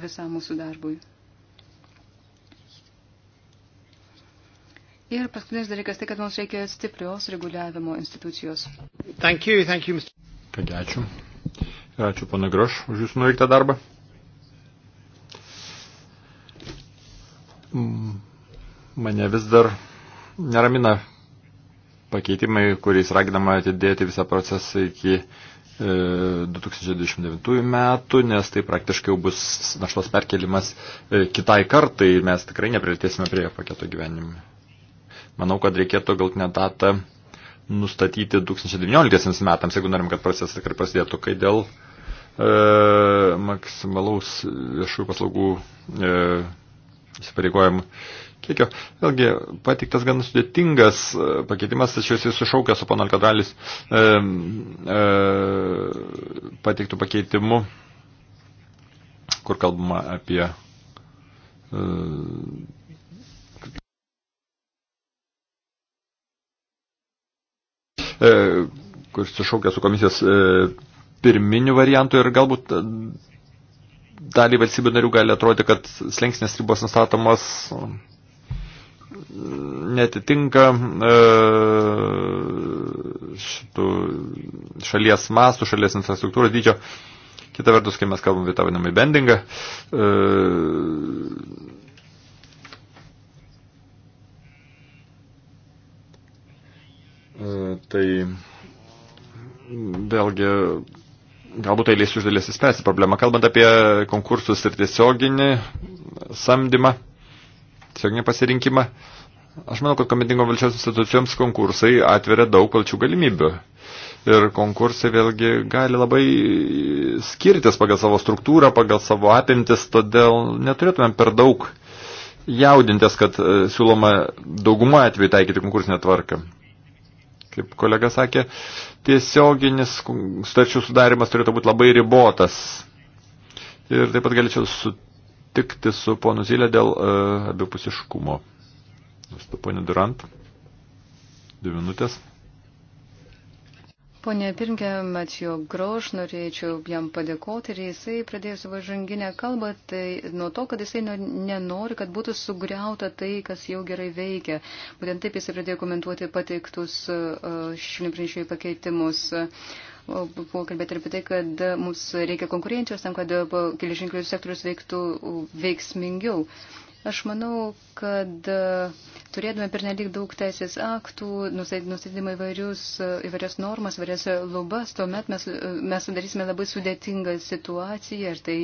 visam mūsų darbui. Ir paskutinis dalykas tai, kad mums reikia stiprios reguliavimo institucijos. Thank you, thank you, Mr. Kągi, ačiū. Ir ačiū, pana Groš, už jūsų nuveiktą darbą. Mm, mane vis dar neramina pakeitimai, kuriais raginama atidėti visą procesą iki 2029 e, metų, nes tai praktiškai jau bus naštos perkelimas e, kitai kartai ir mes tikrai neprieartėsime prie paketo gyvenimui. Manau, kad reikėtų galtinę datą nustatyti 2019 metams, jeigu norim, kad procesas tikrai prasidėtų, kai dėl e, maksimalaus viešųjų paslaugų e, įsipareigojimų kiekio. Vėlgi, patiktas gan sudėtingas e, pakeitimas, tačiau jis sušaukia su pano Alkadralis e, e, patiktų pakeitimu, kur kalbama apie e, E, kuris sušaukia su komisijos e, pirminiu variantu ir galbūt e, dalį valstybių narių gali atrodyti, kad slengsnės ribos nustatomos netitinka e, šitų šalies mastų, šalies infrastruktūros dydžio. Kita vertus, kai mes kalbam apie tą vadinamą bendingą, e, E, tai vėlgi galbūt tai leis iš dalies įspręsti problemą. Kalbant apie konkursus ir tiesioginį samdymą, tiesioginį pasirinkimą, aš manau, kad komitingo valdžios institucijoms konkursai atveria daug plačių galimybių. Ir konkursai vėlgi gali labai skirtis pagal savo struktūrą, pagal savo apimtis, todėl neturėtumėm per daug jaudintis, kad e, siūloma dauguma atveju taikyti konkursinę tvarką kaip kolega sakė, tiesioginis sutarčių sudarimas turėtų būti labai ribotas. Ir taip pat galėčiau sutikti su ponu Zylė dėl uh, abipusiškumo. Ponė Durant, dvi minutės. Pone Pirmke, Matijo Groš, norėčiau jam padėkoti ir jisai pradėjo savo žanginę kalbą tai nuo to, kad jisai nenori, kad būtų sugriauta tai, kas jau gerai veikia. Būtent taip jisai pradėjo komentuoti pateiktus e, šešinių pranešėjų pakeitimus. Buvo kalbėti apie tai, kad mums reikia konkurencijos tam, kad e, geležinkelių sektorius veiktų veiksmingiau. Aš manau, kad e, turėdami pernelik daug teisės aktų, nustatydami įvairius, e, įvairias normas, įvairias e, lubas, tuomet mes, mes sudarysime labai sudėtingą situaciją ir tai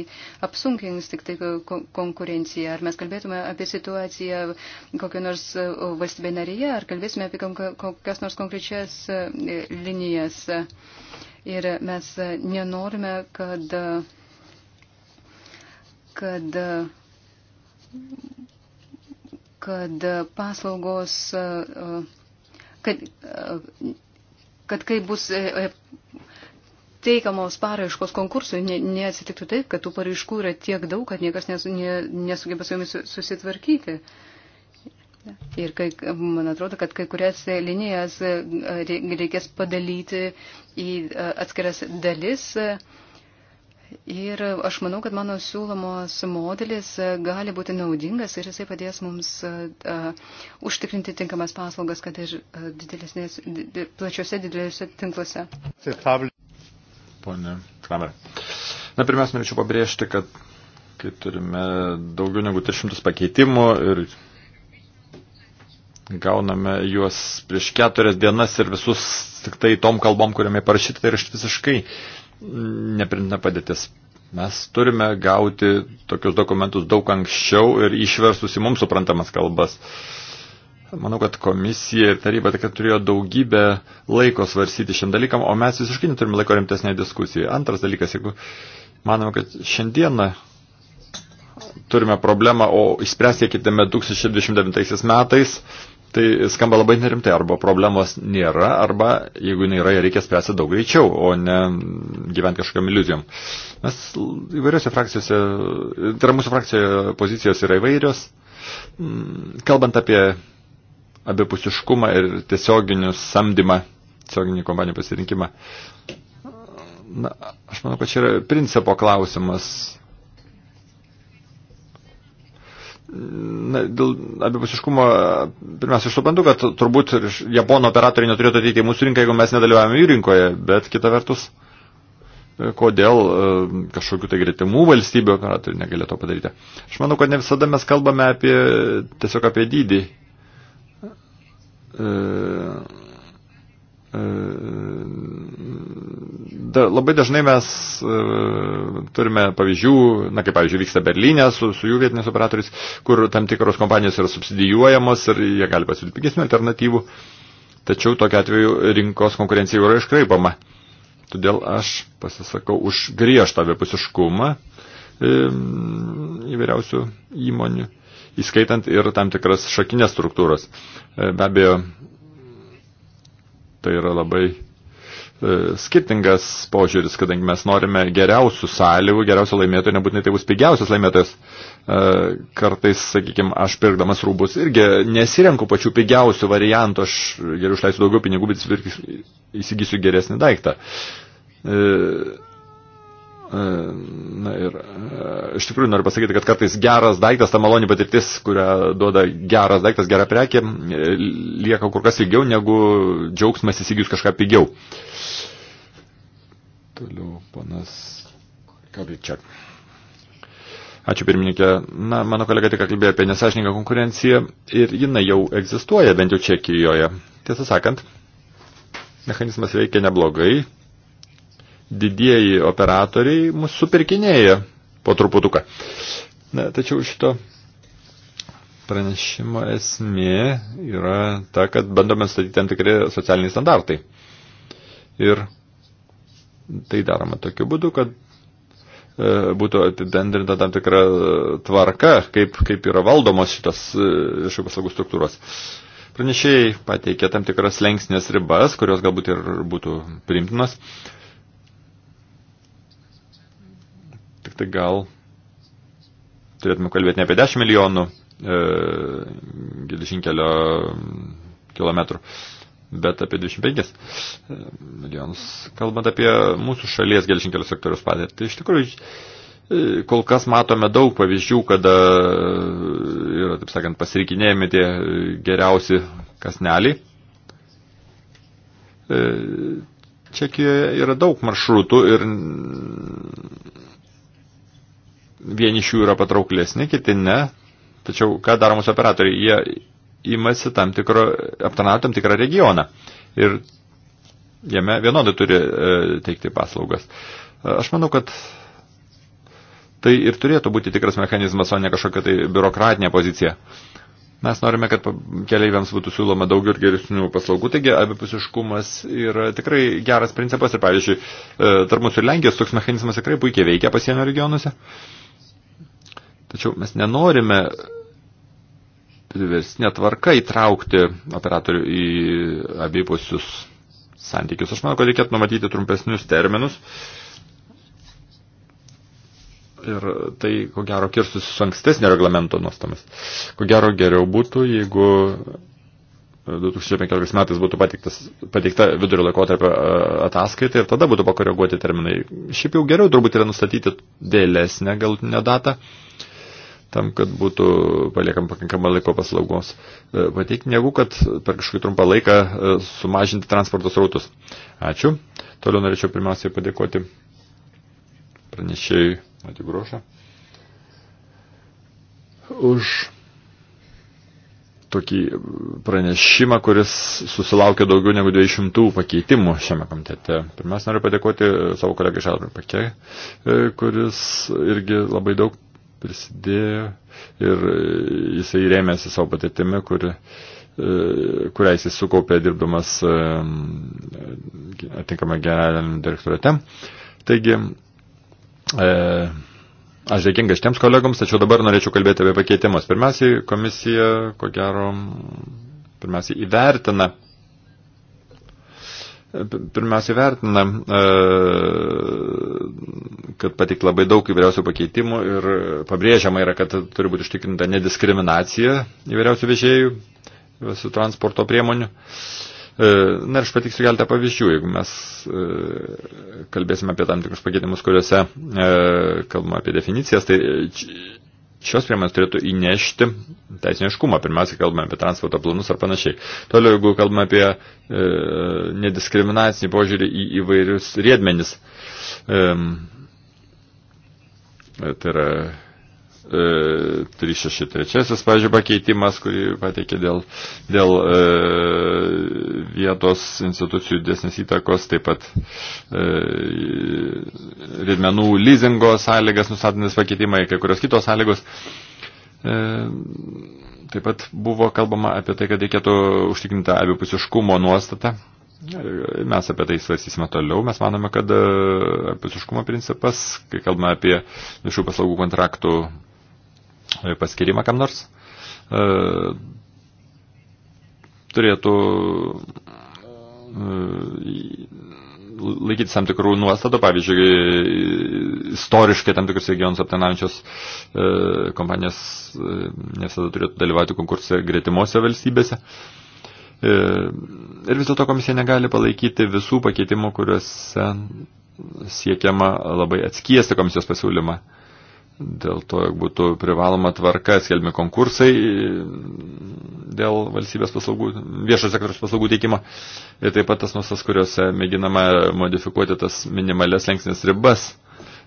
apsunkins tik tai konkurenciją. Ar mes kalbėtume apie situaciją kokio nors valstybė narėje, ar kalbėsime apie kokias nors konkrečias linijas. Ir mes nenorime, kad kad kad paslaugos, e, e, kad, e, kad kai bus teikiamos paraiškos konkursui, neatsitiktų taip, kad tų paraiškų yra tiek daug, kad niekas nesugeba su jomis susitvarkyti. Ir kai, man atrodo, kad kai kurias linijas reikės padalyti į atskiras dalis Ir aš manau, kad mano siūlomos modelis e, gali būti naudingas ir jisai padės mums uh, užtikrinti tinkamas paslaugas, kad ir didelės, plačiuose didelėse tinkluose. Pone Kramer. Na, pirmiausia, norėčiau pabrėžti, kad kai turime daugiau negu 300 pakeitimų ir gauname juos prieš keturias dienas ir visus tik tai tom kalbom, kuriame parašyta, tai aš visiškai neprimtina padėtis. Mes turime gauti tokius dokumentus daug anksčiau ir išversus į mums suprantamas kalbas. Manau, kad komisija ir taryba tik turėjo daugybę laiko svarsyti šiam dalykam, o mes visiškai neturime laiko rimtesnė diskusija. Antras dalykas, jeigu manome, kad šiandieną turime problemą, o išspręsti kitame 2029 metais, Tai skamba labai nerimtai, arba problemos nėra, arba jeigu jinai yra, ją reikia spręsti daug greičiau, o ne gyventi kažkokiam iliuzijom. Mes įvairiose frakcijose, tai yra mūsų frakcijoje pozicijos yra įvairios. Mm, kalbant apie abipusiškumą ir tiesioginių samdymą, tiesioginį kompanijų pasirinkimą, na, aš manau, kad čia yra principo klausimas Na, dėl abipusiškumo, pirmiausia, aš suprantu, kad turbūt ir Japono operatoriai neturėtų ateiti į mūsų rinką, jeigu mes nedalyvavome jų rinkoje, bet kita vertus, e, kodėl e, kažkokių tai greitimų valstybių operatoriai negalėtų padaryti. Aš manau, kad ne visada mes kalbame apie, tiesiog apie dydį. E, e, da, labai dažnai mes e, turime pavyzdžių, na kaip pavyzdžiui vyksta Berlyne su, su jų vietiniais operatoriais, kur tam tikros kompanijos yra subsidijuojamos ir jie gali pasiūlyti pigesnių alternatyvų, tačiau tokia atveju rinkos konkurencija yra iškraipama. Todėl aš pasisakau už griežtą abipusiškumą e, įvairiausių įmonių, įskaitant ir tam tikras šakinės struktūras. E, be abejo, tai yra labai E, skirtingas požiūris, kadangi mes norime geriausių sąlygų, geriausio laimėtojo, nebūtinai tai bus pigiausias laimėtojas. E, kartais, sakykime, aš pirkdamas rūbus irgi nesirenku pačių pigiausių variantų, aš geriau išleisiu daugiau pinigų, bet įsigysiu geresnį daiktą. E, na ir iš tikrųjų noriu pasakyti, kad kartais geras daiktas, ta maloni patirtis, kurią duoda geras daiktas, gera prekė, lieka kur kas ilgiau negu džiaugsmas įsigijus kažką pigiau. Uh, Toliau panas Kavičiak. Ačiū pirmininkė. Na, mano kolega tik kalbėjo apie nesažininką konkurenciją ir jinai jau egzistuoja, bent jau Čekijoje. Tiesą sakant, mechanizmas veikia neblogai. Didieji operatoriai mūsų supirkinėja po truputuką. Na, tačiau šito pranešimo esmė yra ta, kad bandome statyti tam tikri socialiniai standartai. Ir Tai daroma tokiu būdu, kad e, būtų apibendrinta tam tikra e, tvarka, kaip, kaip yra valdomos šitas e, viešųjų paslaugų struktūros. Pranešėjai pateikė tam tikras lengsnės ribas, kurios galbūt ir būtų priimtinos. Tik tai gal turėtume kalbėti ne apie 10 milijonų e, geležinkelio kilometrų. E, bet apie 25 e, milijonus. Kalbant apie mūsų šalies geležinkelių sektoriaus padėtį, tai iš tikrųjų e, kol kas matome daug pavyzdžių, kada e, yra, taip sakant, pasirikinėjami tie geriausi kasneliai. Čekijoje yra daug maršrutų ir vieni iš jų yra patrauklesni, kiti ne. Tačiau ką daro mūsų operatoriai? Jie imasi tam tikro, aptarnauti tam tikrą regioną. Ir jame vienodai turi e, teikti paslaugas. E, aš manau, kad tai ir turėtų būti tikras mechanizmas, o ne kažkokia tai biurokratinė pozicija. Mes norime, kad keleiviams būtų siūloma daugiau ir geresnių paslaugų, taigi abipusiškumas yra tikrai geras principas ir, pavyzdžiui, e, tarp mūsų ir Lenkijos toks mechanizmas tikrai puikiai veikia pasienio regionuose. Tačiau mes nenorime priversnė tvarka įtraukti operatorių į abipusius santykius. Aš manau, kad reikėtų numatyti trumpesnius terminus. Ir tai, ko gero, kirstusi su ankstesnė reglamento nuostamis. Ko gero, geriau būtų, jeigu 2015 metais būtų pateiktas, pateikta vidurio laikotarpio e, ataskaita ir tada būtų pakoreguoti terminai. Šiaip jau geriau turbūt yra nustatyti vėlesnę galutinę datą. Uh, tam, kad būtų paliekam pakankamą laiko paslaugos e, pateikti, negu kad per kažkokį trumpą laiką e, sumažinti transporto srautus. Ačiū. Toliau norėčiau pirmiausiai padėkoti pranešėjui Matigrošą už tokį pranešimą, kuris susilaukė daugiau negu 200 pakeitimų šiame komitete. Pirmiausia, noriu padėkoti savo kolegai Žalrui Pakė, e, kuris irgi labai daug prisidėjo ir e, jisai rėmėsi savo patirtimi, kuri, e, kurią jisai sukaupė dirbdamas e, atinkamą generalinį direktorate. Taigi, e, Aš dėkingas šitiems kolegoms, tačiau dabar norėčiau kalbėti apie pakeitimus. Pirmiausiai komisija, ko gero, pirmiausiai įvertina pirmiausia vertina, e, kad patik labai daug įvairiausių pakeitimų ir pabrėžiama yra, kad turi būti užtikrinta nediskriminacija įvairiausių vežėjų, visų transporto priemonių. E, na ir aš patiksiu keletą pavyzdžių, jeigu mes e, kalbėsime apie tam tikrus pakeitimus, kuriuose kalbama apie definicijas, tai šios priemonės turėtų įnešti teisiniškumą. Pirmiausia, kalbame apie transporto planus ar panašiai. Toliau, jeigu kalbame apie e, nediskriminacinį požiūrį į įvairius riedmenis, e, tai yra 363, e, pavyzdžiui, pakeitimas, kurį pateikė dėl, dėl e, vietos institucijų dėsnės įtakos, taip pat e, ridmenų leasingo sąlygas nustatinės pakeitimai, kai kurios kitos sąlygos. E, taip pat buvo kalbama apie tai, kad reikėtų užtikrinti abipusiškumo nuostatą. Mes apie tai svarstysime toliau. Mes manome, kad e, abipusiškumo principas, kai kalbame apie viešų paslaugų kontraktų E, paskirimą kam nors, e, turėtų e, laikytis tam tikrų nuostatų, pavyzdžiui, istoriškai tam tikrus regionus aptenaujančios kompanijos ne visada turėtų dalyvauti konkurse gretimuose valstybėse. Ir vis dėlto komisija negali palaikyti visų pakeitimų, kuriuose siekiama labai atskiesti komisijos pasiūlymą dėl to, jog būtų privaloma tvarka, skelbimi konkursai dėl valstybės paslaugų, viešo sektoriaus paslaugų teikimo ir taip pat tas nusas, kuriuose mėginama modifikuoti tas minimales lengsnės ribas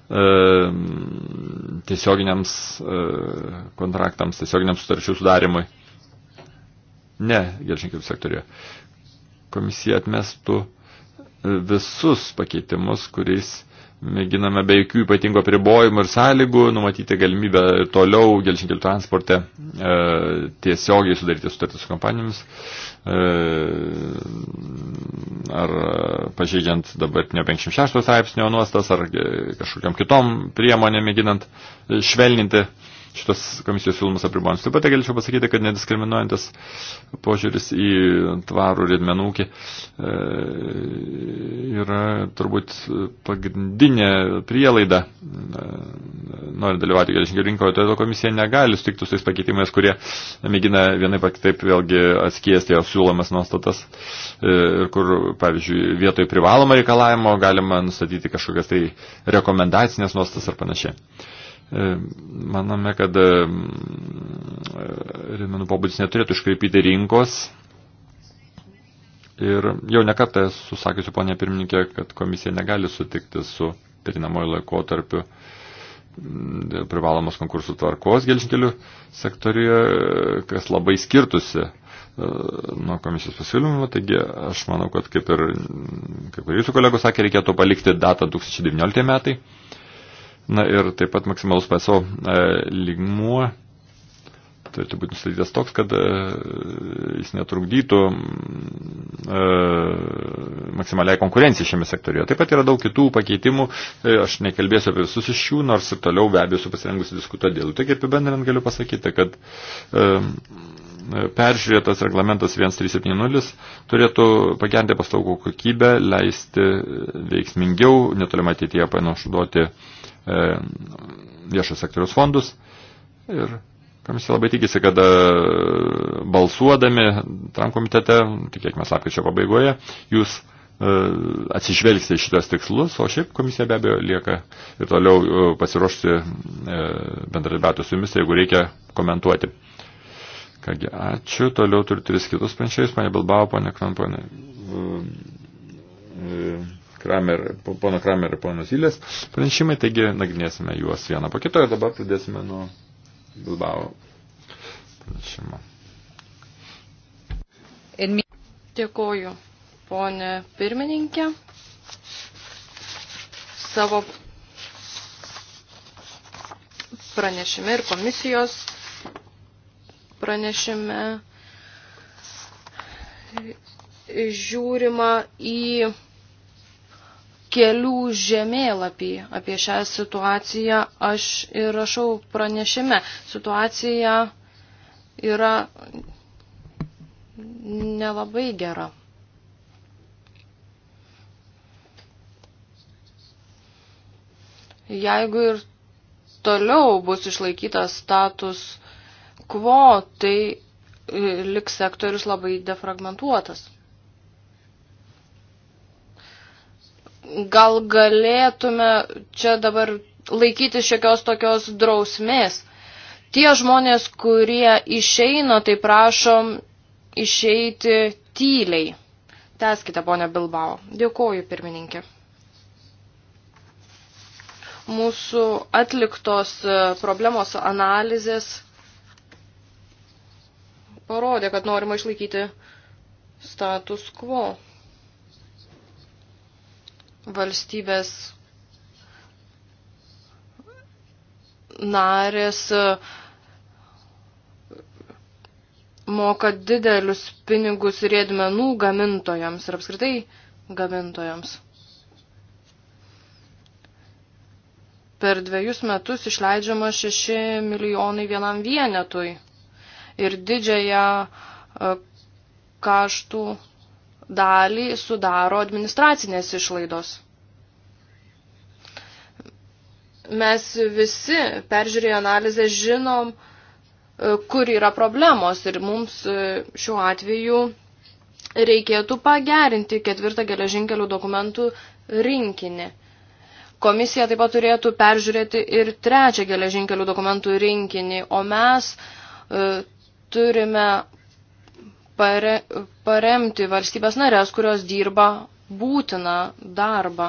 e, tiesioginiams e, kontraktams, tiesioginiams sutarčių sudarimui. Ne, geršinkelių sektoriuje. Komisija atmestų visus pakeitimus, kuriais mėginame be jokių ypatingo pribojimų ir sąlygų numatyti galimybę toliau gelžinkelių transporte e, tiesiogiai sudaryti sutartį su kompanijomis e, ar pažeidžiant dabartinio 56 straipsnio nuostas ar e, kažkokiam kitom priemonėm mėginant e, švelninti šitas komisijos siūlomas apribojimas. Taip pat tai galėčiau pasakyti, kad nediskriminuojantis požiūris į tvarų riedmenų ūkį e, yra turbūt pagrindinė prielaida, e, norint dalyvauti geležinkelių rinkoje, todėl komisija negali sutikti su tais pakeitimais, kurie mėgina vienai pat taip vėlgi atskiesti jo siūlomas nuostatas e, ir kur, pavyzdžiui, vietoj privalomą reikalavimo galima nustatyti kažkokias tai rekomendacinės nuostatas ar panašiai. E, manome, kad e, e, remenų pobūdis neturėtų iškreipyti rinkos. Ir jau nekartą esu sakiusi, ponė pirmininkė, kad komisija negali sutikti su perinamojo laikotarpiu privalomos konkursų tvarkos gelžinkelių sektorijoje, kas labai skirtusi nuo komisijos pasiūlymų, taigi aš manau, kad kaip ir, kaip ir jūsų kolegų sakė, reikėtų palikti datą 2019 metai. Na ir taip pat maksimalus PSO e, lygmuo turėtų būti nustatytas toks, kad e, jis netrukdytų mm, e, maksimaliai konkurencijai šiame sektorijoje. Taip pat yra daug kitų pakeitimų, aš nekalbėsiu apie visus iš jų, nors ir toliau be abejo su pasirengusi diskutuoti dėl. Taigi apibendrinant galiu pasakyti, kad peržiūrėtas reglamentas 1370 turėtų pagerinti paslaugų kokybę, leisti veiksmingiau, netolima ateityje panašudoti uh, E, viešo sektoriaus fondus. Ir komisija labai tikisi, kad e, balsuodami tam komitete, tikėkime lapkričio pabaigoje, jūs e, atsižvelgsite į šitas tikslus, o šiaip komisija be abejo lieka ir toliau pasiruošti bendradarbiauti su jumis, jeigu reikia komentuoti. Kągi, ačiū. Toliau turiu tris kitus pranešėjus, panė Bilbao, panė Kramponė. Uh, uh. Kramer, pono Kramer ir pono Zylės pranešimai, taigi nagrinėsime juos vieną po kito ir dabar pradėsime nuo Bilbao pranešimo. Dėkoju, ponė pirmininkė. Savo pranešime ir komisijos pranešime žiūrima į kelių žemėlapį apie šią situaciją aš ir rašau pranešime. Situacija yra nelabai gera. Jeigu ir toliau bus išlaikytas status quo, tai e, liks sektorius labai defragmentuotas. gal galėtume čia dabar laikyti šiokios tokios drausmės. Tie žmonės, kurie išeina, tai prašom išeiti tyliai. Teskite, ponė Bilbao. Dėkuoju, pirmininkė. Mūsų atliktos e, problemos analizės parodė, kad norima išlaikyti status quo valstybės narės e, moka didelius pinigus riedmenų gamintojams ir apskritai gamintojams. Per dviejus metus išleidžiama 6 milijonai vienam vienetui ir didžiąją e, kaštų dalį sudaro administracinės išlaidos. Mes visi peržiūrėję analizę žinom, e, kur yra problemos ir mums e, šiuo atveju reikėtų pagerinti ketvirtą geležinkelių dokumentų rinkinį. Komisija taip pat turėtų peržiūrėti ir trečią geležinkelių dokumentų rinkinį, o mes e, turime pare, paremti valstybės narės, kurios dirba būtiną darbą.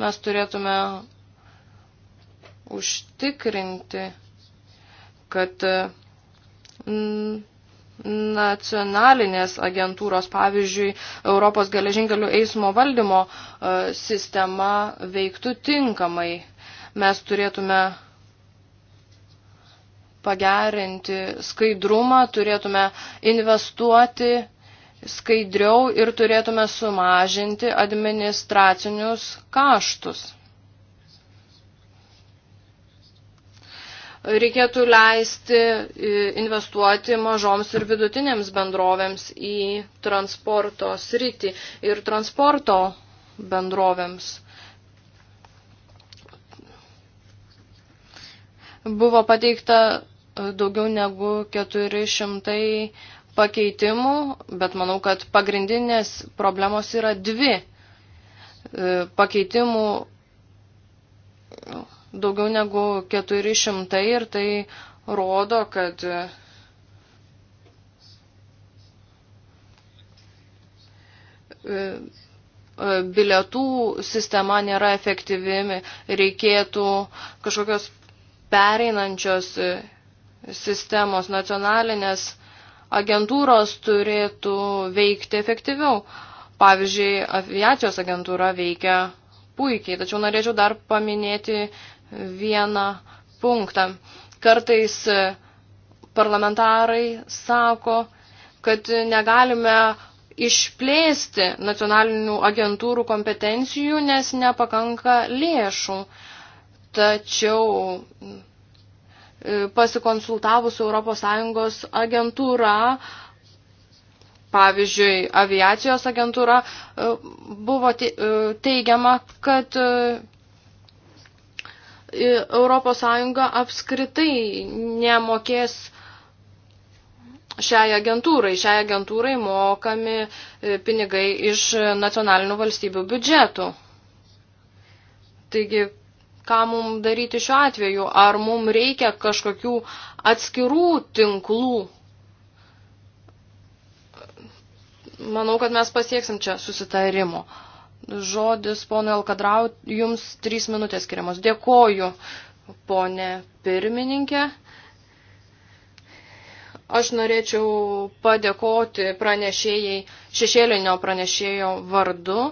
Mes turėtume užtikrinti, kad mm, nacionalinės agentūros, pavyzdžiui, Europos geležinkelių eismo valdymo e, sistema veiktų tinkamai. Mes turėtume pagerinti skaidrumą, turėtume investuoti skaidriau ir turėtume sumažinti administracinius kaštus. Reikėtų leisti e, investuoti mažoms ir vidutinėms bendrovėms į transporto sritį ir transporto bendrovėms. Buvo pateikta daugiau negu 400 pakeitimų, bet manau, kad pagrindinės problemos yra dvi e, pakeitimų daugiau negu 400 ir tai rodo, kad e, e, bilietų sistema nėra efektyvi, reikėtų kažkokios pereinančios sistemos, nacionalinės agentūros turėtų veikti efektyviau. Pavyzdžiui, aviacijos agentūra veikia puikiai, tačiau norėčiau dar paminėti vieną punktą. Kartais parlamentarai sako, kad negalime išplėsti nacionalinių agentūrų kompetencijų, nes nepakanka lėšų. Tačiau E, pasikonsultavus ES agentūra, pavyzdžiui, aviacijos agentūra, e, buvo e, teigiama, kad ES apskritai nemokės šiai agentūrai. Šiai agentūrai mokami pinigai iš nacionalinių valstybių biudžetų. Taigi ką mums daryti šiuo atveju? Ar mums reikia kažkokių atskirų tinklų? Manau, kad mes pasieksim čia susitarimo. Žodis, ponai Alkadrau, jums trys minutės skiriamos. Dėkoju, ponė pirmininkė. Aš norėčiau padėkoti pranešėjai, šešėlinio pranešėjo vardu.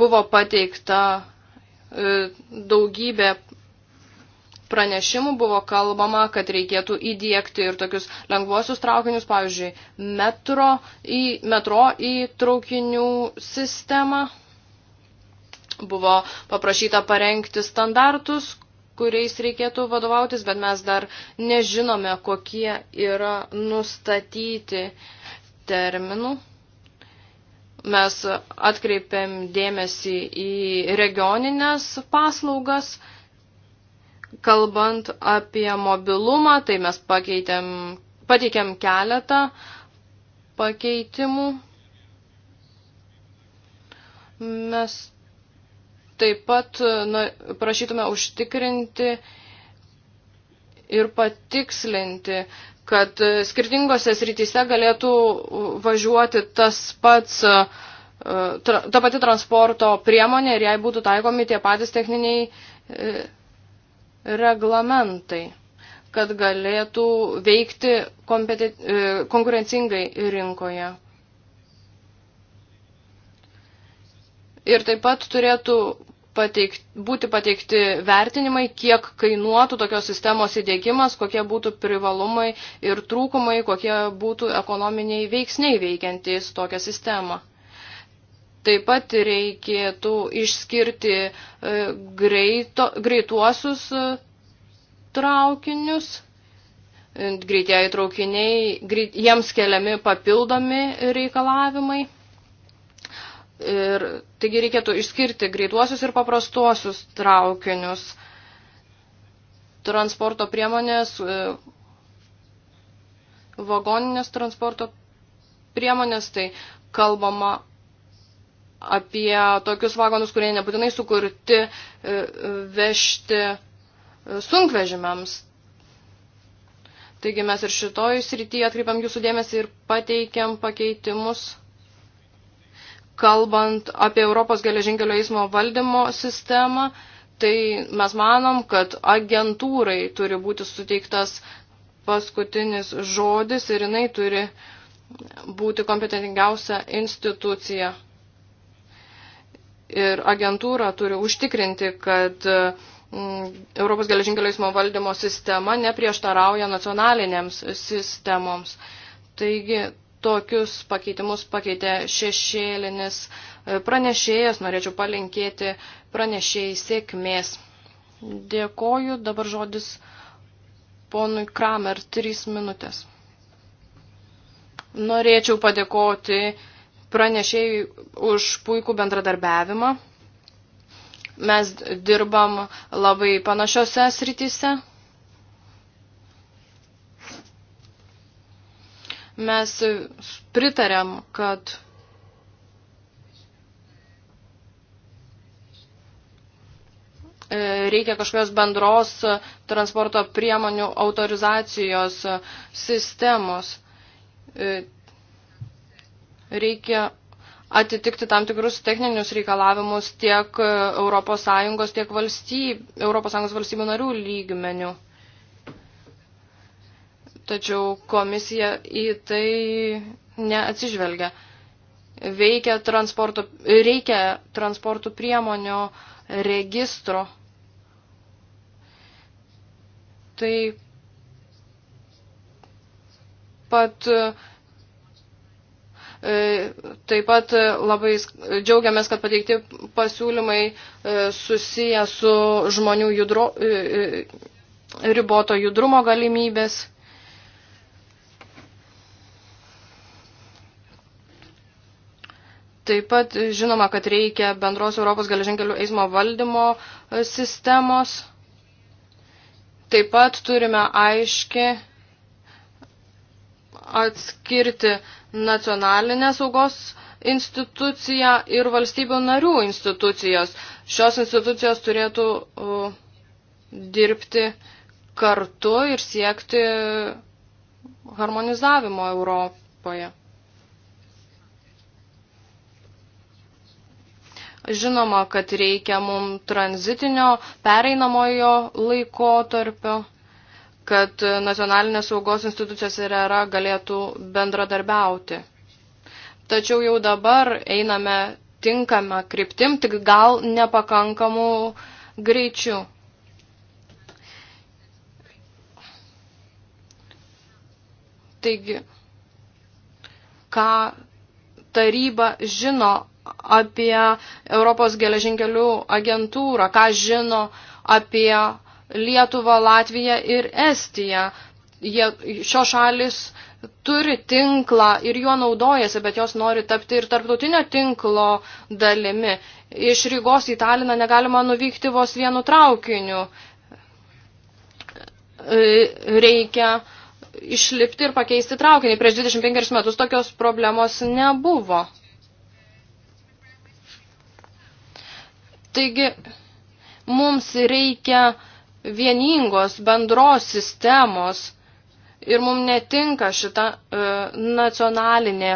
Buvo pateikta E, daugybė pranešimų buvo kalbama, kad reikėtų įdėkti ir tokius lengvuosius traukinius, pavyzdžiui, metro į, metro į traukinių sistemą. Buvo paprašyta parengti standartus, kuriais reikėtų vadovautis, bet mes dar nežinome, kokie yra nustatyti terminų. Mes atkreipiam dėmesį į regioninės paslaugas. Kalbant apie mobilumą, tai mes pakeitėm, pateikėm keletą pakeitimų. Mes taip pat na, prašytume užtikrinti ir patikslinti kad skirtingose srityse galėtų važiuoti tas pats, e, ta pati transporto priemonė ir jai būtų taikomi tie patys techniniai e, reglamentai, kad galėtų veikti e, konkurencingai rinkoje. Ir taip pat turėtų pateik, būti pateikti vertinimai, kiek kainuotų tokios sistemos įdėkimas, kokie būtų privalumai ir trūkumai, kokie būtų ekonominiai veiksniai veikiantys tokią sistemą. Taip pat reikėtų išskirti e, greito, greituosius e, traukinius, greitieji traukiniai, greit, jiems keliami papildomi reikalavimai. Ir taigi reikėtų išskirti greituosius ir paprastuosius traukinius. Transporto priemonės, e, vagoninės transporto priemonės, tai kalbama apie tokius vagonus, kurie nebūtinai sukurti e, vežti e, sunkvežimiams. Taigi mes ir šitoj srityje atkreipiam jūsų dėmesį ir pateikiam pakeitimus kalbant apie Europos geležinkelio eismo valdymo sistemą, tai mes manom, kad agentūrai turi būti suteiktas paskutinis žodis ir jinai turi būti kompetentingiausia institucija. Ir agentūra turi užtikrinti, kad mm, Europos geležinkelio eismo valdymo sistema neprieštarauja nacionalinėms sistemoms. Taigi tokius pakeitimus pakeitė šešėlinis e, pranešėjas. Norėčiau palinkėti pranešėjai sėkmės. Dėkoju. Dabar žodis ponui Kramer. Trys minutės. Norėčiau padėkoti pranešėjai už puikų bendradarbiavimą. Mes dirbam labai panašiose srityse. Mes pritarėm, kad reikia kažkokios bendros transporto priemonių autorizacijos sistemos. Reikia atitikti tam tikrus techninius reikalavimus tiek ES, tiek valstyb, ES valstybių narių lygmenių tačiau komisija į tai neatsižvelgia. Veikia transporto, reikia transporto priemonių registro. Tai pat e, Taip pat labai džiaugiamės, kad pateikti pasiūlymai e, susiję su žmonių judro, e, riboto judrumo galimybės. Taip pat e, žinoma, kad reikia bendros Europos geležinkelių eismo valdymo e, sistemos. Taip pat turime aiškiai atskirti nacionalinę saugos instituciją ir valstybių narių institucijos. Šios institucijos turėtų e, dirbti kartu ir siekti harmonizavimo Europoje. Žinoma, kad reikia mum tranzitinio pereinamojo laikotarpio, kad nacionalinės saugos institucijos ir ERA galėtų bendradarbiauti. Tačiau jau dabar einame tinkamą kryptim, tik gal nepakankamų greičių. Taigi, ką taryba žino apie Europos geležinkelių agentūrą, ką žino apie Lietuvą, Latviją ir Estiją. Jie, šio šalis turi tinklą ir juo naudojasi, bet jos nori tapti ir tarptautinio tinklo dalimi. Iš Rygos į Taliną negalima nuvykti vos vienu traukiniu. E, reikia išlipti ir pakeisti traukinį. Prieš 25 metus tokios problemos nebuvo. Taigi, mums reikia vieningos bendros sistemos ir mums netinka šita e, nacionalinė,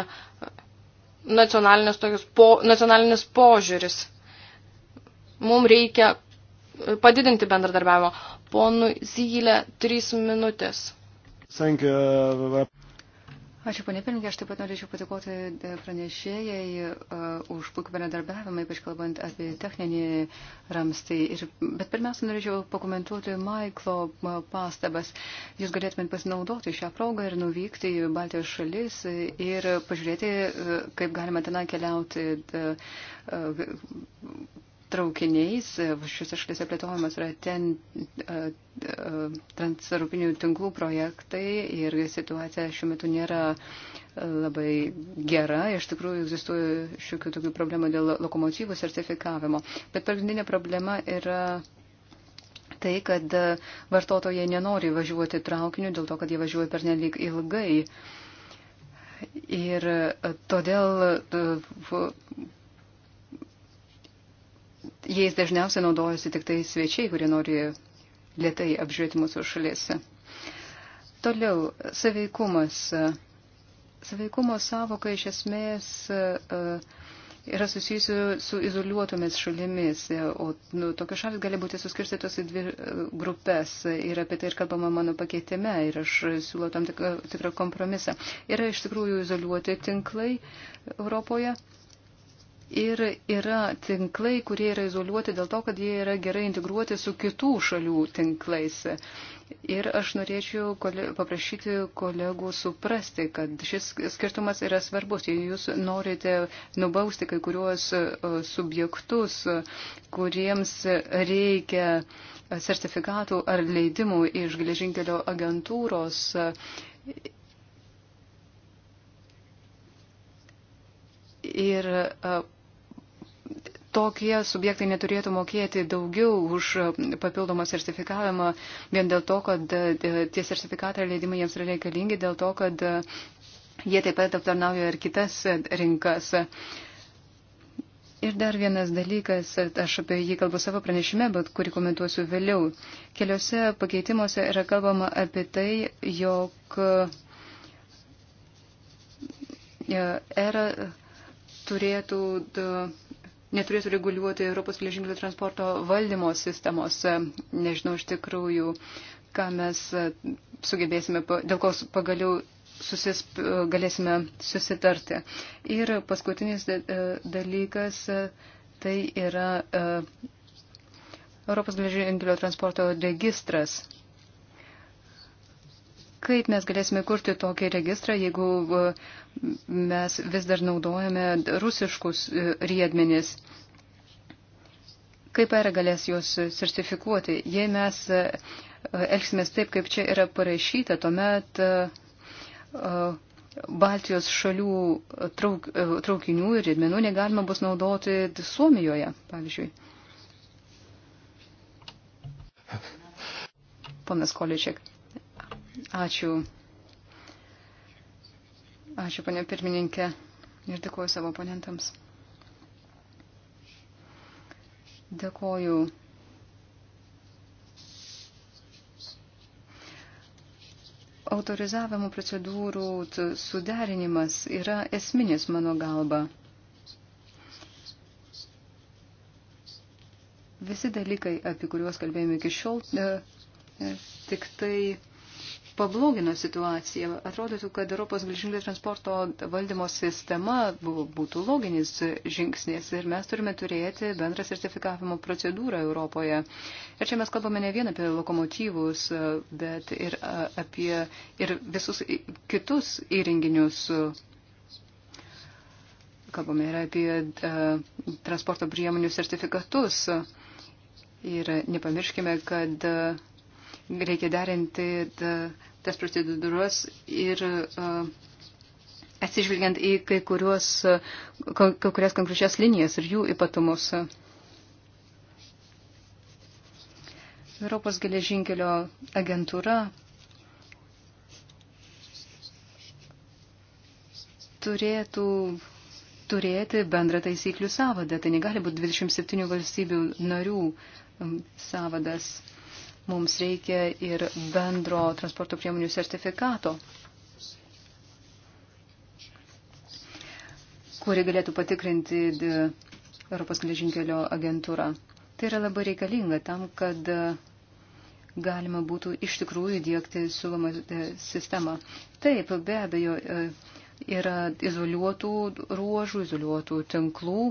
nacionalinės, tokios, po, nacionalinis požiūris. Mums reikia e, padidinti bendradarbiavimo. Ponui Zylė, trys minutės. Thank you. Ačiū, ponė Pirmininkė, aš taip pat norėčiau patikoti e, pranešėjai uh, už puikų bendradarbiavimą, ypač kalbant apie techninį ramstį. Ir, bet pirmiausia, norėčiau pakomentuoti Maiklo e, pastabas. Jūs galėtumėt pasinaudoti šią progą ir nuvykti į Baltijos šalis ir pažiūrėti, kaip galima tenai keliauti. Uh, traukiniais. Šiuose šalyse plėtojamas yra ten uh, uh, transeuropinių tinklų projektai ir situacija šiuo metu nėra labai gera. Iš tikrųjų egzistuoja šiokių tokių problemų dėl lokomotyvų sertifikavimo. Bet pagrindinė problema yra. Tai, kad vartotojai nenori važiuoti traukiniu dėl to, kad jie važiuoja per nelik ilgai. Ir todėl uh, jais dažniausiai naudojasi tik tai svečiai, kurie nori lietai apžiūrėti mūsų šalyse. Toliau, saveikumas. Saveikumo savoka iš esmės e, yra susijusi su izoliuotomis šalimis, e, o nu, tokios šalis gali būti suskirstytos į dvi e, grupės ir apie tai ir kalbama mano pakeitime ir aš siūlau tam tikrą kompromisą. Yra iš tikrųjų izoliuoti tinklai Europoje Ir yra tinklai, kurie yra izoliuoti dėl to, kad jie yra gerai integruoti su kitų šalių tinklais. Ir aš norėčiau kole, paprašyti kolegų suprasti, kad šis skirtumas yra svarbus. Jei jūs norite nubausti kai kuriuos e, subjektus, kuriems reikia sertifikatų ar leidimų iš geležinkelio agentūros, ir e, tokie subjektai neturėtų mokėti daugiau už e, papildomą sertifikavimą vien dėl to, kad e, tie sertifikatai ir leidimai jiems yra reikalingi, dėl to, kad e, jie taip pat aptarnauja ir kitas rinkas. Ir dar vienas dalykas, aš apie jį kalbu savo pranešime, bet kurį komentuosiu vėliau. Keliose pakeitimuose yra kalbama apie tai, jog era turėtų. Da, neturėtų reguliuoti Europos geležinkelių transporto valdymo sistemos. Nežinau iš tikrųjų, ką mes sugebėsime, dėl ko pagaliau susis, galėsime susitarti. Ir paskutinis e, dalykas tai yra e, Europos geležinkelio transporto registras. Kaip mes galėsime kurti tokį registrą, jeigu e, mes vis dar naudojame rusiškus e, riedmenis? Kaip ERA galės juos sertifikuoti? Jei mes e, elgsimės taip, kaip čia yra parašyta, tuomet Baltijos šalių trauk, traukinių ir riedmenų negalima bus naudoti Suomijoje, pavyzdžiui. Ponas Količiak. Ačiū. Ačiū, panė pirmininkė, ir dėkuoju savo oponentams. Dėkuoju. Autorizavimo procedūrų suderinimas yra esminis mano galva. Visi dalykai, apie kuriuos kalbėjome iki šiol, e, e, tik tai pablogino situaciją. Atrodytų, kad Europos geležinkelio transporto valdymo sistema būtų loginis žingsnis ir mes turime turėti bendrą sertifikavimo procedūrą Europoje. Ir čia mes kalbame ne vien apie lokomotyvus, bet ir apie ir visus kitus įrenginius. Kalbame ir apie uh, transporto priemonių sertifikatus. Ir nepamirškime, kad uh, reikia derinti tas procedūras ir e, atsižvelgiant į kai, kuriuos, kai kurias konkrečias linijas ir jų ypatumus. Europos geležinkelio agentūra turėtų turėti bendrą taisyklių savadą. Tai negali būti 27 valstybių narių savadas mums reikia ir bendro transporto priemonių sertifikato, kurį galėtų patikrinti e, Europos geležinkelio agentūra. Tai yra labai reikalinga tam, kad e, galima būtų iš tikrųjų dėkti siūlomą e, sistemą. Taip, be abejo, yra izoliuotų ruožų, izoliuotų tinklų,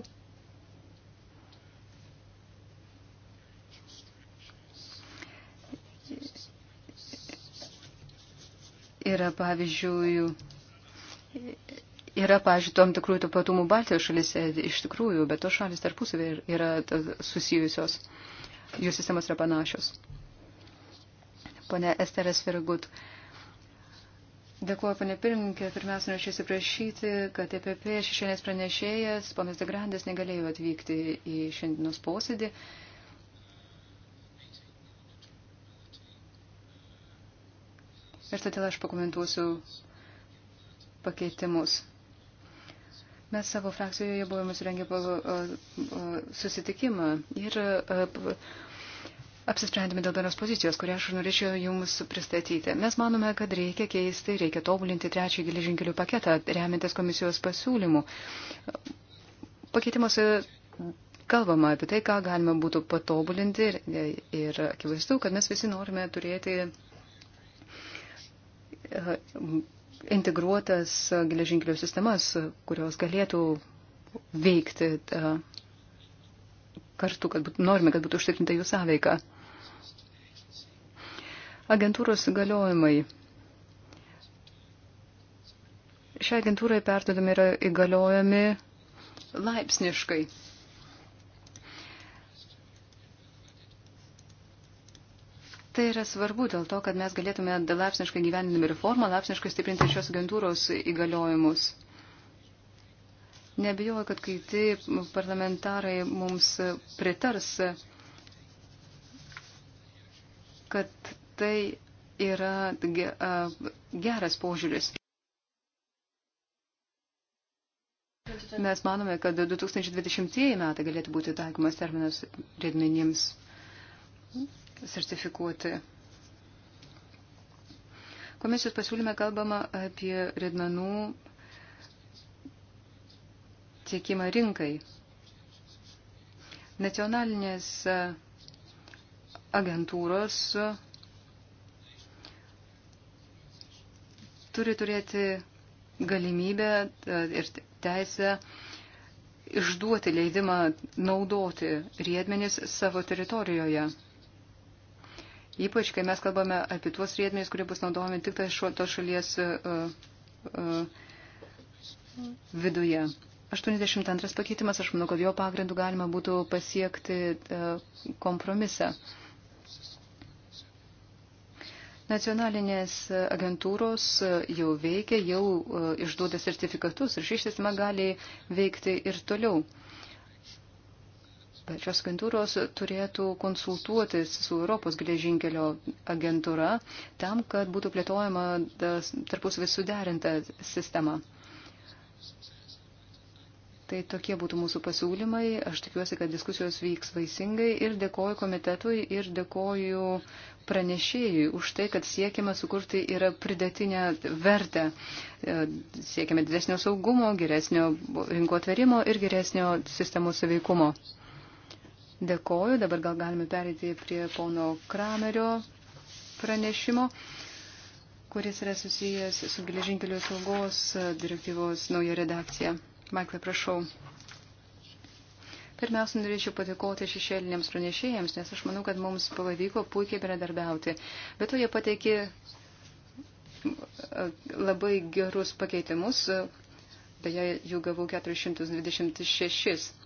yra, pavyzdžiui, yra, pavyzdžiui, tom tikrų tapatumų Baltijos šalise iš tikrųjų, bet tos šalis tarpusavė yra susijusios, jų sistemas yra panašios. Pone Esteras Virgut. Dėkuoju, panė pirmininkė. Pirmiausia, norėčiau atsiprašyti, kad EPP šešėlės pranešėjas, ponas Degrandės, negalėjo atvykti į šiandienos posėdį. Uh, ir todėl aš pakomentuosiu pakeitimus. Mes savo frakcijoje buvome surengę susitikimą ir e, apsisprendėme dėl bendros pozicijos, kurią aš norėčiau Jums pristatyti. Mes manome, kad reikia keisti, reikia tobulinti trečiąjį geležinkelių paketą, remintis komisijos pasiūlymų. Pakeitimuose kalbama apie tai, ką galima būtų patobulinti ir, ir akivaizdu, kad mes visi norime turėti integruotas geležinkelio sistemas, kurios galėtų veikti e, kartu, kad būtų, norime, kad būtų užtikrinta jų sąveika. Agentūros įgaliojimai. Šiai agentūrai perdodami yra įgaliojami laipsniškai. Tai yra svarbu dėl to, kad mes galėtume lapsniškai gyvenindami reformą, lapsniškai stiprinti šios agentūros įgaliojimus. Nebijoju, kad kai taip parlamentarai mums pritars, kad tai yra geras požiūris. Mes manome, kad 2020 metai galėtų būti taikomas terminas redmenims sertifikuoti. Komisijos pasiūlyme kalbama apie redmenų tiekimą rinkai. Nacionalinės agentūros turi turėti galimybę ir teisę išduoti leidimą naudoti riedmenis savo teritorijoje. Ypač, kai mes kalbame apie tuos riedmenys, kurie bus naudojami tik tai šo, to šalies uh, uh, viduje. 82 pakeitimas, aš manau, kad jo pagrindu galima būtų pasiekti uh, kompromisą. Nacionalinės agentūros jau veikia, jau išduoda sertifikatus ir ši sistema gali veikti ir toliau. Uh, Šios agentūros turėtų konsultuotis su Europos geležinkelio agentūra tam, kad būtų plėtojama tarpusavį suderinta sistema. Tai tokie būtų mūsų pasiūlymai. Aš tikiuosi, kad diskusijos vyks vaisingai ir dėkoju komitetui ir dėkoju pranešėjui už tai, kad siekime sukurti yra pridėtinę vertę. E, siekime didesnio saugumo, geresnio rinko atverimo ir geresnio sistemų saveikumo. Dėkoju. Dabar gal galime perėti prie pono Kramerio pranešimo kuris yra susijęs su geležinkelio saugos direktyvos nauja redakcija. Maiklai, prašau. Pirmiausia, norėčiau patikoti šešėliniams pranešėjams, nes aš manau, kad mums pavyko puikiai bendradarbiauti. Bet to jie pateikė e, labai gerus pakeitimus, beje, jų gavau 426.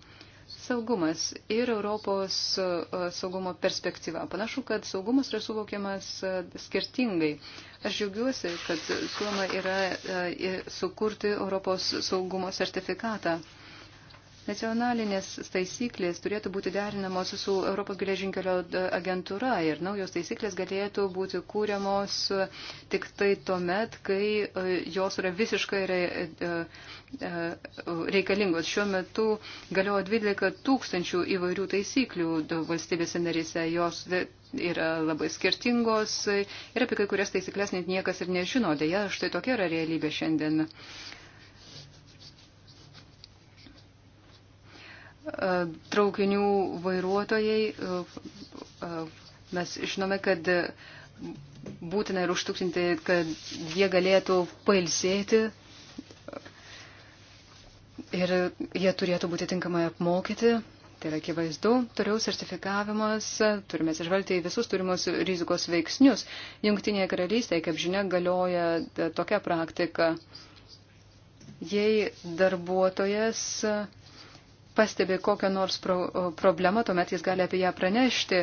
Saugumas ir Europos e, saugumo perspektyva. Panašu, kad saugumas yra suvokiamas e, skirtingai. Aš džiaugiuosi, kad siūloma yra e, sukurti Europos saugumo sertifikatą. Nacionalinės taisyklės turėtų būti derinamos su Europos geležinkelio agentūra ir naujos taisyklės galėtų būti kūriamos tik tai tuomet, kai e, jos yra visiškai e, e, reikalingos. Šiuo metu galioja 12 tūkstančių įvairių taisyklių valstybėse narise. Jos yra labai skirtingos ir apie kai kurias taisyklės net niekas ir nežino. Deja, štai tokia yra realybė šiandien. E, traukinių vairuotojai, e, e, mes žinome, kad būtina ir užtukrinti, kad jie galėtų pailsėti ir jie turėtų būti tinkamai apmokyti. Tai yra akivaizdu, toliau sertifikavimas, turime atsižvelgti į visus turimus rizikos veiksnius. Jungtinėje karalystėje, kaip žinia, galioja tokia praktika. Jei darbuotojas pastebi kokią nors pro, problemą, tuomet jis gali apie ją pranešti,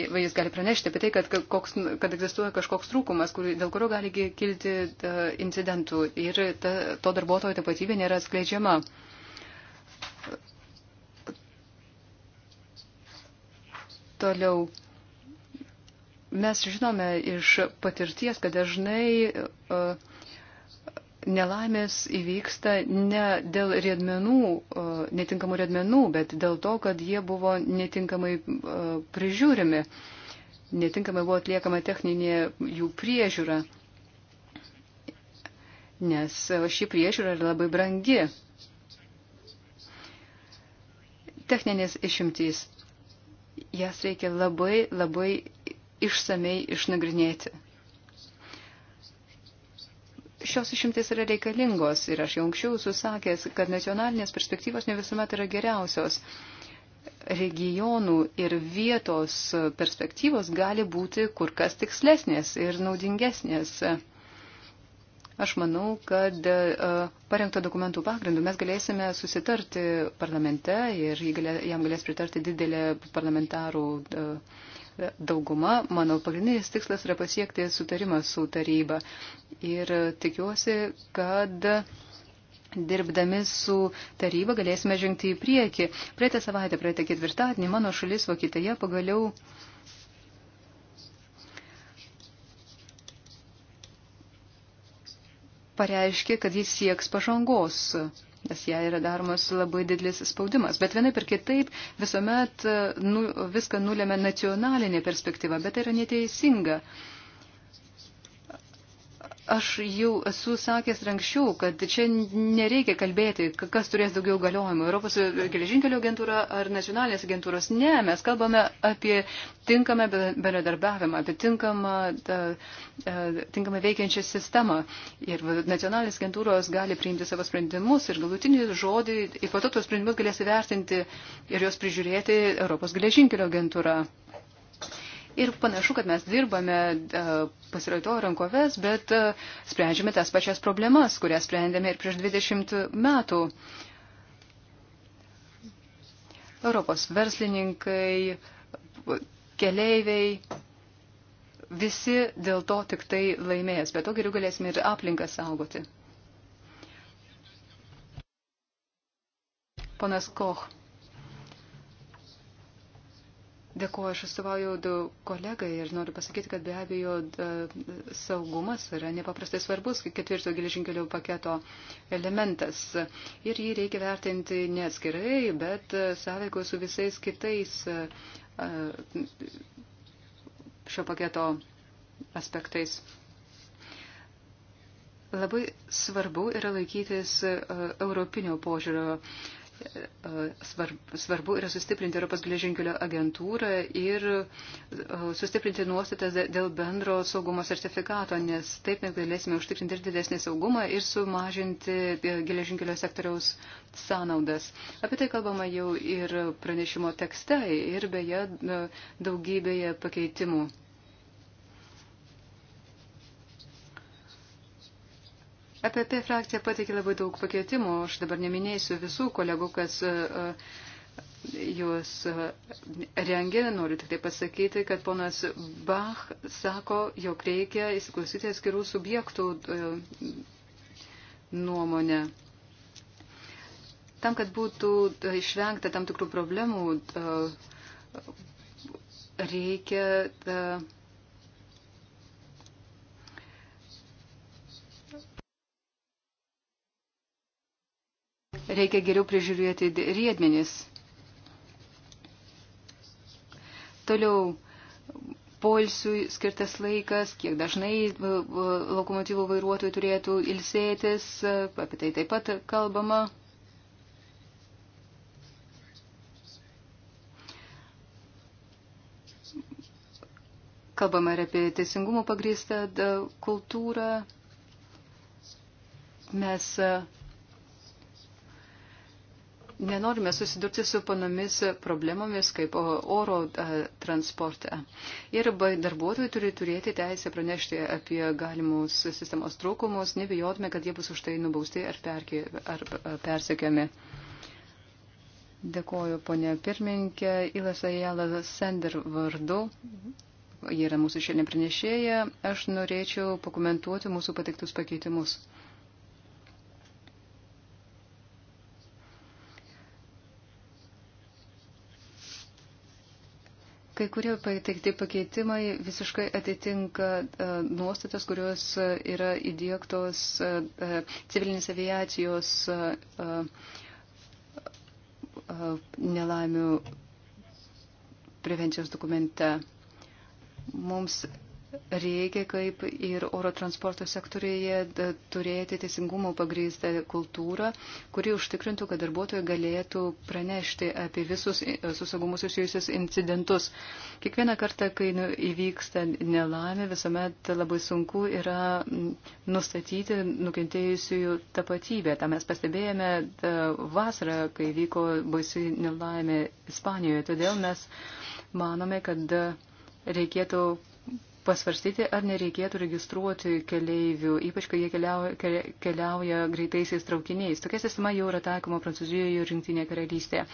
jis gali pranešti apie tai, kad, koks, kad egzistuoja kažkoks trūkumas, kur, dėl kurio gali kilti incidentų ir ta, to darbuotojo tapatybė nėra atskleidžiama. Toliau. Mes žinome iš patirties, kad dažnai uh, nelaimės įvyksta ne dėl riedmenų, netinkamų riedmenų, bet dėl to, kad jie buvo netinkamai prižiūrimi, netinkamai buvo atliekama techninė jų priežiūra, nes ši priežiūra yra labai brangi. Techninės išimtys, jas reikia labai, labai išsamei išnagrinėti šios išimtis yra reikalingos ir aš jau anksčiau susakęs, kad nacionalinės perspektyvos ne visuomet yra geriausios. Regionų ir vietos perspektyvos gali būti kur kas tikslesnės ir naudingesnės. Aš manau, kad e, parengto dokumentų pagrindų mes galėsime susitarti parlamente ir jam galės pritarti didelė parlamentarų uh, dauguma, mano pagrindinis tikslas yra pasiekti sutarimą su taryba. Ir tikiuosi, kad dirbdami su taryba galėsime žengti į priekį. Praeitą savaitę, praeitą ketvirtadienį, mano šalis Vokietija pagaliau. pareiškė, kad jis sieks pažangos nes jai yra daromas labai didelis spaudimas. Bet vienaip ir kitaip visuomet e, nu, viską nulėmė nacionalinė perspektyva, bet tai yra neteisinga. Uh, Aš jau esu sakęs anksčiau, kad čia nereikia kalbėti, kas turės daugiau galiojimų. Europos geležinkelio agentūra ar nacionalinės agentūros. Ne, mes kalbame apie tinkamą bendradarbiavimą, apie tinkamą, e, tinkamą veikiančią sistemą. Ir nacionalinės agentūros gali priimti savo sprendimus ir galutinį žodį, ir po to tos sprendimus galės įvertinti ir jos prižiūrėti Europos geležinkelio agentūra. Ir panašu, kad mes dirbame e, pasiraito rankoves, bet e, sprendžiame tas pačias problemas, kurias sprendėme ir prieš 20 metų. Europos verslininkai, keleiviai, visi dėl to tik tai laimėjęs, bet to geriau galėsime ir aplinką saugoti. Ponas Koch. Dėkuoju, aš atstovauju kolegai ir noriu pasakyti, kad be abejo saugumas yra nepaprastai svarbus ketvirto geležinkelio paketo elementas. Ir jį reikia vertinti ne atskirai, bet e, sąveiko su visais kitais e, šio paketo aspektais. Labai svarbu yra laikytis e, europinio požiūrio. Uh, svarbu yra sustiprinti Europos geležinkelio agentūrą ir e, sustiprinti nuostatas dėl bendro saugumo sertifikato, nes taip mes galėsime užtikrinti ir didesnį saugumą ir sumažinti e, geležinkelio sektoriaus sąnaudas. Apie tai kalbama jau ir pranešimo tekste ir beje e, daugybėje pakeitimų. EPP tai frakcija pateikė labai daug pakeitimų, aš dabar neminėsiu visų kolegų, kas uh, juos e, rengė, noriu tik tai pasakyti, kad ponas Bach sako, jog reikia įsiklausyti atskirų subjektų uh, nuomonę. Tam, kad būtų uh, išvengta tam tikrų problemų, reikia reikia geriau prižiūrėti riedmenis. Toliau polsiui skirtas laikas, kiek dažnai e, e, lokomotyvų vairuotojai turėtų ilsėtis, e, apie tai taip pat kalbama. Kalbama ir apie teisingumo pagrįstą kultūrą. Mes nenorime susidurti su panomis problemomis kaip oro transporte. Ir darbuotojai turi turėti teisę pranešti apie galimus sistemos trūkumus, nebijotume, kad jie bus už tai nubausti ar, perkė, ar persekiami. Dėkoju, ponė pirmininkė, Ilas Ajala Sender vardu. Jie yra mūsų šiandien pranešėja. Aš norėčiau pakomentuoti mūsų patiktus pakeitimus. Kai kurie pateikti pakeitimai visiškai atitinka e, nuostatas, kurios e, yra įdėktos e, civilinės aviacijos nelaimių prevencijos dokumente. Mums Reikia, kaip ir oro transporto sektorėje, turėti teisingumo pagrįstą kultūrą, kuri užtikrintų, kad darbuotojai galėtų pranešti apie visus e, su saugumu susijusius incidentus. Kiekvieną kartą, kai nu, įvyksta nelaimė, visuomet labai sunku yra nustatyti nukentėjusiųjų tapatybę. Ta mes pastebėjome e, vasarą, kai vyko baisi nelaimė Ispanijoje. Todėl mes manome, kad reikėtų pasvarstyti, ar nereikėtų registruoti keleivių, ypač kai jie keliauja, keliauja greitaisiais traukiniais. Tokia sistema jau yra taikoma Prancūzijoje ir Rinktinėje karalystėje.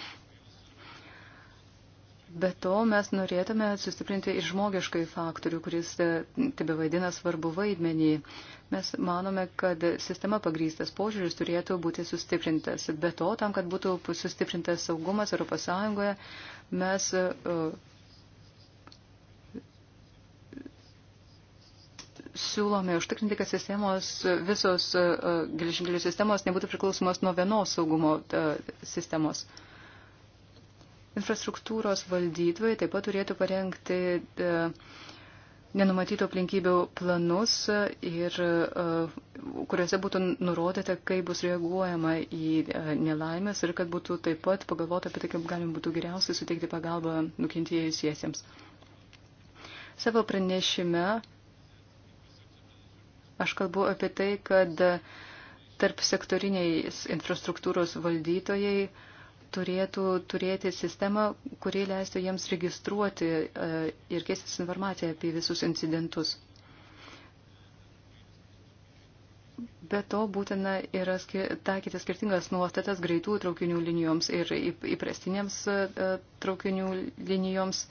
Be to mes norėtume sustiprinti ir žmogiškai faktorių, kuris e, tebe vaidina svarbu vaidmenį. Mes manome, kad sistema pagrystas požiūris turėtų būti sustiprintas. Be to, tam, kad būtų sustiprintas saugumas ES, mes e, siūlome užtikrinti, kad sistemos, visos e, geležinkelių sistemos nebūtų priklausomos nuo vienos saugumo e, sistemos. Infrastruktūros valdytojai taip pat turėtų parengti e, nenumatytų aplinkybių planus ir kuriuose būtų nurodyta, kaip bus reaguojama į nelaimės ir kad būtų taip pat pagalvota apie tai, kaip galima būtų geriausiai suteikti pagalbą nukentėjusiesiems. Savo pranešime Aš kalbu apie tai, kad tarp sektoriniais infrastruktūros valdytojai turėtų turėti sistemą, kuri leistų jiems registruoti e, ir keistis informaciją apie visus incidentus. Be to būtina yra taikyti skirtingas nuostatas greitų traukinių linijoms ir įprastinėms e, traukinių linijoms.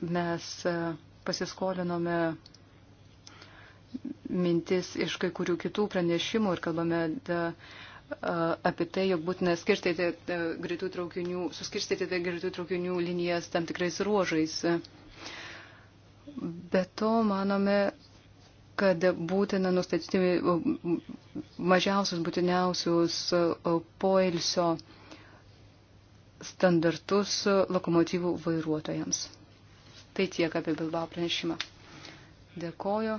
mes e, pasiskolinome mintis iš kai kurių kitų pranešimų ir kalbame da, apie tai, jog būtina skirstyti e, greitų traukinių, suskirstyti tai greitų traukinių linijas tam tikrais ruožais. Be to, manome, kad būtina nustatyti mažiausius būtiniausius e, poilsio standartus lokomotyvų vairuotojams. Tai tiek apie Bilbao pranešimą. Dėkoju.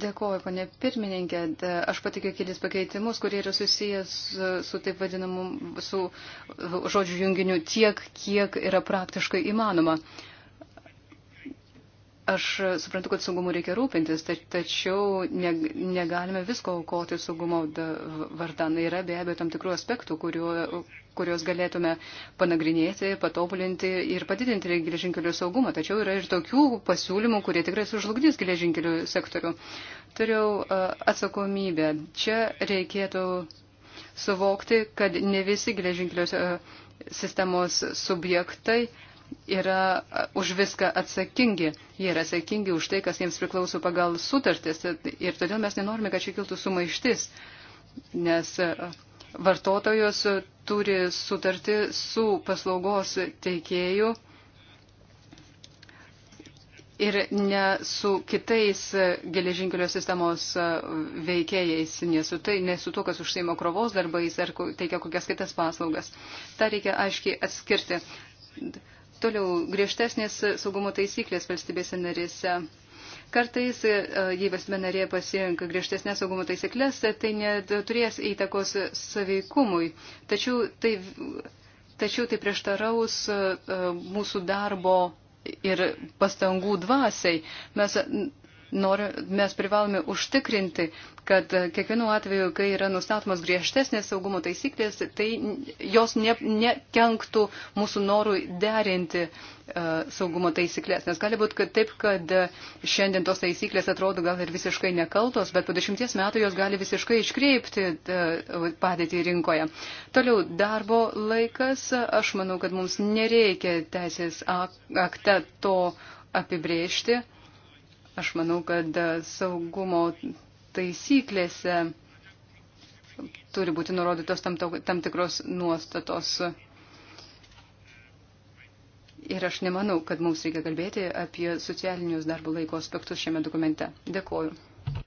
Dėkoju, ponė pirmininkė. Aš patikiu kelis pakeitimus, kurie yra susijęs su, su taip vadinamu, su žodžių junginiu tiek, kiek yra praktiškai įmanoma. Uh, Aš suprantu, kad saugumu reikia rūpintis, tačiau negalime visko aukoti saugumo vardan. Yra be abejo tam tikrų aspektų, kuriuo, kuriuos galėtume panagrinėti, patobulinti ir padidinti geležinkelių saugumą. Tačiau yra ir tokių pasiūlymų, kurie tikrai sužlugdys geležinkelių sektorių. Turiu atsakomybę. Čia reikėtų suvokti, kad ne visi geležinkelio sistemos subjektai yra už viską atsakingi. Jie yra atsakingi už tai, kas jiems priklauso pagal sutartis. Ir todėl mes nenorime, kad čia kiltų sumaištis, nes e, vartotojos turi sutarti su paslaugos teikėju ir ne su kitais geležinkelio sistemos e, veikėjais, ne su, tai, ne su to, kas užsieima krovos darbais ar teikia kokias kitas paslaugas. Ta reikia aiškiai atskirti. Toliau, griežtesnės saugumo taisyklės valstybėse narėse. Kartais, e, jei valstybė narė pasirinka griežtesnės saugumo taisyklės, tai neturės įtakos saveikumui. Tačiau tai, tačiau tai prieštaraus e, mūsų darbo ir pastangų dvasiai. Mes Nori, mes privalome užtikrinti, kad kiekvienu atveju, kai yra nustatomas griežtesnės saugumo taisyklės, tai jos ne, nekenktų mūsų norui derinti uh, saugumo taisyklės. Nes gali būti, kad taip, kad šiandien tos taisyklės atrodo gal ir visiškai nekaltos, bet po dešimties metų jos gali visiškai iškreipti uh, padėtį rinkoje. Toliau, darbo laikas. Aš manau, kad mums nereikia teisės akte to apibrėžti. Uh, Aš manau, kad saugumo taisyklėse turi būti nurodytos tam, tam tikros nuostatos. Ir aš nemanau, kad mums reikia kalbėti apie socialinius darbo laiko aspektus šiame dokumente. Dėkoju.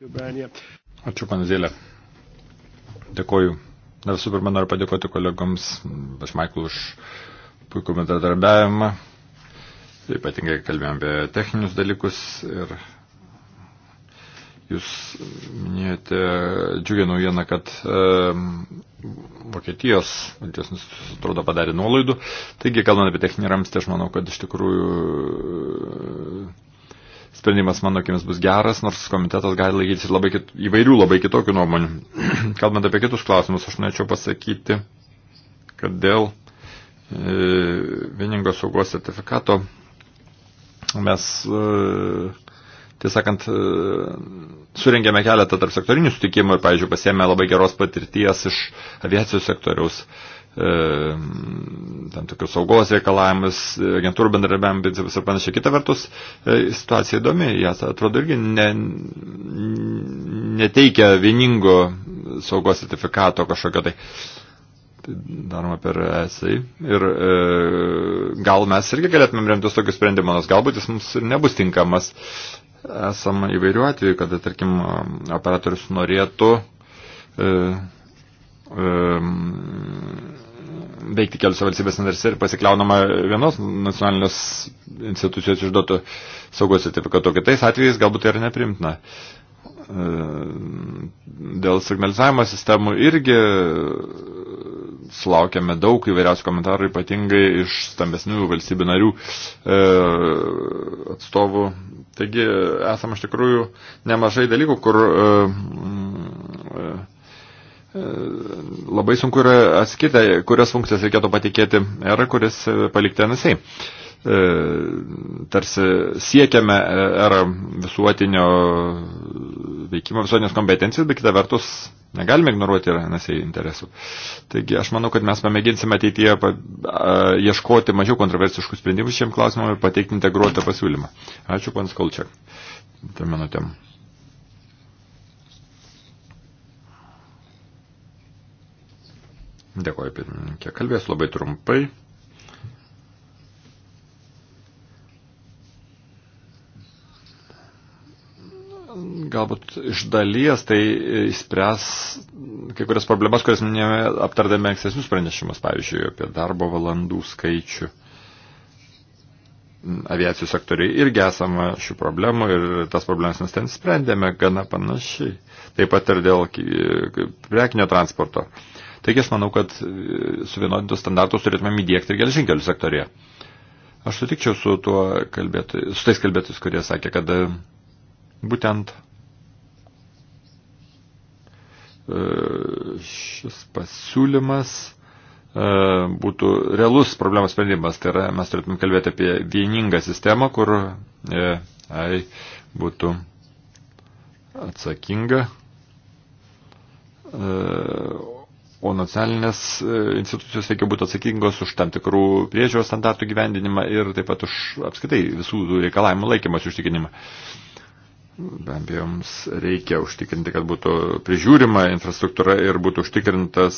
Ačiū, panazėlė. Dėkoju. Na, visų pirma, noriu padėkoti kolegoms, aš Maiklu, už puikų bendradarbiavimą. Ypatingai kalbėjom apie techninius dalykus ir Jūs minėjote džiugę naujieną, kad e, Vokietijos valdžios atrodo padarė nuolaidų. Taigi, kalbant apie techninį ramstį, aš manau, kad iš tikrųjų e, sprendimas mano akimis bus geras, nors komitetas gali laikytis labai kit, įvairių, labai kitokių nuomonių. Kalbant apie kitus klausimus, aš norėčiau pasakyti, kad dėl e, vieningo saugos sertifikato mes e, tiesąkant, e, surengėme keletą tarp sektorinių sutikimų ir, pavyzdžiui, pasėmė labai geros patirties iš aviacijos sektoriaus e, tam tokius saugos reikalavimus, agentūrų bendradarbiavimo principus ir panašiai. Kita vertus, e, situacija įdomi, jas atrodo irgi ne, neteikia vieningo saugos sertifikato kažkokio tai. Tai daroma per esai. Ir e, gal mes irgi galėtumėm remtis tokius sprendimus, galbūt jis mums ir nebus tinkamas esam įvairių atvejų, kada, tarkim, operatorius norėtų e, e, veikti keliose valstybės narėse ir pasikliaunama vienos nacionalinės institucijos išduotų saugos sertifikato. Kitais atvejais galbūt tai yra neprimtina. E, dėl signalizavimo sistemų irgi sulaukėme daug įvairiausių komentarų, ypatingai iš stambesnių valstybių narių e, atstovų Taigi esam iš tikrųjų nemažai dalykų, kur e, e, e, labai sunku yra atskirti, kurias funkcijas reikėtų patikėti R, kuris e, palikti NSA. E, E, tarsi siekiame ar e, er, visuotinio veikimo visuotinės kompetencijos, bet kita vertus negalime ignoruoti ir NSA interesų. Taigi aš manau, kad mes pamėginsime ateityje ieškoti mažiau kontroversiškų sprendimų šiam klausimam ir pateikti integruotą pasiūlymą. Ačiū, pan Skolčiak. Tam minutėm. Dėkuoju, pirmininkė. Kalbėsiu labai trumpai. galbūt iš dalies tai įspręs kai kurias problemas, kurias minėjome aptardami ankstesnius pranešimus, pavyzdžiui, apie darbo valandų skaičių aviacijos sektoriai irgi esama šių problemų ir tas problemas mes ten sprendėme gana panašiai. Taip pat ir dėl prekinio transporto. Taigi aš manau, kad e, suvienodintus standartus turėtume įdėkti ir gelžinkelių sektorėje. Aš sutikčiau su, tuo kalbėtoj, su tais kalbėtojais, kurie sakė, kad e, būtent E, šis pasiūlymas e, būtų realus problemos sprendimas. Tai yra, mes turėtume kalbėti apie vieningą sistemą, kur AI būtų atsakinga, e, o nacionalinės institucijos reikia būti atsakingos už tam tikrų priežiūros standartų gyvendinimą ir taip pat už apskaitai visų reikalavimų laikymas užtikinimą. Uh, Be abejo, mums reikia užtikrinti, kad būtų prižiūrima infrastruktūra ir būtų užtikrintas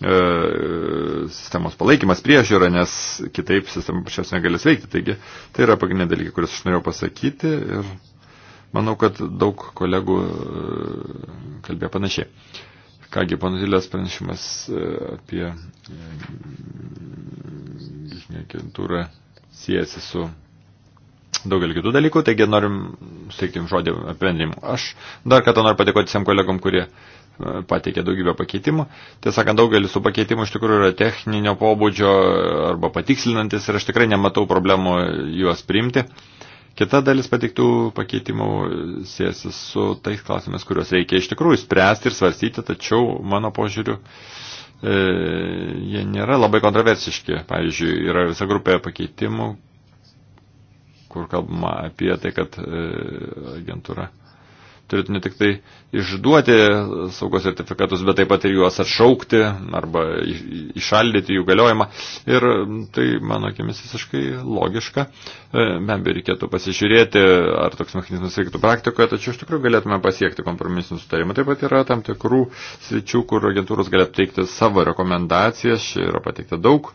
e, sistemos palaikymas priežiūra, nes kitaip sistema pačios negalės veikti. Taigi, tai yra pagrindiniai dalykai, kuriuos aš norėjau pasakyti ir manau, kad daug kolegų e, kalbėjo panašiai. Kągi, panutilės pranešimas e, apie e, agentūrą siejasi su daugelį kitų dalykų, taigi norim, sakykim, žodį apibendrimų. Aš dar kartą noriu padėkoti visiem kolegom, kurie e, pateikė daugybę pakeitimų. Tiesą sakant, daugelis tų pakeitimų iš tikrųjų yra techninio pobūdžio arba patikslinantis ir aš tikrai nematau problemų juos priimti. Kita dalis pateiktų pakeitimų siejasi su tais klausimais, kuriuos reikia iš tikrųjų spręsti ir svarstyti, tačiau mano požiūriu e, jie nėra labai kontroversiški. Pavyzdžiui, yra visa grupė pakeitimų, kur kalbama apie tai, kad e, agentūra turėtų ne tik tai išduoti saugos sertifikatus, bet taip pat ir juos atšaukti arba išaldyti jų galiojimą. Ir tai, mano akimis, visiškai logiška. E, be abejo, reikėtų pasižiūrėti, ar toks mechanizmas reikėtų praktikoje, tačiau iš tikrųjų galėtume pasiekti kompromisinių sutarimų. Taip pat yra tam tikrų sričių, kur agentūros galėtų teikti savo rekomendacijas, čia yra pateikta daug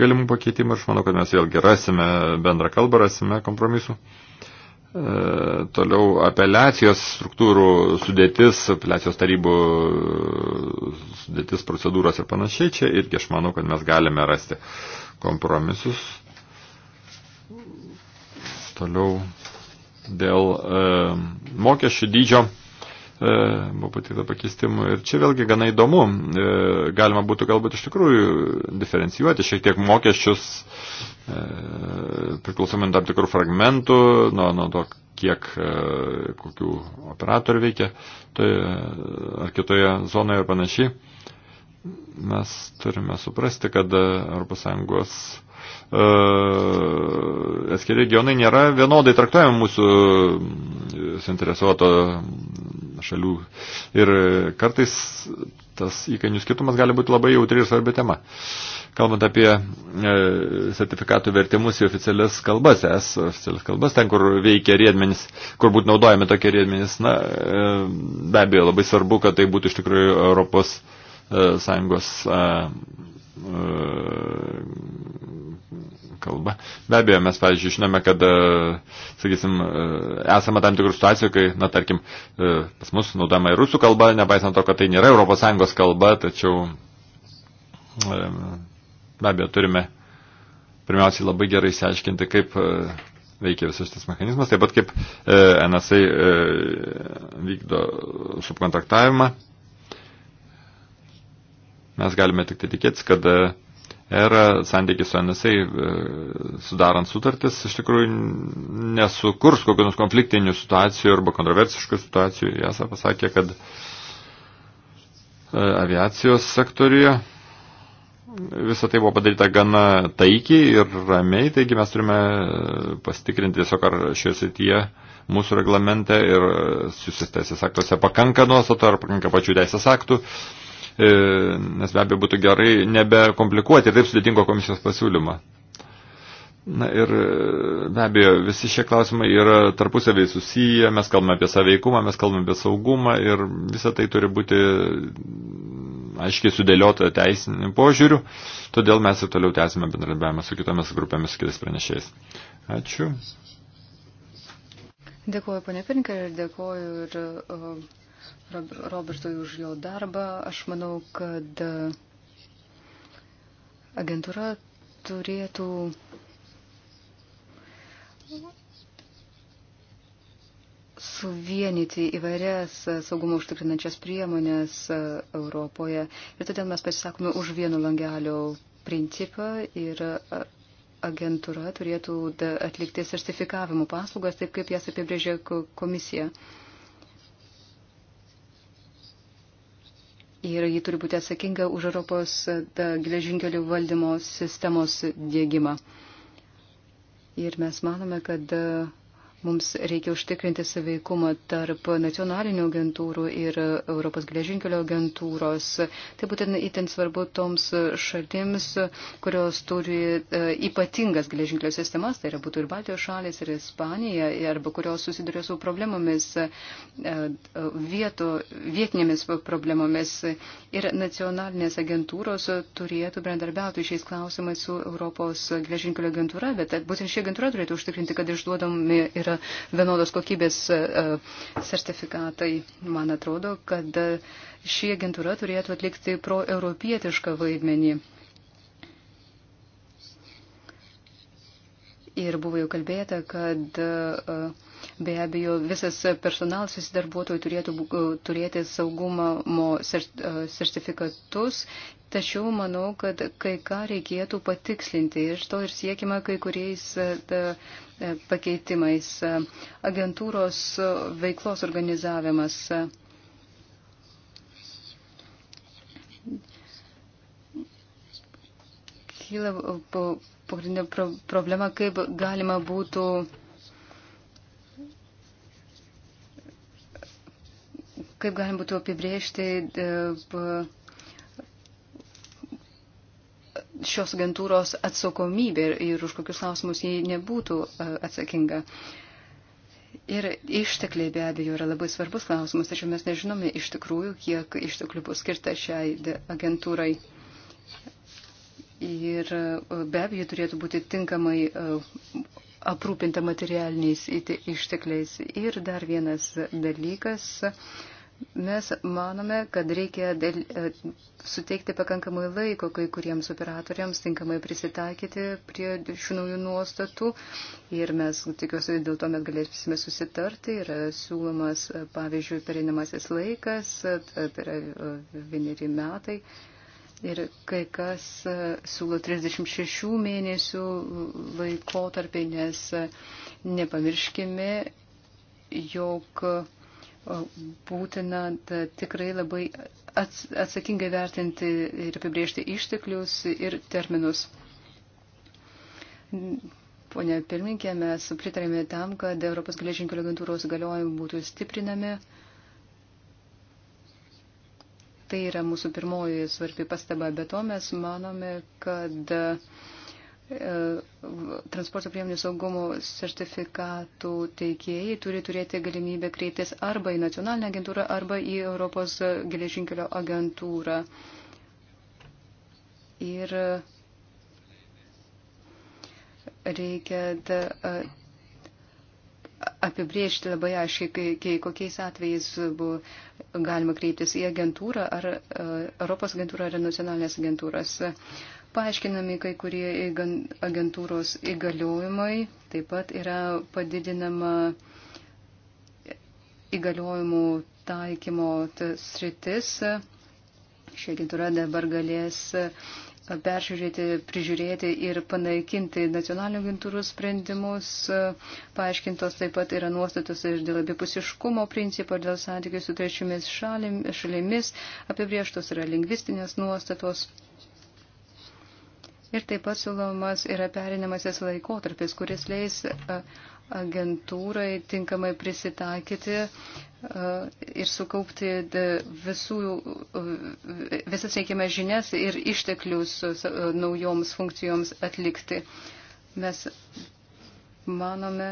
galimų pakeitimų ir aš manau, kad mes vėlgi rasime bendrą kalbą, rasime kompromisų. E, toliau apeliacijos struktūrų sudėtis, apeliacijos tarybų e, sudėtis, procedūros ir panašiai čia irgi aš manau, kad mes galime rasti kompromisus. Toliau dėl e, mokesčių dydžio E, buvo patikta pakeistimu. Ir čia vėlgi gana įdomu, e, galima būtų galbūt iš tikrųjų diferencijuoti šiek tiek mokesčius e, priklausomai tam tikrų fragmentų, nuo, nuo to, kiek kokių operatorių veikia toje ar kitoje zonoje ir panašiai. Mes turime suprasti, kad ES atskiri regionai nėra vienodai traktuojami mūsų suinteresuoto šalių. Ir kartais tas įkainių skirtumas gali būti labai jautri ir svarbi tema. Kalbant apie e, sertifikatų vertimus į oficialias kalbas, es oficialias kalbas, ten, kur veikia riedmenys, kur būtų naudojami tokie riedmenys, na, e, be abejo, labai svarbu, kad tai būtų iš tikrųjų Europos e, Sąjungos e, e, kalba. Be abejo, mes, pavyzdžiui, žinome, kad, e, sakysim, e, esame tam tikrų situacijų, kai, na, tarkim, e, pas mus naudama ir rusų kalba, nepaisant to, kad tai nėra ES kalba, tačiau, be abejo, turime pirmiausiai labai gerai išsiaiškinti, kaip veikia visas šitas mechanizmas, taip pat kaip NSA vykdo subkontraktavimą. Mes galime tik tai tikėtis, kad Ir e, santykis su NSA, e, sudarant sutartis, iš tikrųjų nesukurs kokių nors konfliktinių situacijų arba kontroversiškų situacijų. Jasa pasakė, kad e, aviacijos sektoriuje visą tai buvo padaryta gana taikiai ir ramiai, taigi mes turime pasitikrinti tiesiog, ar šioje srityje mūsų reglamente ir susistesės aktuose pakanka nuostato, ar pakanka pačių teisės aktų. Uh, E, nes be abejo būtų gerai nebekomplikuoti taip sudėtingo komisijos pasiūlymą. Na ir e, be abejo, visi šie klausimai yra tarpusaviai susiję, mes kalbame apie saveikumą, mes kalbame apie saugumą ir visa tai turi būti aiškiai sudėliota teisiniu požiūriu, todėl mes ir toliau tęsime bendradarbiavimą su kitomis grupėmis, su kitais pranešėjais. Ačiū. Dėkuoju, ponė Pirinkė, ir dėkuoju ir uh, Robertui už jo darbą. Aš manau, kad agentūra turėtų suvienyti įvairias saugumo užtikrinančias priemonės Europoje. Ir todėl mes pasisakome už vieno langelio principą ir agentūra turėtų atlikti sertifikavimo paslaugas, taip kaip jas apibrėžė komisija. ir ji turi būti atsakinga už Europos geležinkelių valdymo sistemos dėgymą. Ir mes manome, kad Mums reikia užtikrinti saveikumą tarp nacionalinių agentūrų ir Europos geležinkelio agentūros. Tai būtent įtin svarbu toms šalims, kurios turi e, ypatingas geležinkelio sistemas, tai yra būtų ir Baltijos šalis, ir Ispanija, arba kurios susiduria su problemomis, e, vieto, vietinėmis problemomis. Ir nacionalinės agentūros turėtų bendarbiauti šiais klausimais su Europos geležinkelio agentūra, bet būtent ši agentūra turėtų užtikrinti, kad išduodami yra vienodos kokybės e, e, sertifikatai. Man atrodo, kad e, ši agentūra turėtų atlikti proeuropietišką vaidmenį. Ir buvo jau kalbėta, kad uh, Be abejo, visas personalas, visi darbuotojai turėtų turėti saugumo sertifikatus, e, tačiau manau, kad kai ką reikėtų patikslinti. Iš to ir siekime kai kuriais e, e, pakeitimais. Agentūros veiklos organizavimas. Kyla pagrindinė problema, kaip galima būtų kaip galim būtų apibrėžti e, šios agentūros atsakomybė ir už kokius klausimus jie nebūtų e, atsakinga. Ir ištekliai be abejo yra labai svarbus klausimas, tačiau mes nežinome iš tikrųjų, kiek išteklių bus skirta šiai agentūrai. Ir e, be abejo turėtų būti tinkamai aprūpinta materialiniais ištekliais. Ir dar vienas dalykas Mes manome, kad reikia dėl, e, suteikti pakankamai laiko kai kuriems operatoriams tinkamai prisitaikyti prie šių naujų nuostatų ir mes, tikiuosi, dėl to mes galėsime susitarti. Yra siūlomas, e, pavyzdžiui, perinamasis laikas, e, tai yra vieneri metai. Ir kai kas siūlo 36 mėnesių laikotarpį, nes nepamirškime, jog būtina da, tikrai labai ats, atsakingai vertinti ir apibriežti išteklius ir terminus. Pone pirminkė, mes pritarėme tam, kad Europos geležinkelio agentūros galiojimai būtų stiprinami. Tai yra mūsų pirmoji svarbi pastaba, bet to mes manome, kad uh, transporto priemonių saugumo sertifikatų teikėjai turi turėti galimybę kreiptis arba į nacionalinę agentūrą, arba į Europos geležinkelio agentūrą. Ir reikia da, apibriežti labai aiškiai, kokiais atvejais buvo galima kreiptis į agentūrą, ar Europos agentūrą, ar nacionalinės agentūras. Uh, paaiškinami kai kurie agentūros įgaliojimai, taip pat yra padidinama įgaliojimų taikymo sritis. Ši agentūra dabar galės peržiūrėti, prižiūrėti ir panaikinti nacionalinių agentūrų sprendimus. Paaiškintos taip pat yra nuostatos ir dėl abipusiškumo principo, ir dėl santykių su trečiomis šalimis. Apibrieštos yra lingvistinės nuostatos. Ir taip pat siūlomas yra perinamasis laikotarpis, kuris leis agentūrai tinkamai prisitaikyti ir sukaupti visų, visas reikiamą žinias ir išteklius naujoms funkcijoms atlikti. Mes manome,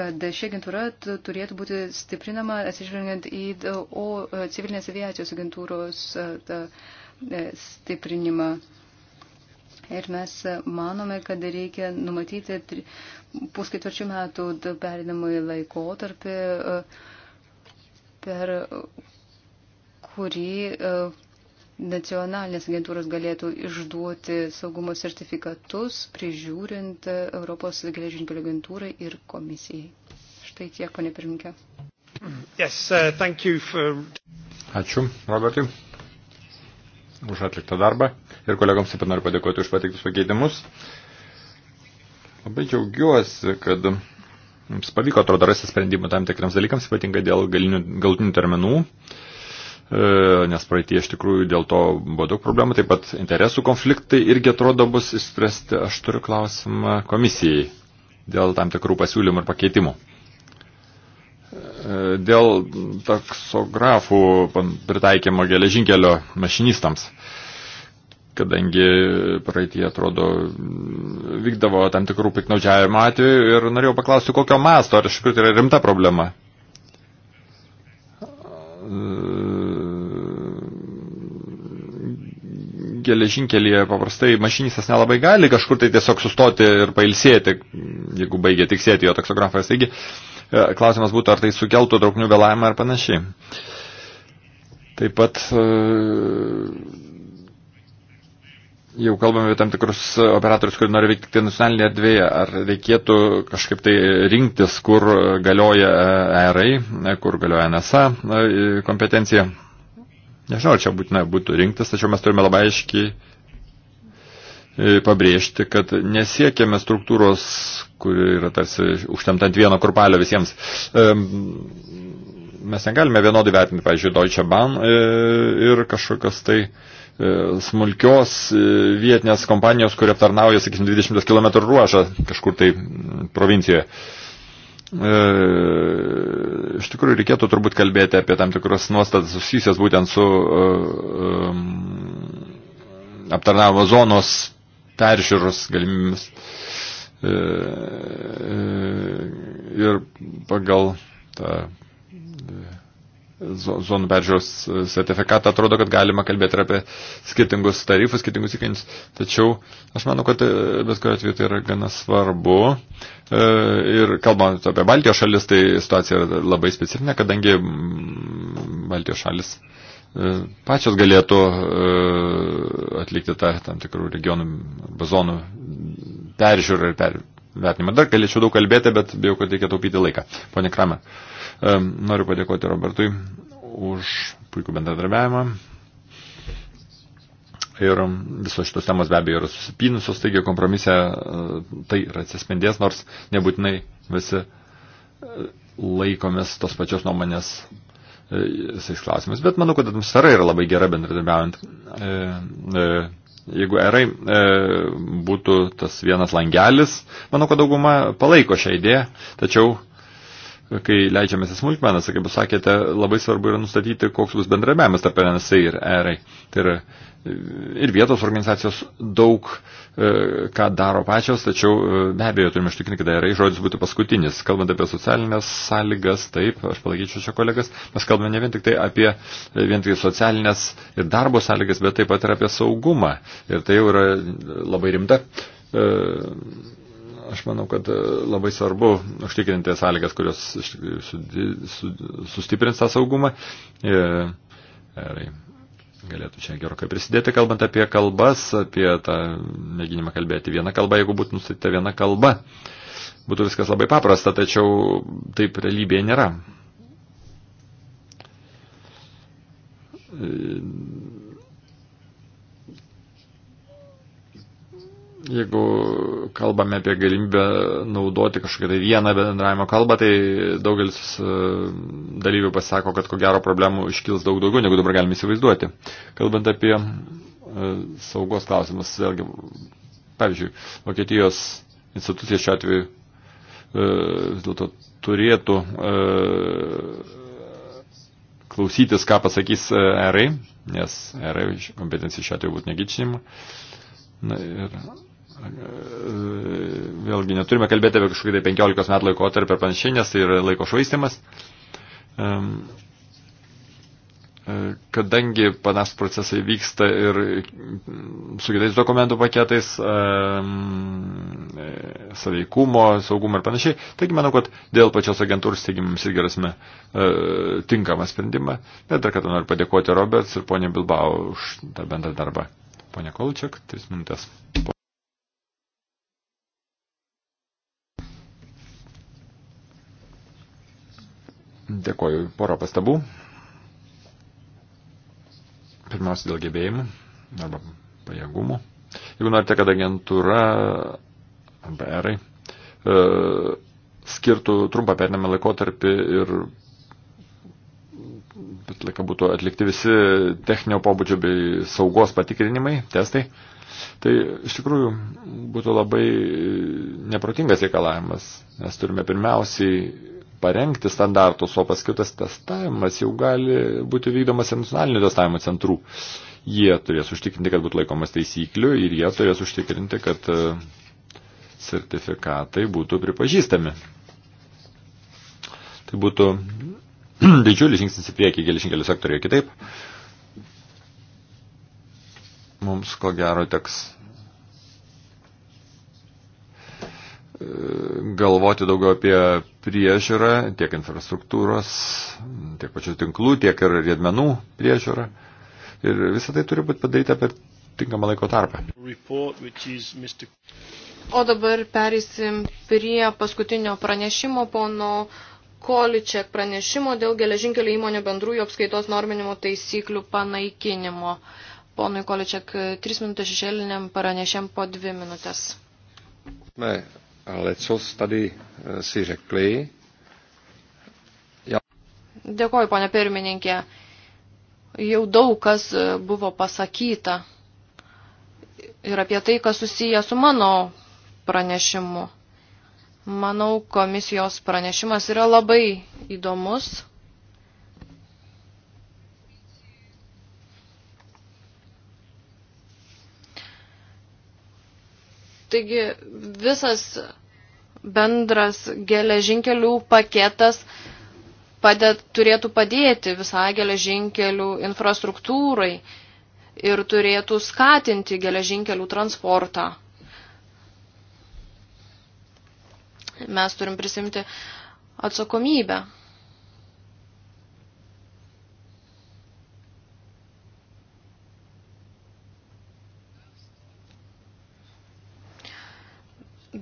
kad ši agentūra turėtų būti stiprinama atsižvelgiant į o, civilinės aviacijos agentūros e, stiprinimą. Ir mes manome, kad reikia numatyti pusketvirčių metų perinamąjį laikotarpį, e, per kurį e, nacionalinės agentūros galėtų išduoti saugumo sertifikatus, prižiūrint e, Europos geležinkelių agentūrai ir komisijai. Štai tiek, ponė pirminkė. Yes, uh, for... Ačiū, Robertai, už atliktą darbą ir kolegoms taip pat noriu padėkoti už pateiktus pakeitimus. Labai džiaugiuosi, kad mums pavyko, atrodo, rasti sprendimų tam tikrams dalykams, ypatingai dėl galinių, galutinių terminų, e, nes praeitie iš tikrųjų dėl to buvo daug problemų, taip pat interesų konfliktai irgi atrodo bus išspręsti. Aš turiu klausimą komisijai dėl tam tikrų pasiūlymų ir pakeitimų. E, dėl taksografų pritaikymo geležinkelio mašinistams. Uh, kadangi praeitie atrodo vykdavo tam tikrų piknaudžiavimo atveju ir norėjau paklausti, kokio masto, ar iš tikrųjų tai yra rimta problema. Geležinkelėje paprastai mašinysas nelabai gali kažkur tai tiesiog sustoti ir pailsėti, jeigu baigė tik sėti jo taksografas. Taigi, e, klausimas būtų, ar tai sukeltų trauknių vėlavimą ar panašiai. Taip pat e, jau kalbame apie tam tikrus operatorius, kurie nori veikti tik tai nacionalinėje erdvėje, ar reikėtų kažkaip tai rinktis, kur galioja ERA, kur galioja NSA kompetencija. Nežinau, ar čia būtina būtų rinktis, tačiau mes turime labai aiškiai e, pabrėžti, kad nesiekėme struktūros, kuri yra tarsi užtemta ant vieno kurpalio visiems. E, mes negalime vienodai vertinti, pavyzdžiui, Deutsche Bahn e, ir kažkokios tai uh, E, smulkios e, vietinės kompanijos, kurie aptarnauja, sakysim, 20 km ruožą kažkur tai provincijoje. E, iš e, tikrųjų, reikėtų turbūt kalbėti apie tam tikras nuostatas susijusias būtent su e, e, aptarnavimo zonos peržiūros galimybėmis. Ir pagal tą zonų peržiūros e, sertifikatą, atrodo, kad galima kalbėti ir apie skirtingus tarifus, skirtingus įkainius. Tačiau aš manau, kad e, bet kuriuo atveju tai yra gana svarbu. E, ir kalbant apie Baltijos šalis, tai situacija yra labai specifinė, kadangi Baltijos šalis pačios galėtų atlikti tą tam tikrų regionų arba zonų peržiūrą ir per vertinimą. Dar galėčiau daug kalbėti, bet bijau, kad reikia taupyti laiką. Pone Kramer. Noriu padėkoti Robertui už puikų bendradarbiavimą. Ir visos šitos temos be abejo yra susipinusios, taigi kompromise e, tai yra atsispindės, nors nebūtinai visi e, laikomės tos pačios nuomonės e, visais klausimais. Bet manau, kad atmosfera yra labai gera bendradarbiaujant. E, e, jeigu erai e, būtų tas vienas langelis, manau, kad dauguma palaiko šią idėją, tačiau kai leidžiamės į smulkmenas, kaip jūs sakėte, labai svarbu yra nustatyti, koks bus bendrabiavimas tarp NSA ir ERA. Tai yra e, ir vietos organizacijos daug e, ką daro pačios, tačiau e, be abejo turime ištikinti, kad ERA žodis būtų paskutinis. Kalbant apie socialinės sąlygas, taip, aš palaikyčiau čia kolegas, mes kalbame ne vien tik tai apie vien tik tai socialinės ir darbo sąlygas, bet taip pat ir apie saugumą. Ir tai jau yra labai rimta Aš manau, kad e, labai svarbu užtikrinti sąlygas, kurios sustiprins tą saugumą. E, Ir galėtų čia gerokai prisidėti, kalbant apie kalbas, apie tą mėginimą kalbėti vieną kalbą, jeigu būtų nustatyta viena kalba. Būtų viskas labai paprasta, tačiau taip realybėje nėra e, Jeigu kalbame apie galimybę naudoti kažkokią tai vieną bendravimo kalbą, tai daugelis e, dalyvių pasako, kad ko gero problemų iškils daug daugiau, negu dabar galime įsivaizduoti. Kalbant apie e, saugos klausimus, vėlgi, pavyzdžiui, Vokietijos institucija šiuo atveju e, vis dėlto turėtų klausytis, ką pasakys erai, nes erai kompetencija šiuo atveju būtų negičinima. Na ir vėlgi neturime kalbėti apie kažkokį tai 15 metų laikotarpį ir panašiai, nes tai yra laiko švaistimas. E, kadangi panas procesai vyksta ir su kitais dokumentų paketais, e, saveikumo, saugumo ir panašiai, taigi manau, kad dėl pačios agentūros steigimams irgi rasime e, tinkamą sprendimą. Bet dar kartą noriu padėkoti Roberts ir ponė Bilbao už tą bendrą darbą. Pone Kolčiak, tris minutės. Dėkoju. Porą pastabų. Pirmiausia, dėl gebėjimų arba pajėgumų. Jeigu norite, kad agentūra BR e, skirtų trumpą pernamą laikotarpį ir bet laika būtų atlikti visi techninio pobūdžio bei saugos patikrinimai, testai, tai iš tikrųjų būtų labai neprotingas reikalavimas, nes turime pirmiausiai parengti standartus, o paskui tas testavimas jau gali būti vykdomas nacionalinių testavimo centrų. Jie turės užtikrinti, kad būtų laikomas taisyklių ir jie turės užtikrinti, kad e, sertifikatai būtų pripažįstami. Tai būtų didžiulis žingsnis į priekį geležinkelių sektoriuje kitaip. Mums ko gero teks galvoti daugiau apie priežiūrą, tiek infrastruktūros, tiek pačių tinklų, tiek ir riedmenų priežiūrą. Ir visą tai turi būti padaryta per tinkamą laiko tarpą. O dabar pereisim prie paskutinio pranešimo pono Količek pranešimo dėl geležinkelio įmonių bendrųjų apskaitos norminimo taisyklių panaikinimo. Ponui Količek, 3 minutės šešėliniam pranešėm po 2 minutės. Ne, lecos tady e, si řekli. Ja... Dėkoju, ponė pirmininkė. Jau daug kas e, buvo pasakyta ir apie tai, kas susiję su mano pranešimu. Manau, komisijos pranešimas yra labai įdomus Taigi visas bendras geležinkelių paketas padėt, turėtų padėti visai geležinkelių infrastruktūrai ir turėtų skatinti geležinkelių transportą. Mes turim prisimti atsakomybę.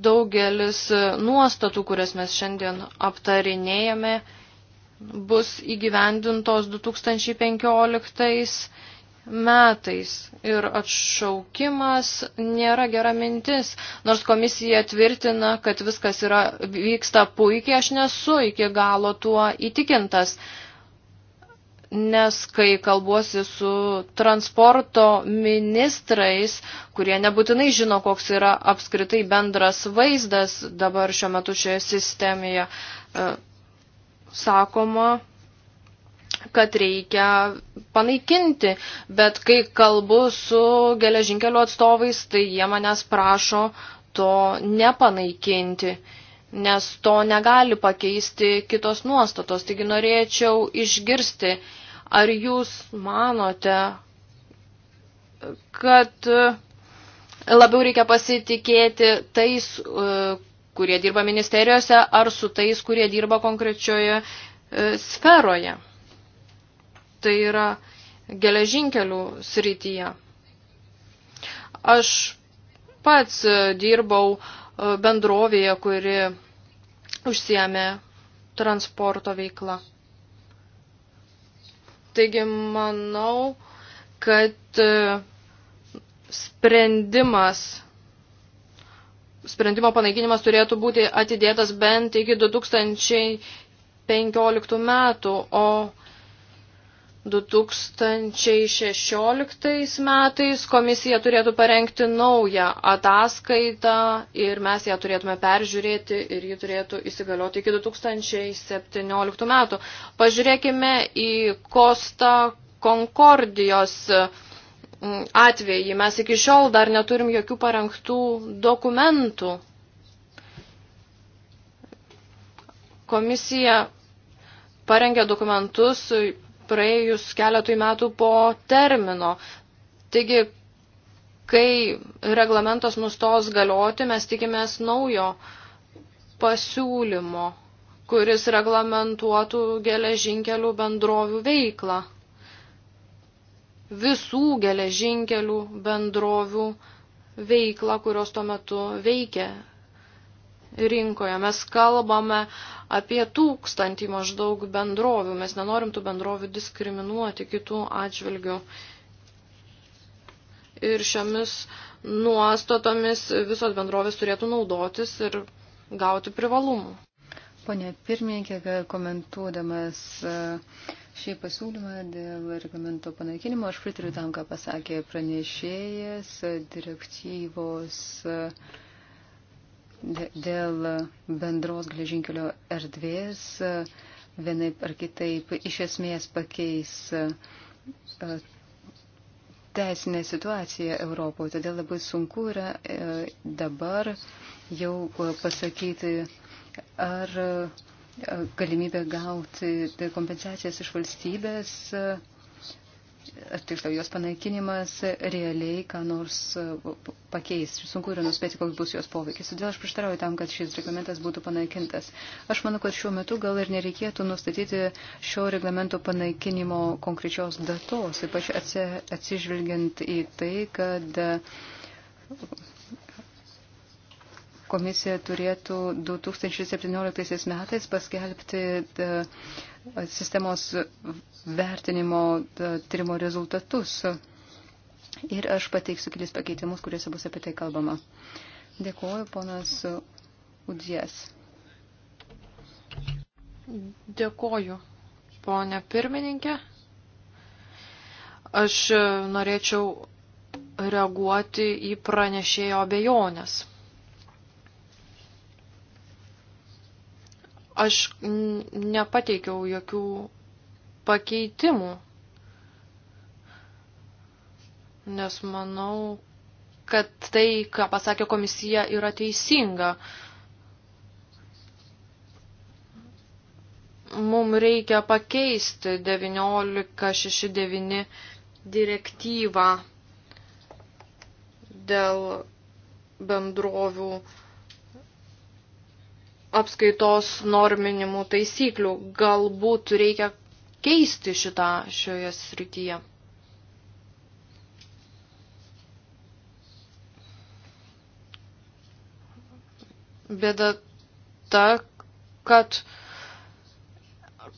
daugelis e, nuostatų, kurias mes šiandien aptarinėjame, bus įgyvendintos 2015 metais. Ir atšaukimas nėra gera mintis. Nors komisija tvirtina, kad viskas yra, vyksta puikiai, aš nesu iki galo tuo įtikintas nes kai kalbuosi su transporto ministrais, kurie nebūtinai žino, koks yra apskritai bendras vaizdas dabar šiuo metu šioje sistemoje, e, sakoma, kad reikia panaikinti, bet kai kalbu su geležinkelio atstovais, tai jie manęs prašo to nepanaikinti nes to negali pakeisti kitos nuostatos. Taigi norėčiau išgirsti, ar jūs manote, kad e, labiau reikia pasitikėti tais, e, kurie dirba ministerijose, ar su tais, kurie dirba konkrečioje e, sferoje. Tai yra geležinkelių srityje. Aš pats dirbau uh, bendrovėje, kuri užsiemė transporto veiklą. Taigi manau, kad e, sprendimas, sprendimo panaikinimas turėtų būti atidėtas bent iki 2015 metų, o 2016 metais komisija turėtų parengti naują ataskaitą ir mes ją turėtume peržiūrėti ir ji turėtų įsigalioti iki 2017 metų. Pažiūrėkime į Kosta Konkordijos mm, atvejį. Mes iki šiol dar neturim jokių parengtų dokumentų. Komisija parengė dokumentus praėjus keletui metų po termino. Taigi, kai reglamentas nustos galioti, mes tikimės naujo pasiūlymo, kuris reglamentuotų geležinkelių bendrovių veiklą. Visų geležinkelių bendrovių veiklą, kurios tuo metu veikia rinkoje. Mes kalbame apie tūkstantį maždaug bendrovių. Mes nenorim tų bendrovių diskriminuoti kitų atžvilgių. Ir šiomis nuostatomis visos bendrovės turėtų naudotis ir gauti privalumų. Pone pirmininkė, komentuodamas e, šį pasiūlymą dėl reglamento panaikinimo, aš pritariu tam, ką pasakė pranešėjas direktyvos. Uh, dėl bendros geležinkelio erdvės e, vienaip ar kitaip iš esmės pakeis e, e, teisinė situacija Europoje. Todėl labai sunku yra dabar jau pasakyti, ar galimybė gauti kompensacijas iš valstybės tiksliau jos panaikinimas realiai ką nors e, pakeis. Sunku yra nuspėti, koks bus jos poveikis. Todėl aš prieštarauju tam, kad šis reglamentas būtų panaikintas. Aš manau, kad šiuo metu gal ir nereikėtų nustatyti šio reglamento panaikinimo konkrečios datos, ypač atsižvelgiant į tai, kad e, komisija turėtų 2017 metais paskelbti. Da, e, sistemos vertinimo e, tyrimo rezultatus. Ir aš pateiksiu kelis pakeitimus, kuriuose bus apie tai kalbama. Dėkuoju, ponas Udžies. Dėkuoju, ponė pirmininkė. Aš norėčiau reaguoti į pranešėjo abejonės. Aš nepateikiau jokių pakeitimų, nes manau, kad tai, ką pasakė komisija, yra teisinga. Mums reikia pakeisti 1969 direktyvą dėl bendrovių apskaitos norminimų taisyklių. Galbūt reikia keisti šitą šioje srityje. Bėda ta, kad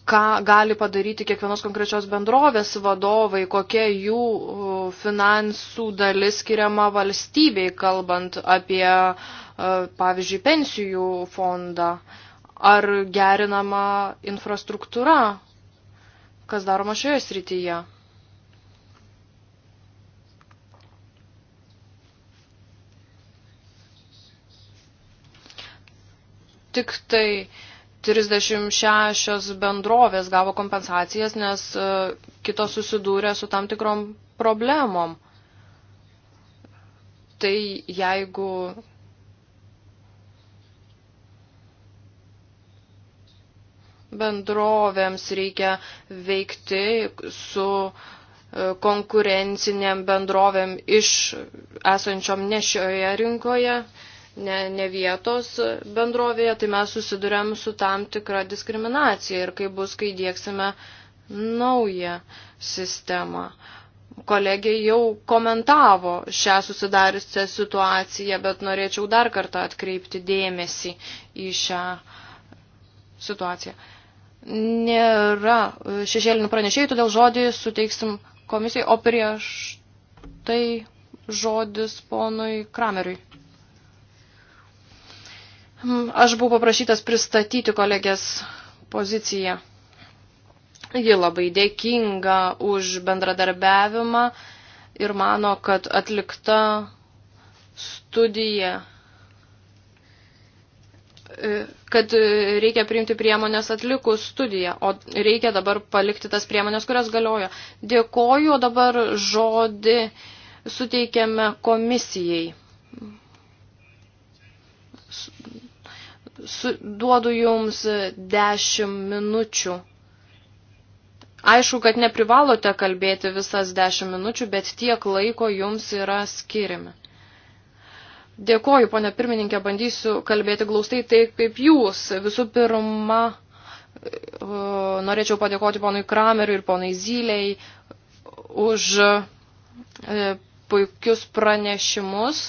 ką gali padaryti kiekvienos konkrečios bendrovės vadovai, kokia jų uh, finansų dalis skiriama valstybei, kalbant apie uh, pavyzdžiui, pensijų fondą, ar gerinama infrastruktūra, kas daroma šioje srityje. Tik tai 36 bendrovės gavo kompensacijas, nes kitos susidūrė su tam tikrom problemom. Tai jeigu bendrovėms reikia veikti su e, konkurenciniam bendrovėm iš esančiom ne šioje rinkoje, ne, ne vietos bendrovėje, tai mes susidurėm su tam tikra diskriminacija ir kaip bus, kai dėksime naują sistemą. Kolegė jau komentavo šią susidariusią situaciją, bet norėčiau dar kartą atkreipti dėmesį į šią situaciją nėra šešėlinių pranešėjų, todėl žodį suteiksim komisijai, o prieš tai žodis ponui Krameriui. Aš buvau paprašytas pristatyti kolegės poziciją. Ji labai dėkinga už bendradarbiavimą ir mano, kad atlikta studija E, kad e, reikia priimti priemonės atlikus studiją, o reikia dabar palikti tas priemonės, kurios galiojo. Dėkoju, o dabar žodį suteikiame komisijai. Su, duodu jums 10 minučių. Aišku, kad neprivalote kalbėti visas 10 minučių, bet tiek laiko jums yra skirimi. Dėkoju, ponė pirmininkė, bandysiu kalbėti glaustai taip kaip jūs. Visų pirma, e, norėčiau padėkoti ponui Krameriui ir ponai Zyliai už e, puikius pranešimus.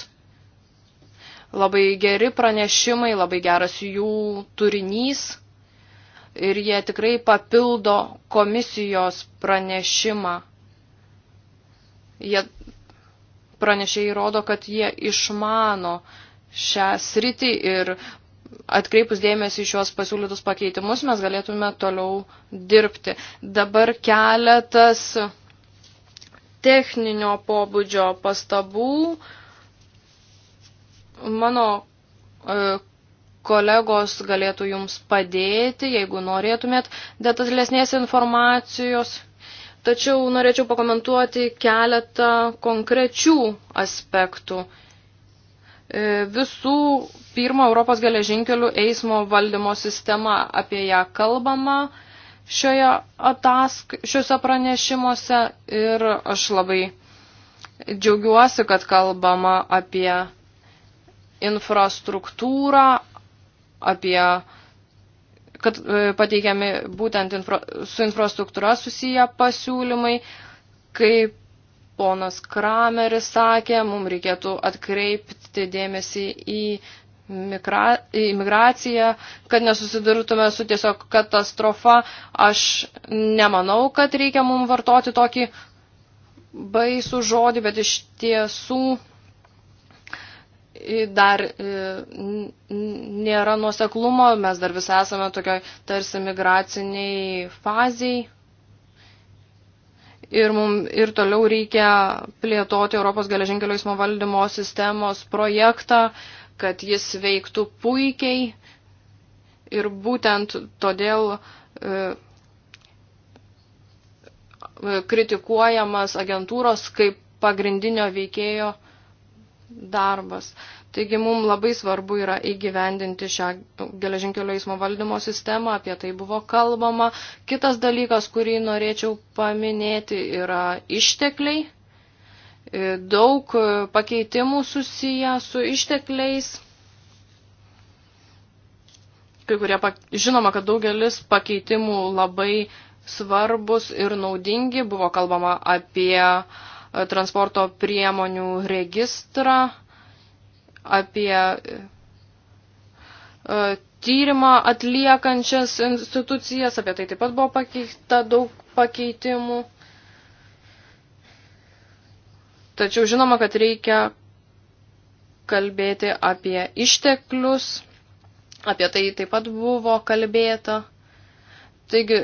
Labai geri pranešimai, labai geras jų turinys ir jie tikrai papildo komisijos pranešimą. Jie pranešėjai rodo, kad jie išmano šią sritį ir atkreipus dėmesį į šios pasiūlytus pakeitimus mes galėtume toliau dirbti. Dabar keletas techninio pobūdžio pastabų. Mano e, kolegos galėtų jums padėti, jeigu norėtumėt detalesnės informacijos tačiau norėčiau pakomentuoti keletą konkrečių aspektų. E, visų pirma, Europos geležinkelių eismo valdymo sistema, apie ją kalbama šioje atask, šiuose pranešimuose ir aš labai džiaugiuosi, kad kalbama apie infrastruktūrą, apie uh, kad e, pateikiami būtent infra, su infrastruktūra susiję pasiūlymai, kaip ponas Krameris sakė, mums reikėtų atkreipti dėmesį į, mikra, į migraciją, kad nesusidurtume su tiesiog katastrofa. Aš nemanau, kad reikia mums vartoti tokį baisų žodį, bet iš tiesų dar e, nėra nuoseklumo, mes dar visą esame tokioj tarsi migraciniai faziai. Ir, mum, ir toliau reikia plėtoti Europos geležinkelio eismo valdymo sistemos projektą, kad jis veiktų puikiai. Ir būtent todėl e, kritikuojamas agentūros kaip pagrindinio veikėjo e, darbas. Taigi mums labai svarbu yra įgyvendinti šią geležinkelio eismo valdymo sistemą, apie tai buvo kalbama. Kitas dalykas, kurį norėčiau paminėti, yra ištekliai. E, daug pakeitimų susiję su ištekliais. Kai kurie, žinoma, kad daugelis pakeitimų labai svarbus ir naudingi. Buvo kalbama apie uh, E, transporto priemonių registrą, apie e, tyrimą atliekančias institucijas, apie tai taip pat buvo pakeista daug pakeitimų. Tačiau žinoma, kad reikia kalbėti apie išteklius, apie tai taip pat buvo kalbėta. Taigi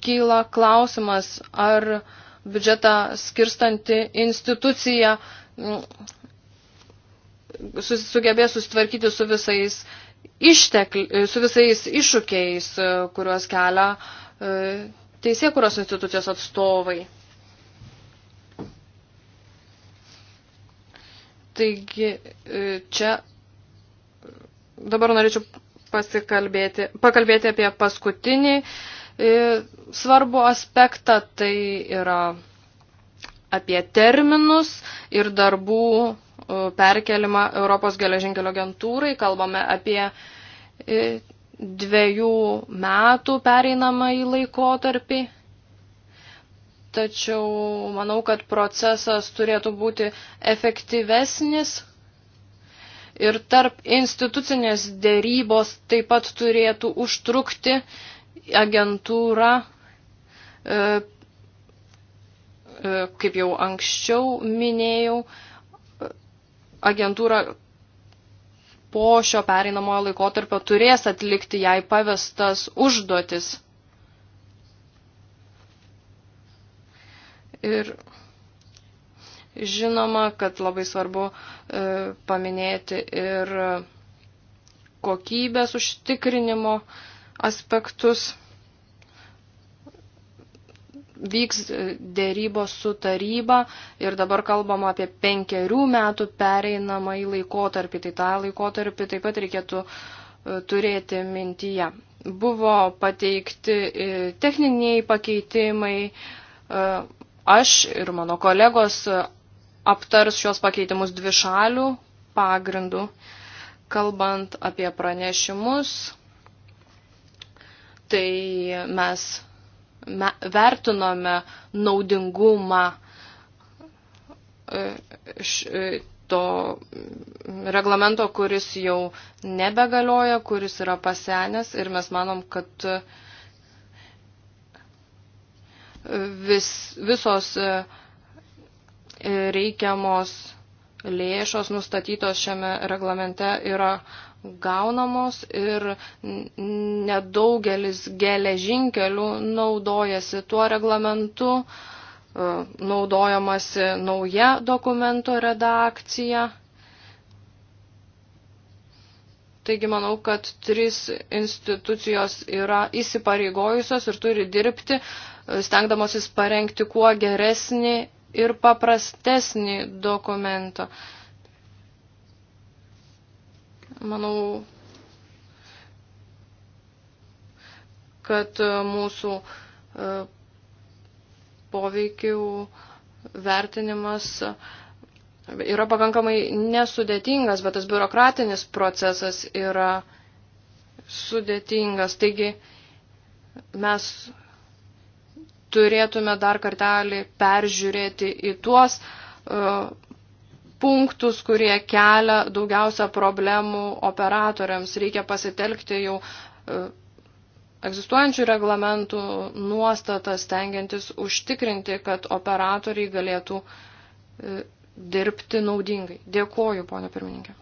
kyla klausimas, ar uh, biudžetą skirstanti institucija mm, sugebės susitvarkyti su visais, ištekli, su visais iššūkiais, e, kuriuos kelia e, teisėkuros institucijos atstovai. Taigi e, čia dabar norėčiau pasikalbėti, pakalbėti apie paskutinį uh, E, svarbu aspektą, tai yra apie terminus ir darbų e, perkelimą Europos geležinkelio agentūrai. Kalbame apie e, dviejų metų pereinamą į laikotarpį. Tačiau manau, kad procesas turėtų būti efektyvesnis ir tarp institucinės dėrybos taip pat turėtų užtrukti uh, agentūra, e, e, kaip jau anksčiau minėjau, agentūra po šio pereinamojo laikotarpio turės atlikti jai pavestas užduotis. Ir žinoma, kad labai svarbu e, paminėti ir kokybės užtikrinimo e, aspektus. Vyks dėrybos su taryba ir dabar kalbama apie penkerių metų pereinamą į laikotarpį. Tai tą laikotarpį taip pat reikėtų e, turėti mintyje. Buvo pateikti e, techniniai pakeitimai. E, aš ir mano kolegos aptars šios pakeitimus dvi šalių pagrindų, kalbant apie pranešimus, tai mes vertinome naudingumą e, e, to reglamento, kuris jau nebegalioja, kuris yra pasenęs ir mes manom, kad vis, visos e, reikiamos lėšos nustatytos šiame reglamente yra gaunamos ir nedaugelis geležinkelių naudojasi tuo reglamentu, e, naudojamasi nauja dokumento redakcija. Taigi manau, kad trys institucijos yra įsipareigojusios ir turi dirbti, e, stengdamosis parengti kuo geresnį ir paprastesnį dokumentą. Manau, kad e, mūsų e, poveikių vertinimas yra pakankamai nesudėtingas, bet tas biurokratinis procesas yra sudėtingas. Taigi mes turėtume dar kartelį peržiūrėti į tuos uh, punktus, kurie kelia daugiausia problemų operatoriams. Reikia pasitelkti jau e, egzistuojančių reglamentų nuostatas, tengiantis užtikrinti, kad operatoriai galėtų e, dirbti naudingai. Dėkoju, ponė pirmininkė.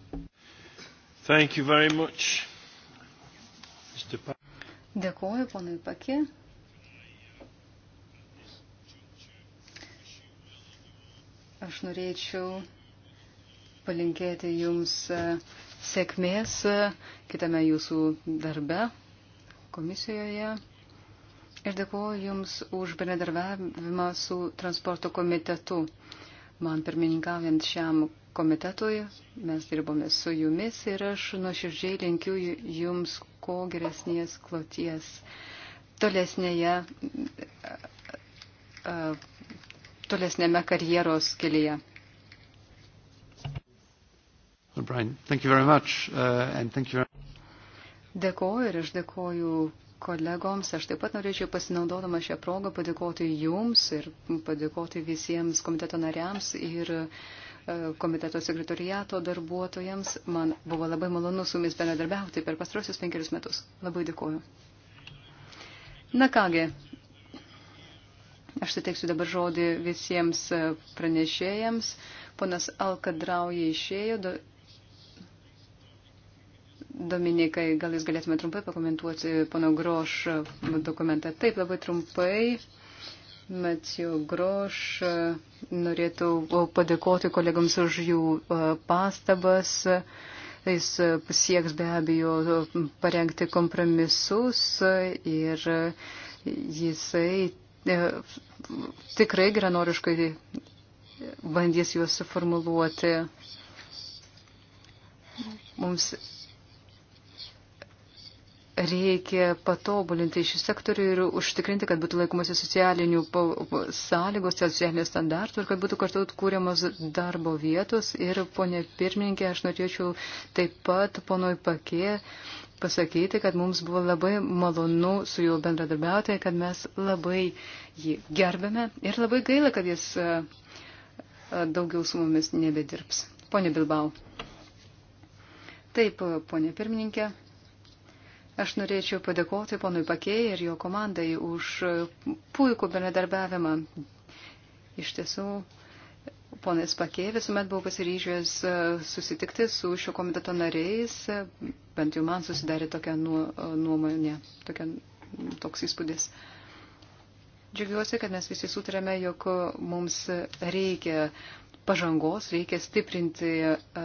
Thank you very much. Dėkoju, ponui Pakė. Aš norėčiau palinkėti Jums e, sėkmės e, kitame Jūsų darbe komisijoje. Ir dėkuoju Jums už bendradarbiavimą su transporto komitetu. Man pirmininkaujant šiam komitetui, mes dirbome su Jumis ir aš nuoširdžiai linkiu Jums kuo geresnės kloties tolesnėje, e, tolesnėme karjeros kelyje. Brian, thank you very much, uh, and thank you very Dėkoju ir aš dėkoju kolegoms. Aš taip pat norėčiau pasinaudodama šią progą padėkoti jums ir padėkoti visiems komiteto nariams ir uh, komiteto sekretoriato darbuotojams. Man buvo labai malonu su jumis bendradarbiauti per pastrosius penkerius metus. Labai dėkoju. Na kągi, aš suteiksiu dabar žodį visiems uh, pranešėjams. Ponas Alkadrauja išėjo. Dominikai, gal jūs galėtume trumpai pakomentuoti pono Groš dokumentą? Taip, labai trumpai. Matijo Groš norėtų padėkoti kolegams už jų e, pastabas. Jis pasieks be abejo parengti kompromisus ir jisai e, tikrai geranoriškai bandys juos suformuluoti. Mums reikia patobulinti šį sektorių ir užtikrinti, kad būtų laikomasi socialinių sąlygos, socialinių standartų ir kad būtų kartu kūriamos darbo vietos. Ir, ponė pirmininkė, aš norėčiau taip pat ponoj pakė pasakyti, kad mums buvo labai malonu su juo bendradarbiauti, kad mes labai jį gerbėme ir labai gaila, kad jis daugiau su mumis nebedirbs. Pone Bilbao. Taip, ponė pirmininkė. Aš norėčiau padėkoti ponui Pakėjai ir jo komandai už puikų bendradarbiavimą. Iš tiesų, ponas Pakėjai visuomet buvo pasiryžęs e, susitikti su šio komiteto nariais, e, bent jau man susidarė tokia e, nuomonė, tokia, toks įspūdis. Džiugiuosi, kad mes visi sutarėme, jog mums reikia pažangos, reikia stiprinti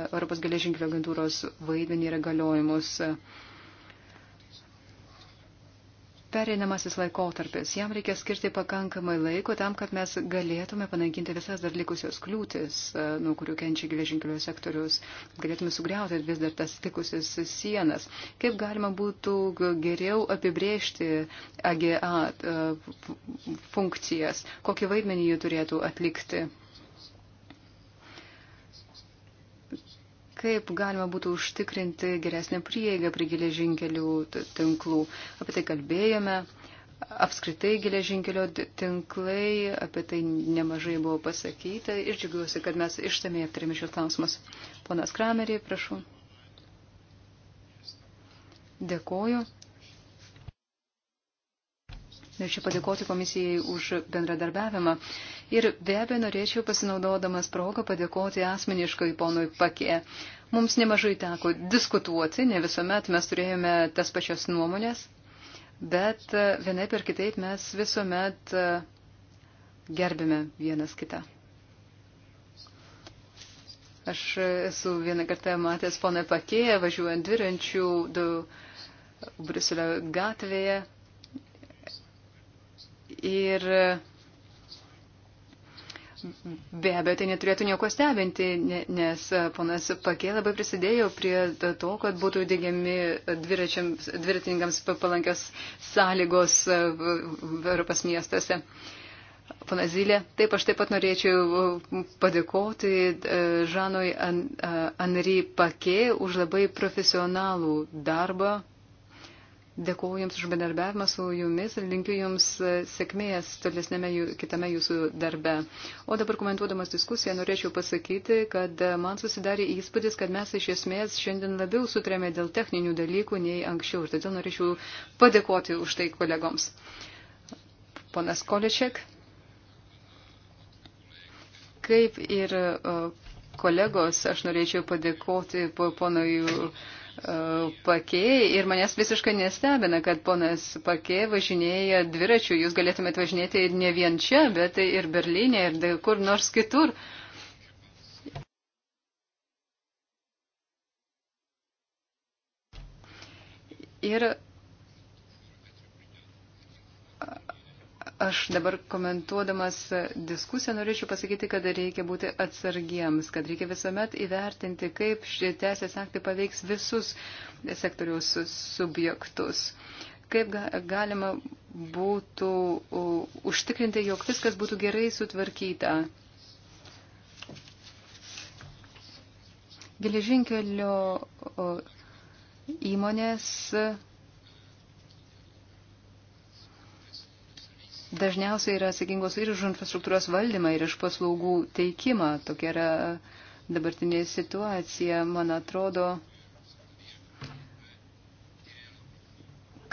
Europos geležinkelio agentūros vaidmenį ir galiojimus. Uh, pereinamasis laikotarpis. Jam reikia skirti pakankamai laiko tam, kad mes galėtume panaikinti visas dar likusios kliūtis, e, nuo kurių kenčia geležinkelio sektorius, galėtume sugriauti vis dar tas tikusias sienas. Kaip galima būtų geriau apibrėžti AGA e, funkcijas, kokį vaidmenį jie turėtų atlikti. kaip galima būtų užtikrinti geresnę prieigą prie geležinkelių tinklų. Apie tai kalbėjome. Apskritai geležinkelio tinklai, apie tai nemažai buvo pasakyta ir džiugiuosi, kad mes išsamei aptarėme šios klausimus. Ponas Kramerį, prašau. Dėkoju. Norėčiau padėkoti komisijai už bendradarbiavimą. Ir be abejo norėčiau pasinaudodamas progą padėkoti asmeniškai ponui Pakė. Mums nemažai teko diskutuoti, ne visuomet mes turėjome tas pačias nuomonės, bet vienai per kitaip mes visuomet e, gerbėme vienas kitą. Aš esu vieną kartą matęs poną Pakėją važiuojant dviračių Briuselio gatvėje Ir be abejo, tai neturėtų nieko stebinti, nes ponas Pakė labai prisidėjo prie to, kad būtų dėgiami dviratininkams palankios sąlygos e, Europos miestuose. Pana Zylė, taip aš taip pat norėčiau e, padėkoti e, Žanui Anry Pakė už labai profesionalų darbą Dėkuoju Jums už bendarbiavimą su Jumis ir linkiu Jums e, sėkmės tolesnėme jų, kitame Jūsų darbe. O dabar komentuodamas diskusiją norėčiau pasakyti, kad e, man susidarė įspūdis, kad mes iš esmės šiandien labiau sutrėmė dėl techninių dalykų nei anksčiau ir todėl norėčiau padėkoti už tai kolegoms. Ponas Kolečiak, kaip ir e, kolegos, aš norėčiau padėkoti ponui. Po E, Pakė ir manęs visiškai nestebina, kad ponas Pakė važinėja dviračiu, jūs galėtumėte važinėti ne vien čia, bet ir Berlyne ir kur nors kitur. Ir Aš dabar komentuodamas diskusiją norėčiau pasakyti, kad reikia būti atsargiems, kad reikia visuomet įvertinti, kaip šie teisės aktai paveiks visus sektoriaus subjektus. Kaip galima būtų užtikrinti, jog viskas būtų gerai sutvarkyta. Geležinkelio įmonės dažniausiai yra atsakingos ir už infrastruktūros valdymą, ir už paslaugų teikimą. Tokia yra dabartinė situacija, man atrodo,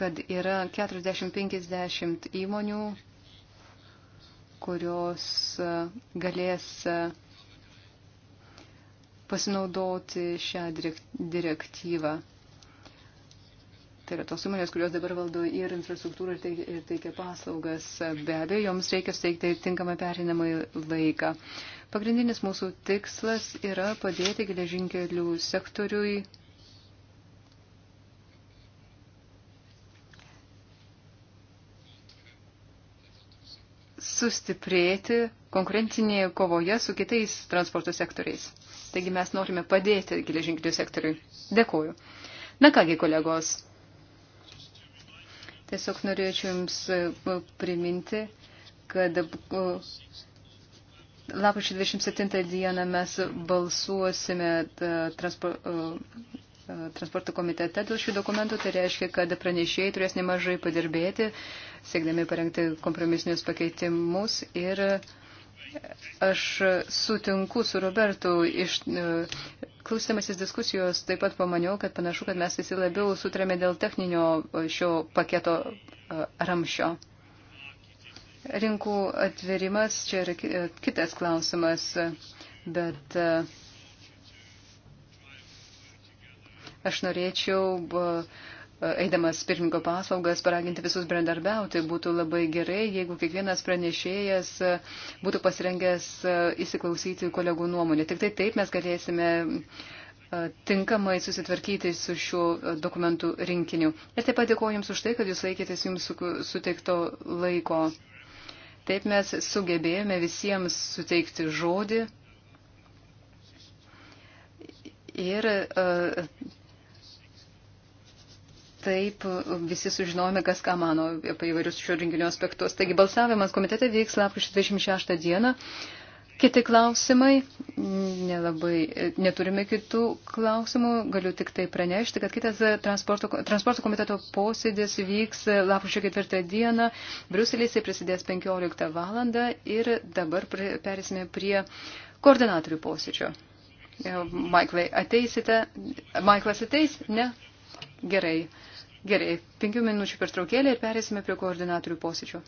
kad yra 40-50 įmonių, kurios e, galės e, pasinaudoti šią direktyvą. Tai yra tos įmonės, kurios dabar valdo ir infrastruktūrą ir, teikia, ir teikia paslaugas. Be abejo, joms reikia suteikti tinkamą perinamą laiką. Pagrindinis mūsų tikslas yra padėti geležinkelių sektoriui sustiprėti konkurencinėje kovoje su kitais transporto sektoriais. Taigi mes norime padėti geležinkelių sektoriui. Dėkuoju. Na kągi, kolegos, Tiesiog norėčiau Jums e, priminti, kad e, lapkričio 27 dieną mes balsuosime e, transporto komitete dėl šių dokumentų. Tai reiškia, kad pranešėjai turės nemažai padirbėti, siekdami parengti kompromisinius pakeitimus. Ir aš sutinku su Robertu iš klausydamasis diskusijos taip pat pamaniau, kad panašu, kad mes visi labiau sutrėme dėl techninio šio paketo ramšio. Rinkų atverimas čia yra kitas klausimas, bet aš norėčiau uh, eidamas pirmininko paslaugas, paraginti visus bendarbiauti. Būtų labai gerai, jeigu kiekvienas pranešėjas e, būtų pasirengęs e, įsiklausyti kolegų nuomonę. Tik tai taip mes galėsime e, tinkamai susitvarkyti su šiuo dokumentų rinkiniu. Ir taip pat dėkoju Jums už tai, kad Jūs laikėtės Jums suteikto laiko. Taip mes sugebėjome visiems suteikti žodį ir uh, Taip, visi sužinojome, kas ką mano apie įvairius šio renginio aspektus. Taigi balsavimas komitete vyks lapkričio 26 dieną. Kiti klausimai, nelabai, neturime kitų klausimų, galiu tik tai pranešti, kad kitas transporto, transporto komiteto posėdis vyks lapkričio 4 dieną, Bruselėse prasidės 15 valandą ir dabar perėsime prie koordinatorių posėdžio. Maiklai, ateisite? Maiklas ateis? Ne? Gerai. Gerai, penkių minučių pertraukėlė ir perėsime prie koordinatorių posėdžio.